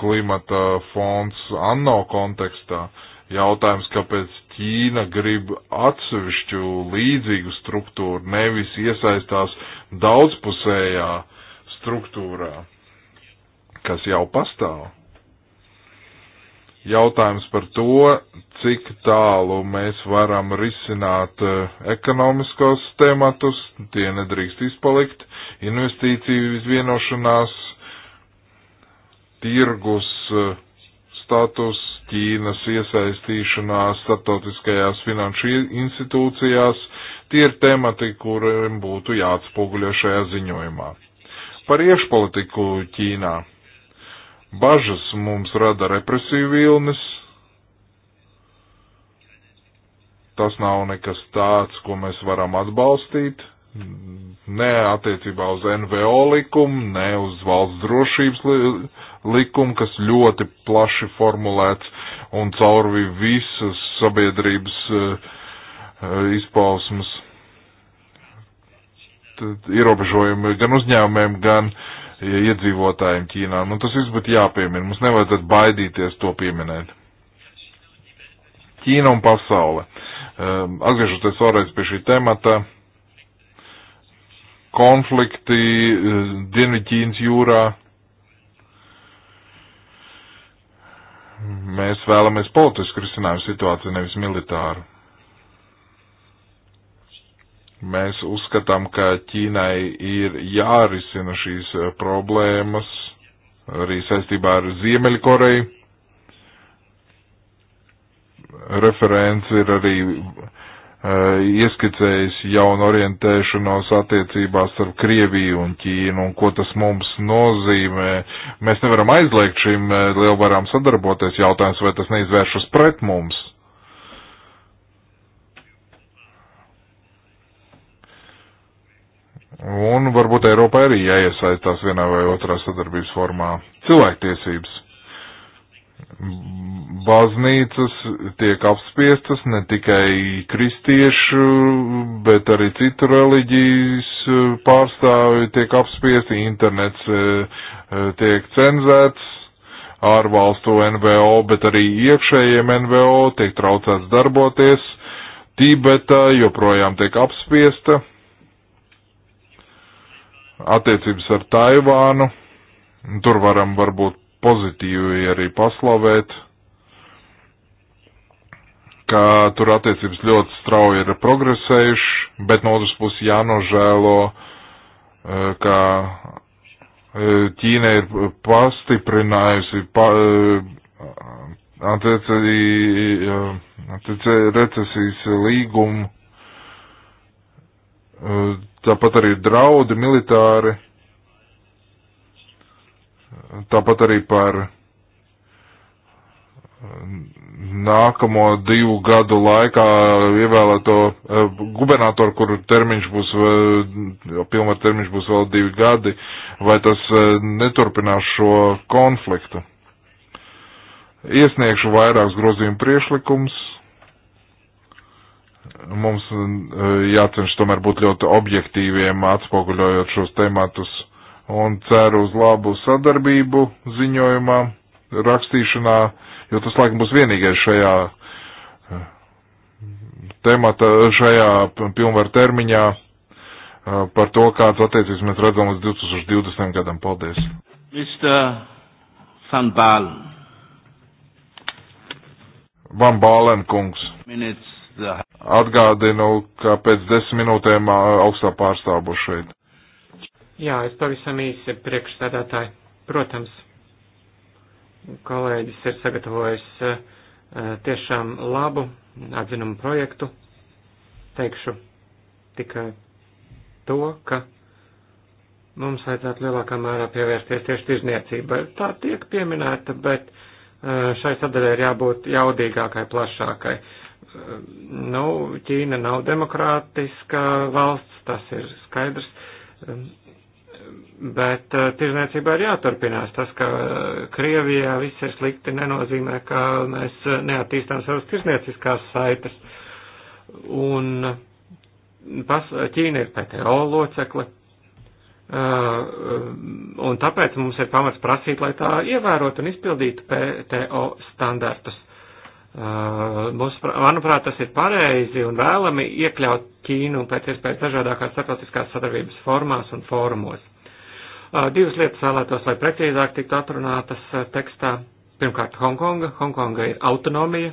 klimata fonds ANO kontekstā. Jautājums, kāpēc Ķīna grib atsevišķu līdzīgu struktūru, nevis iesaistās daudzpusējā struktūrā, kas jau pastāv. Jautājums par to, cik tālu mēs varam risināt eh, ekonomiskos tematus, tie nedrīkst izpalikt, investīciju vienošanās, tirgus eh, status, Ķīnas iesaistīšanās startautiskajās finanšu institūcijās, tie ir temati, kuriem būtu jāatspoguļo šajā ziņojumā. Par iešpolitiku Ķīnā. Bažas mums rada represiju vilnis. Tas nav nekas tāds, ko mēs varam atbalstīt ne attiecībā uz NVO likumu, ne uz valsts drošības likumu, kas ļoti plaši formulēts un caurvi visas sabiedrības eh, eh, izpausmas. Tad ierobežojumi gan uzņēmumiem, gan iedzīvotājiem Ķīnā. Nu, tas viss būtu jāpiemina. Mums nevajadzētu baidīties to pieminēt. Ķīna un pasaule. Eh, atgriežoties vēlreiz pie šī temata, konflikti Dienvidķīnas jūrā. Mēs vēlamies politisku risinājumu situāciju, nevis militāru. Mēs uzskatām, ka Ķīnai ir jārisina šīs eh, problēmas arī saistībā ar Ziemeļkoreju. Referents ir arī uh, Eh, ieskicējis jaunu orientēšanos attiecībās ar Krieviju un Ķīnu un ko tas mums nozīmē. Mēs nevaram aizliegt šīm eh, lielvarām sadarboties. Jautājums, vai tas neizvēršas pret mums? Un varbūt Eiropai arī jāiesaistās vienā vai otrā sadarbības formā. Cilvēktiesības baznīcas tiek apspiestas ne tikai kristiešu, bet arī citu reliģijas e, pārstāvi tiek apspiesti, internets e, e, tiek cenzēts, ārvalstu NVO, bet arī iekšējiem NVO tiek traucēts darboties, Tībeta joprojām tiek apspiesta, attiecības ar Taivānu, tur varam varbūt pozitīvi arī paslavēt ka tur attiecības ļoti strauji ir progresējuši, bet no otras puses jānožēlo, e, ka e, Ķīna ir pastiprinājusi pa, e, recesijas līgumu, tāpat arī draudi militāri, tāpat arī par nākamo divu gadu laikā ievēlēto eh, gubernatoru, kuru termiņš būs, eh, pilnvar termiņš būs vēl divi gadi, vai tas eh, neturpinās šo konfliktu. Iesniegšu vairākus grozījumu priešlikums. Mums jācenš tomēr būt ļoti objektīviem, atspoguļojot šos tematus, un ceru uz labu sadarbību ziņojumā rakstīšanā, jo tas laikam būs vienīgais šajā eh, temata, šajā pilnvaru termiņā eh, par to, kāds attiecības mēs redzam līdz 2020. gadam. Paldies. Mr. Van Balen. Van Balen kungs. Minutes. Atgādinu, ka pēc desmit minūtēm augstā pārstāvu šeit. Jā, es pavisam īsi priekšstādātāji. Protams, kolēģis ir sagatavojis e, e, tiešām labu atzinumu projektu. Teikšu tikai to, ka mums vajadzētu lielākā mērā pievērsties tieši tirzniecībai. Tā tiek pieminēta, bet e, šai sadaļai ir jābūt jaudīgākai, plašākai. Nu, Ķīna nav demokrātiska valsts, tas ir skaidrs. Bet uh, tirzniecībā ir jāturpinās. Tas, ka uh, Krievijā viss ir slikti, nenozīmē, ka mēs uh, neattīstām savas tirzniecīskās saites. Un uh, pas, Ķīna ir PTO locekle. Uh, un tāpēc mums ir pamats prasīt, lai tā ievērotu un izpildītu PTO standartus. Uh, mums, manuprāt, tas ir pareizi un vēlami iekļaut Ķīnu un pēc iespējas dažādākās starptautiskās sadarbības formās un fórumos Divas lietas vēlētos, lai precīzāk tiktu atrunātas tekstā. Pirmkārt, Hongkonga. Hongkonga ir autonomija,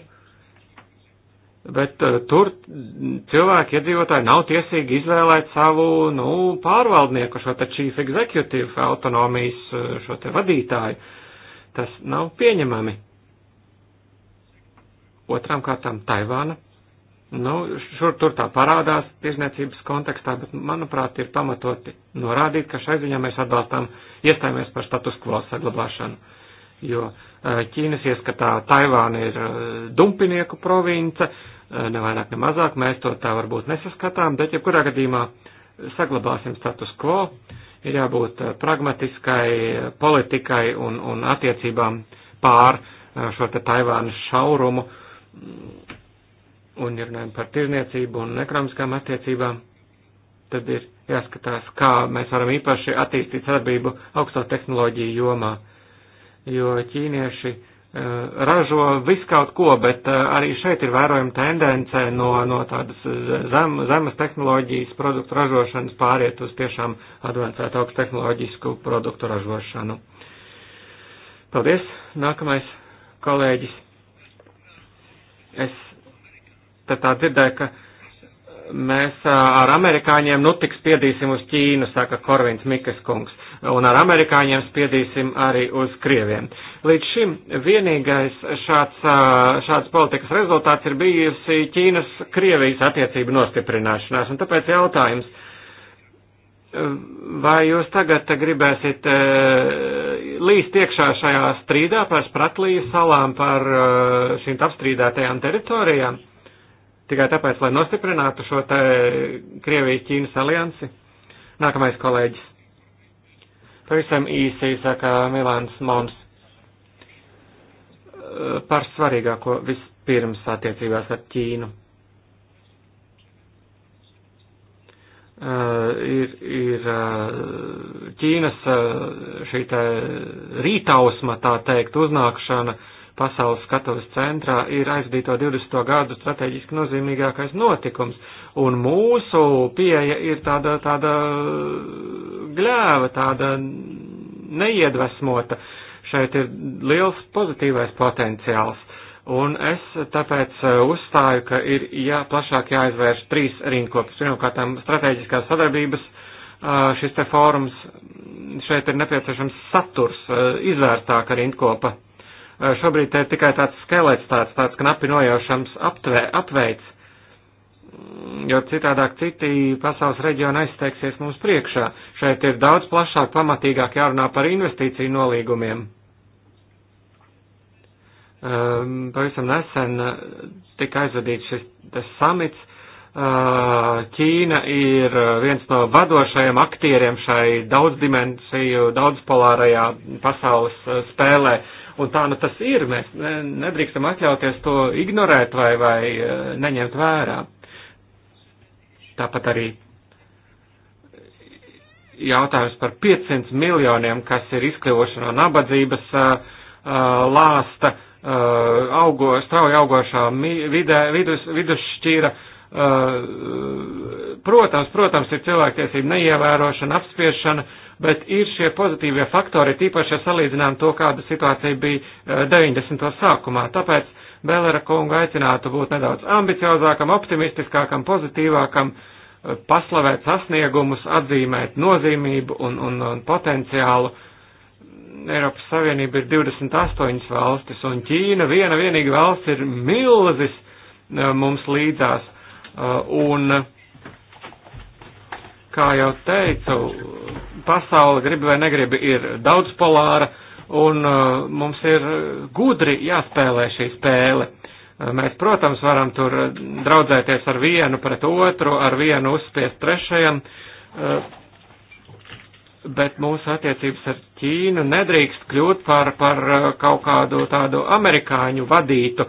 bet tur cilvēki, iedzīvotāji nav tiesīgi izvēlēt savu, nu, pārvaldnieku, šo te chief executive autonomijas, šo te vadītāju. Tas nav pieņemami. Otram kārtām Taivāna Nu, šur tur tā parādās tirzniecības kontekstā, bet, manuprāt, ir pamatoti norādīt, ka šai ziņā mēs atbalstām, iestājamies par status quo saglabāšanu, jo e, Ķīnas ieskatā Taivāna ir e, dumpinieku province, e, ne vairāk, ne mazāk, mēs to tā varbūt nesaskatām, bet, ja kurā gadījumā saglabāsim status quo, ir jābūt pragmatiskai politikai un, un attiecībām pār šo te Taivānas šaurumu un ja runājam par tirniecību un ekonomiskām attiecībām, tad ir jāskatās, kā mēs varam īpaši attīstīt sadarbību augsto tehnoloģiju jomā. Jo ķīnieši uh, ražo viskaut ko, bet uh, arī šeit ir vērojama tendence no, no tādas eh, zem, zemes tehnoloģijas produktu ražošanas pāriet uz tiešām advancētu augstu tehnoloģisku produktu ražošanu. Paldies! Nākamais kolēģis. Es tad tā dzirdēja, ka mēs ar amerikāņiem nu tik spiedīsim uz Ķīnu, saka Korvins Mikas kungs, un ar amerikāņiem spiedīsim arī uz Krieviem. Līdz šim vienīgais šāds, šāds politikas rezultāts ir bijusi Ķīnas-Krievijas attiecību nostiprināšanās, un tāpēc jautājums. Vai jūs tagad gribēsiet līst iekšā šajā strīdā par Spratlīju salām, par šīm apstrīdētajām teritorijām? tikai tāpēc, lai nostiprinātu šo te Krievijas-Ķīnas aliansi. Nākamais kolēģis. Pavisam īsi saka Milāns Mons par svarīgāko vispirms attiecībās ar Ķīnu. Uh, ir ir uh, Ķīnas uh, šī tā rītausma, tā teikt, uznākšana uh, pasaules skatuves centrā ir aizvadīto 20. gadu strateģiski nozīmīgākais notikums, un mūsu pieeja ir tāda, tāda gļēva, tāda neiedvesmota. Šeit ir liels pozitīvais potenciāls, un es tāpēc e, uzstāju, ka ir jā, plašāk jāizvērš trīs rinkopus. Pirmkārt, strateģiskās sadarbības e, šis te fórums, šeit ir nepieciešams saturs, e, izvērtāka rindkopa šobrīd ir tikai tāds skelets, tāds, tāds knapi nojaušams aptvē, apveids, jo citādāk citi pasaules reģioni aizsteigsies mums priekšā. Šeit ir daudz plašāk, pamatīgāk jārunā par investīciju nolīgumiem. Um, pavisam nesen tika aizvadīts šis samits. Uh, Ķīna ir viens no vadošajiem aktieriem šai daudzdimensiju, daudzpolārajā pasaules spēlē. Uh, Un tā nu tas ir, mēs nedrīkstam atļauties to ignorēt vai, vai e, neņemt vērā. Tāpat arī jautājums par 500 miljoniem, kas ir izkļuvuši no nabadzības e, e, lāsta, augo, strauji augošā vidē, vidus, vidusšķīra. Protams, protams, ir cilvēktiesība neievērošana, apspiešana bet ir šie pozitīvie faktori, tīpaši, ja salīdzinām to, kāda situācija bija 90. Eh, sākumā. Tāpēc Bēlera kungu aicinātu būt nedaudz ambiciozākam, optimistiskākam, pozitīvākam, eh, paslavēt sasniegumus, atzīmēt nozīmību un, un, un potenciālu. Eiropas Savienība ir 28 valstis, un Ķīna viena vienīga valsts ir milzis eh, mums līdzās. Un, uh, Kā jau teicu, pasaule grib vai negrib ir daudzpolāra un uh, mums ir gudri jāspēlē šī spēle. Uh, mēs, protams, varam tur draudzēties ar vienu pret otru, ar vienu uzspiest trešajam, uh, bet mūsu attiecības ar Ķīnu nedrīkst kļūt par, par kaut kādu tādu amerikāņu vadītu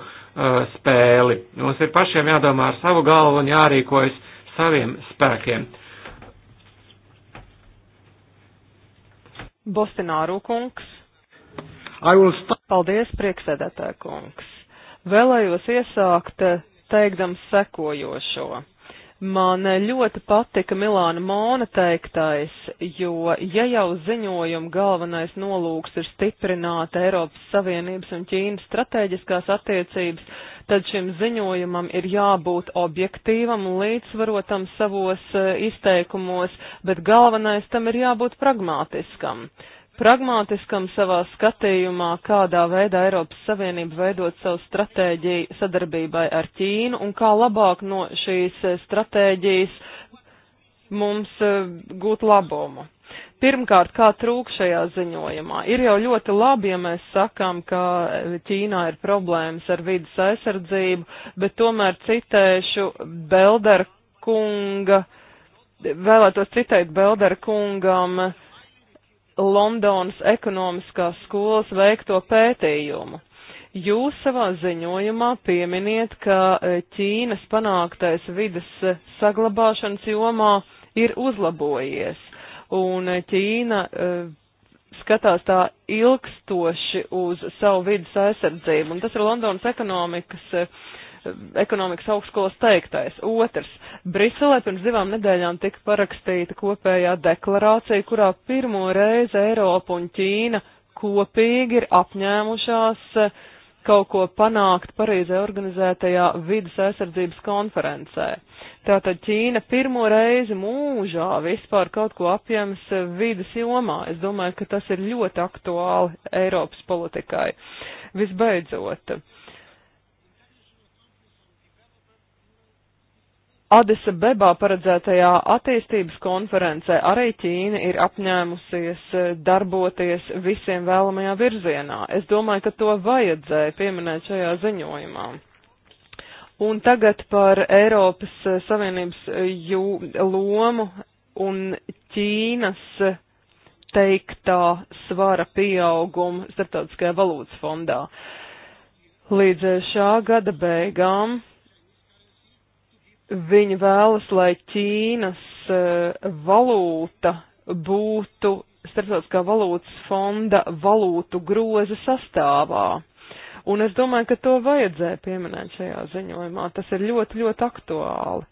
spēli. Mums ir pašiem jādomā ar savu galvu un jārīkojas saviem spēkiem. Bostināru kungs. Paldies, prieksēdētāja kungs. Vēlējos iesākt teikdams sekojošo. Man ļoti patika Milāna Mona teiktais, jo ja jau ziņojuma galvenais nolūks ir stiprināt Eiropas Savienības un Ķīnas strateģiskās attiecības, tad šim ziņojumam ir jābūt objektīvam un līdzsvarotam savos eh, izteikumos, bet galvenais tam ir jābūt pragmātiskam. Uh, pragmātiskam savā skatījumā, kādā veidā Eiropas Savienība veidot savu stratēģiju sadarbībai ar Ķīnu un kā labāk no šīs eh, stratēģijas mums eh, gūt labumu. Pirmkārt, kā trūk šajā ziņojumā? Ir jau ļoti labi, ja mēs sakām, ka Ķīnā ir problēmas ar vidas aizsardzību, bet tomēr citēšu Beldera kunga, vēlētos citēt Beldera kungam uh, Londonas ekonomiskās skolas veikto pētījumu. Jūs savā ziņojumā pieminiet, ka e, Ķīnas panāktais vidas e, saglabāšanas jomā ir uzlabojies, un e, Ķīna skatās tā ilgstoši uz savu vidas aizsardzību, un tas ir Londonas ekonomikas uh, ekonomikas augstskolas teiktais. Otrs, Briselē pirms divām nedēļām tika parakstīta kopējā deklarācija, kurā pirmo reizi Eiropa un Ķīna kopīgi ir apņēmušās eh, kaut ko panākt Parīzē organizētajā vidas aizsardzības konferencē. Tātad Ķīna pirmo reizi mūžā vispār kaut ko apjams eh, vidas jomā. Es domāju, ka tas ir ļoti aktuāli Eiropas politikai. Visbeidzot, uh, Adisa Bebā paredzētajā attīstības konferencē arī Ķīna ir apņēmusies eh, darboties visiem vēlamajā virzienā. Es domāju, ka to vajadzēja pieminēt šajā ziņojumā. Un tagad par Eiropas eh, Savienības eh, jū, lomu un Ķīnas teiktā svara pieaugumu starptautiskajā valūtas fondā. Līdz šā gada beigām Viņi vēlas, lai Ķīnas eh, valūta būtu starptautiskā valūtas fonda valūtu groza sastāvā. Un es domāju, ka to vajadzēja pieminēt šajā ziņojumā. Tas ir ļoti, ļoti aktuāli.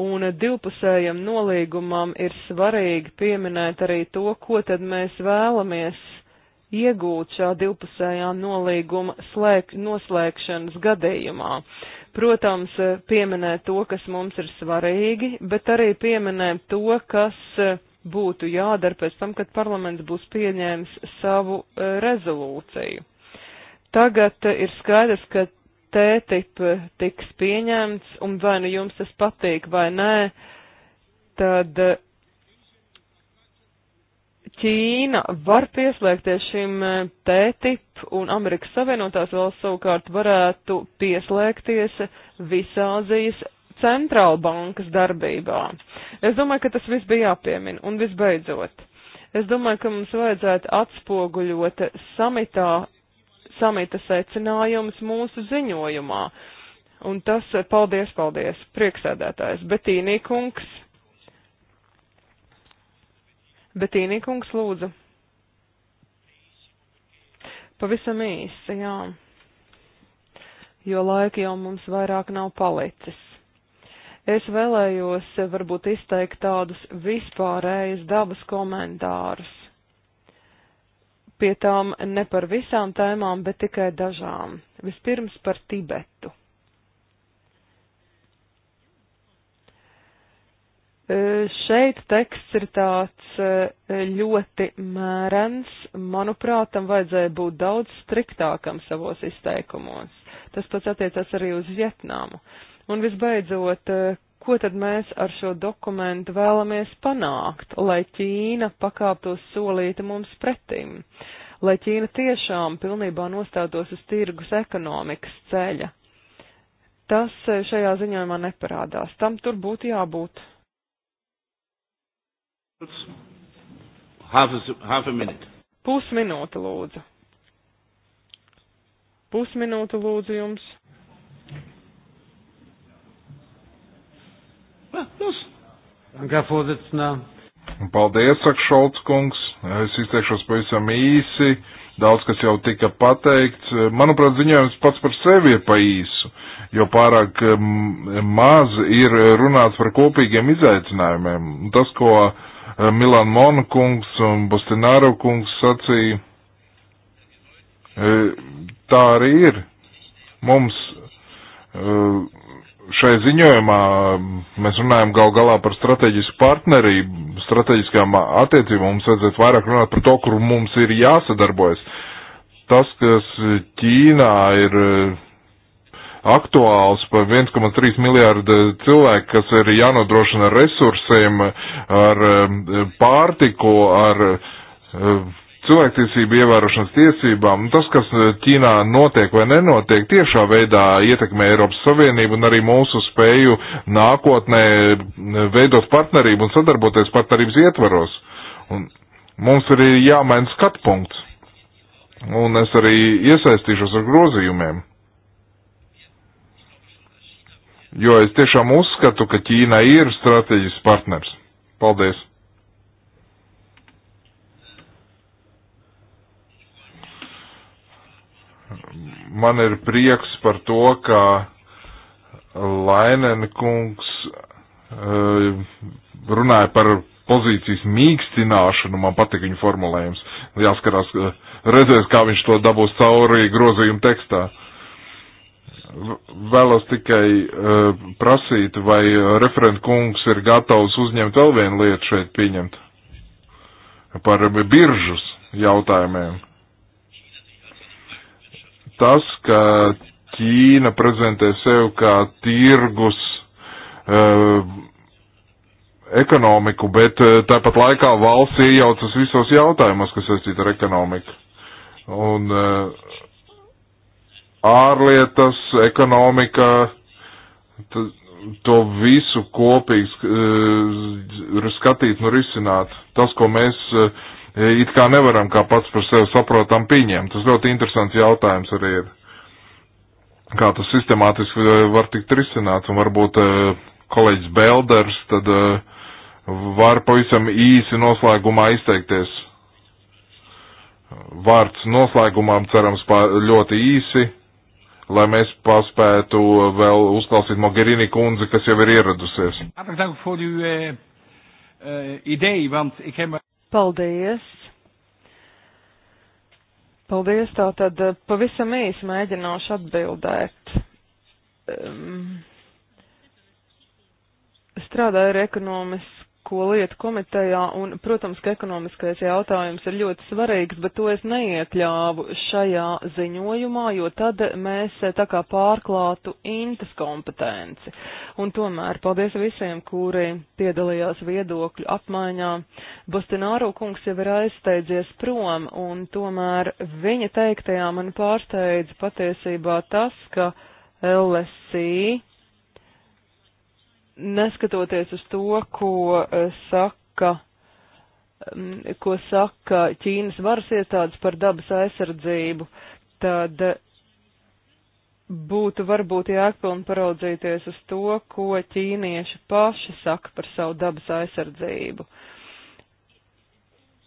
Un divpusējam nolīgumam ir svarīgi pieminēt arī to, ko tad mēs vēlamies iegūt šā divpusējā nolīguma slēg, noslēgšanas gadījumā. Protams, eh, pieminēt to, kas mums ir svarīgi, bet arī pieminēt to, kas eh, būtu jādara pēc tam, kad parlaments būs pieņēmis savu eh, rezolūciju. Tagad ir skaidrs, ka TTIP tiks pieņemts, un vai nu jums tas patīk vai nē, tad Ķīna var pieslēgties šim e, TTIP un Amerikas Savienotās valsts savukārt varētu pieslēgties Visāzijas centrālbankas darbībā. Es domāju, ka tas viss bija jāpiemina. Un visbeidzot, es domāju, ka mums vajadzētu atspoguļot samitā, samita secinājumus mūsu ziņojumā. Un tas, paldies, paldies, prieksēdētājs Betīnī kungs. Bet īnīkungs lūdzu. Pavisam īsi, jā. Jo laika jau mums vairāk nav palicis. Es vēlējos eh, varbūt izteikt tādus vispārējas dabas komentārus. Pie tām ne par visām tēmām, bet tikai dažām. Vispirms par Tibetu. Šeit teksts ir tāds ļoti mērens, manuprāt, tam vajadzēja būt daudz striktākam savos izteikumos. Tas pats attiecas arī uz Vietnamu. Un visbeidzot, ko tad mēs ar šo dokumentu vēlamies panākt, lai Ķīna pakāptos solīti mums pretim, lai Ķīna tiešām pilnībā nostātos uz tirgus ekonomikas ceļa. Tas šajā ziņojumā neparādās, tam tur būtu jābūt. Half a, half a minute. Pusminūte lūdzu. Pusminūte lūdzu jums. Paldies, saka Šolts kungs. Es izteikšos pavisam īsi. Daudz, kas jau tika pateikts. Manuprāt, ziņojums pats par sevi ir pa īsu, jo pārāk mm, maz ir runāts par kopīgiem izaicinājumiem. Tas, ko uh, Eh, Milan Monu kungs un Bostināru kungs sacīja, eh, tā arī ir. Mums eh, šai ziņojumā mēs runājam gal galā par strateģisku partnerību, strateģiskām attiecībām. Mums vajadzētu vairāk runāt par to, kur mums ir jāsadarbojas. Tas, kas Ķīnā ir aktuāls par 1,3 miljārdu cilvēku, kas ir jānodrošina resursiem, ar um, pārtiku, ar um, cilvēktiesību ievērošanas tiesībām. Tas, kas uh, Ķīnā notiek vai nenotiek, tiešā veidā ietekmē Eiropas Savienību un arī mūsu spēju nākotnē uh, veidot partnerību un sadarboties partnerības ietvaros. Un mums ir jāmaina skatpunkts. Un es arī iesaistīšos ar grozījumiem jo es tiešām uzskatu, ka Ķīna ir strateģisks partners. Paldies! Man ir prieks par to, ka Lainēna kungs eh, runāja par pozīcijas mīkstināšanu, man patīk viņa formulējums. Jāskarās, eh, redzēs, kā viņš to dabūs cauri grozījuma tekstā. Uh, vēlos tikai uh, prasīt, vai referent kungs ir gatavs uzņemt vēl vienu lietu šeit pieņemt par biržas jautājumiem. Tas, ka Ķīna prezentē sev kā tirgus uh, ekonomiku, bet uh, tāpat laikā valsts iejaucas visos jautājumos, kas saistīti ar ekonomiku. Un uh, ārlietas, ekonomika, to visu kopīgi e, skatīt un risināt. Tas, ko mēs e, it kā nevaram kā pats par sevi saprotam pieņemt. Tas ļoti interesants jautājums arī ir. Kā tas sistemātiski e, var tikt risināts un varbūt kolēģis Belders tad var pavisam īsi noslēgumā izteikties. Vārds noslēgumam cerams ļoti īsi lai mēs paspētu vēl uzklausīt Mogherini kundzi, kas jau ir ieradusies. Eh, eh, Paldies! Paldies, tā tad eh, pavisam īsi mēģināšu atbildēt. Um, strādāju ar ekonomis, ko lietu komitejā, un, protams, ka ekonomiskais jautājums ir ļoti svarīgs, bet to es neiekļāvu šajā ziņojumā, jo tad mēs eh, tā kā pārklātu intas kompetenci. Un tomēr paldies visiem, kuri piedalījās viedokļu apmaiņā. Bostināru kungs jau ir aizsteidzies prom, un tomēr viņa teiktajā man pārsteidza patiesībā tas, ka LSI neskatoties uz to, ko e, saka, ko saka Ķīnas varas iestādes par dabas aizsardzību, tad būtu varbūt jēgpilni paraudzīties uz to, ko ķīnieši paši saka par savu dabas aizsardzību.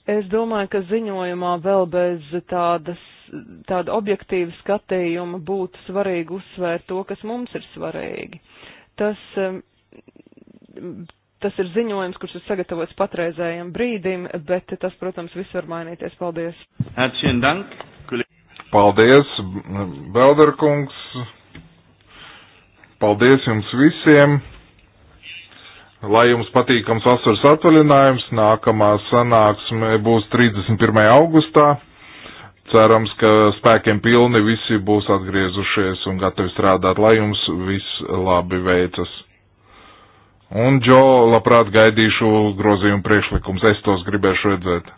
Es domāju, ka ziņojumā vēl bez tādas, tāda objektīva skatījuma būtu svarīgi uzsvērt to, kas mums ir svarīgi. Tas tas ir ziņojums, kurš ir sagatavots patreizējiem brīdim, bet tas, protams, viss var mainīties. Paldies! Paldies, Belderkungs! Paldies jums visiem! Lai jums patīkams vasaras atvaļinājums, nākamā sanāksme būs 31. augustā. Cerams, ka spēkiem pilni visi būs atgriezušies un gatavi strādāt, lai jums viss labi veicas. Un, Džo, labprāt gaidīšu grozījumu priekšlikums. Es tos gribēšu redzēt.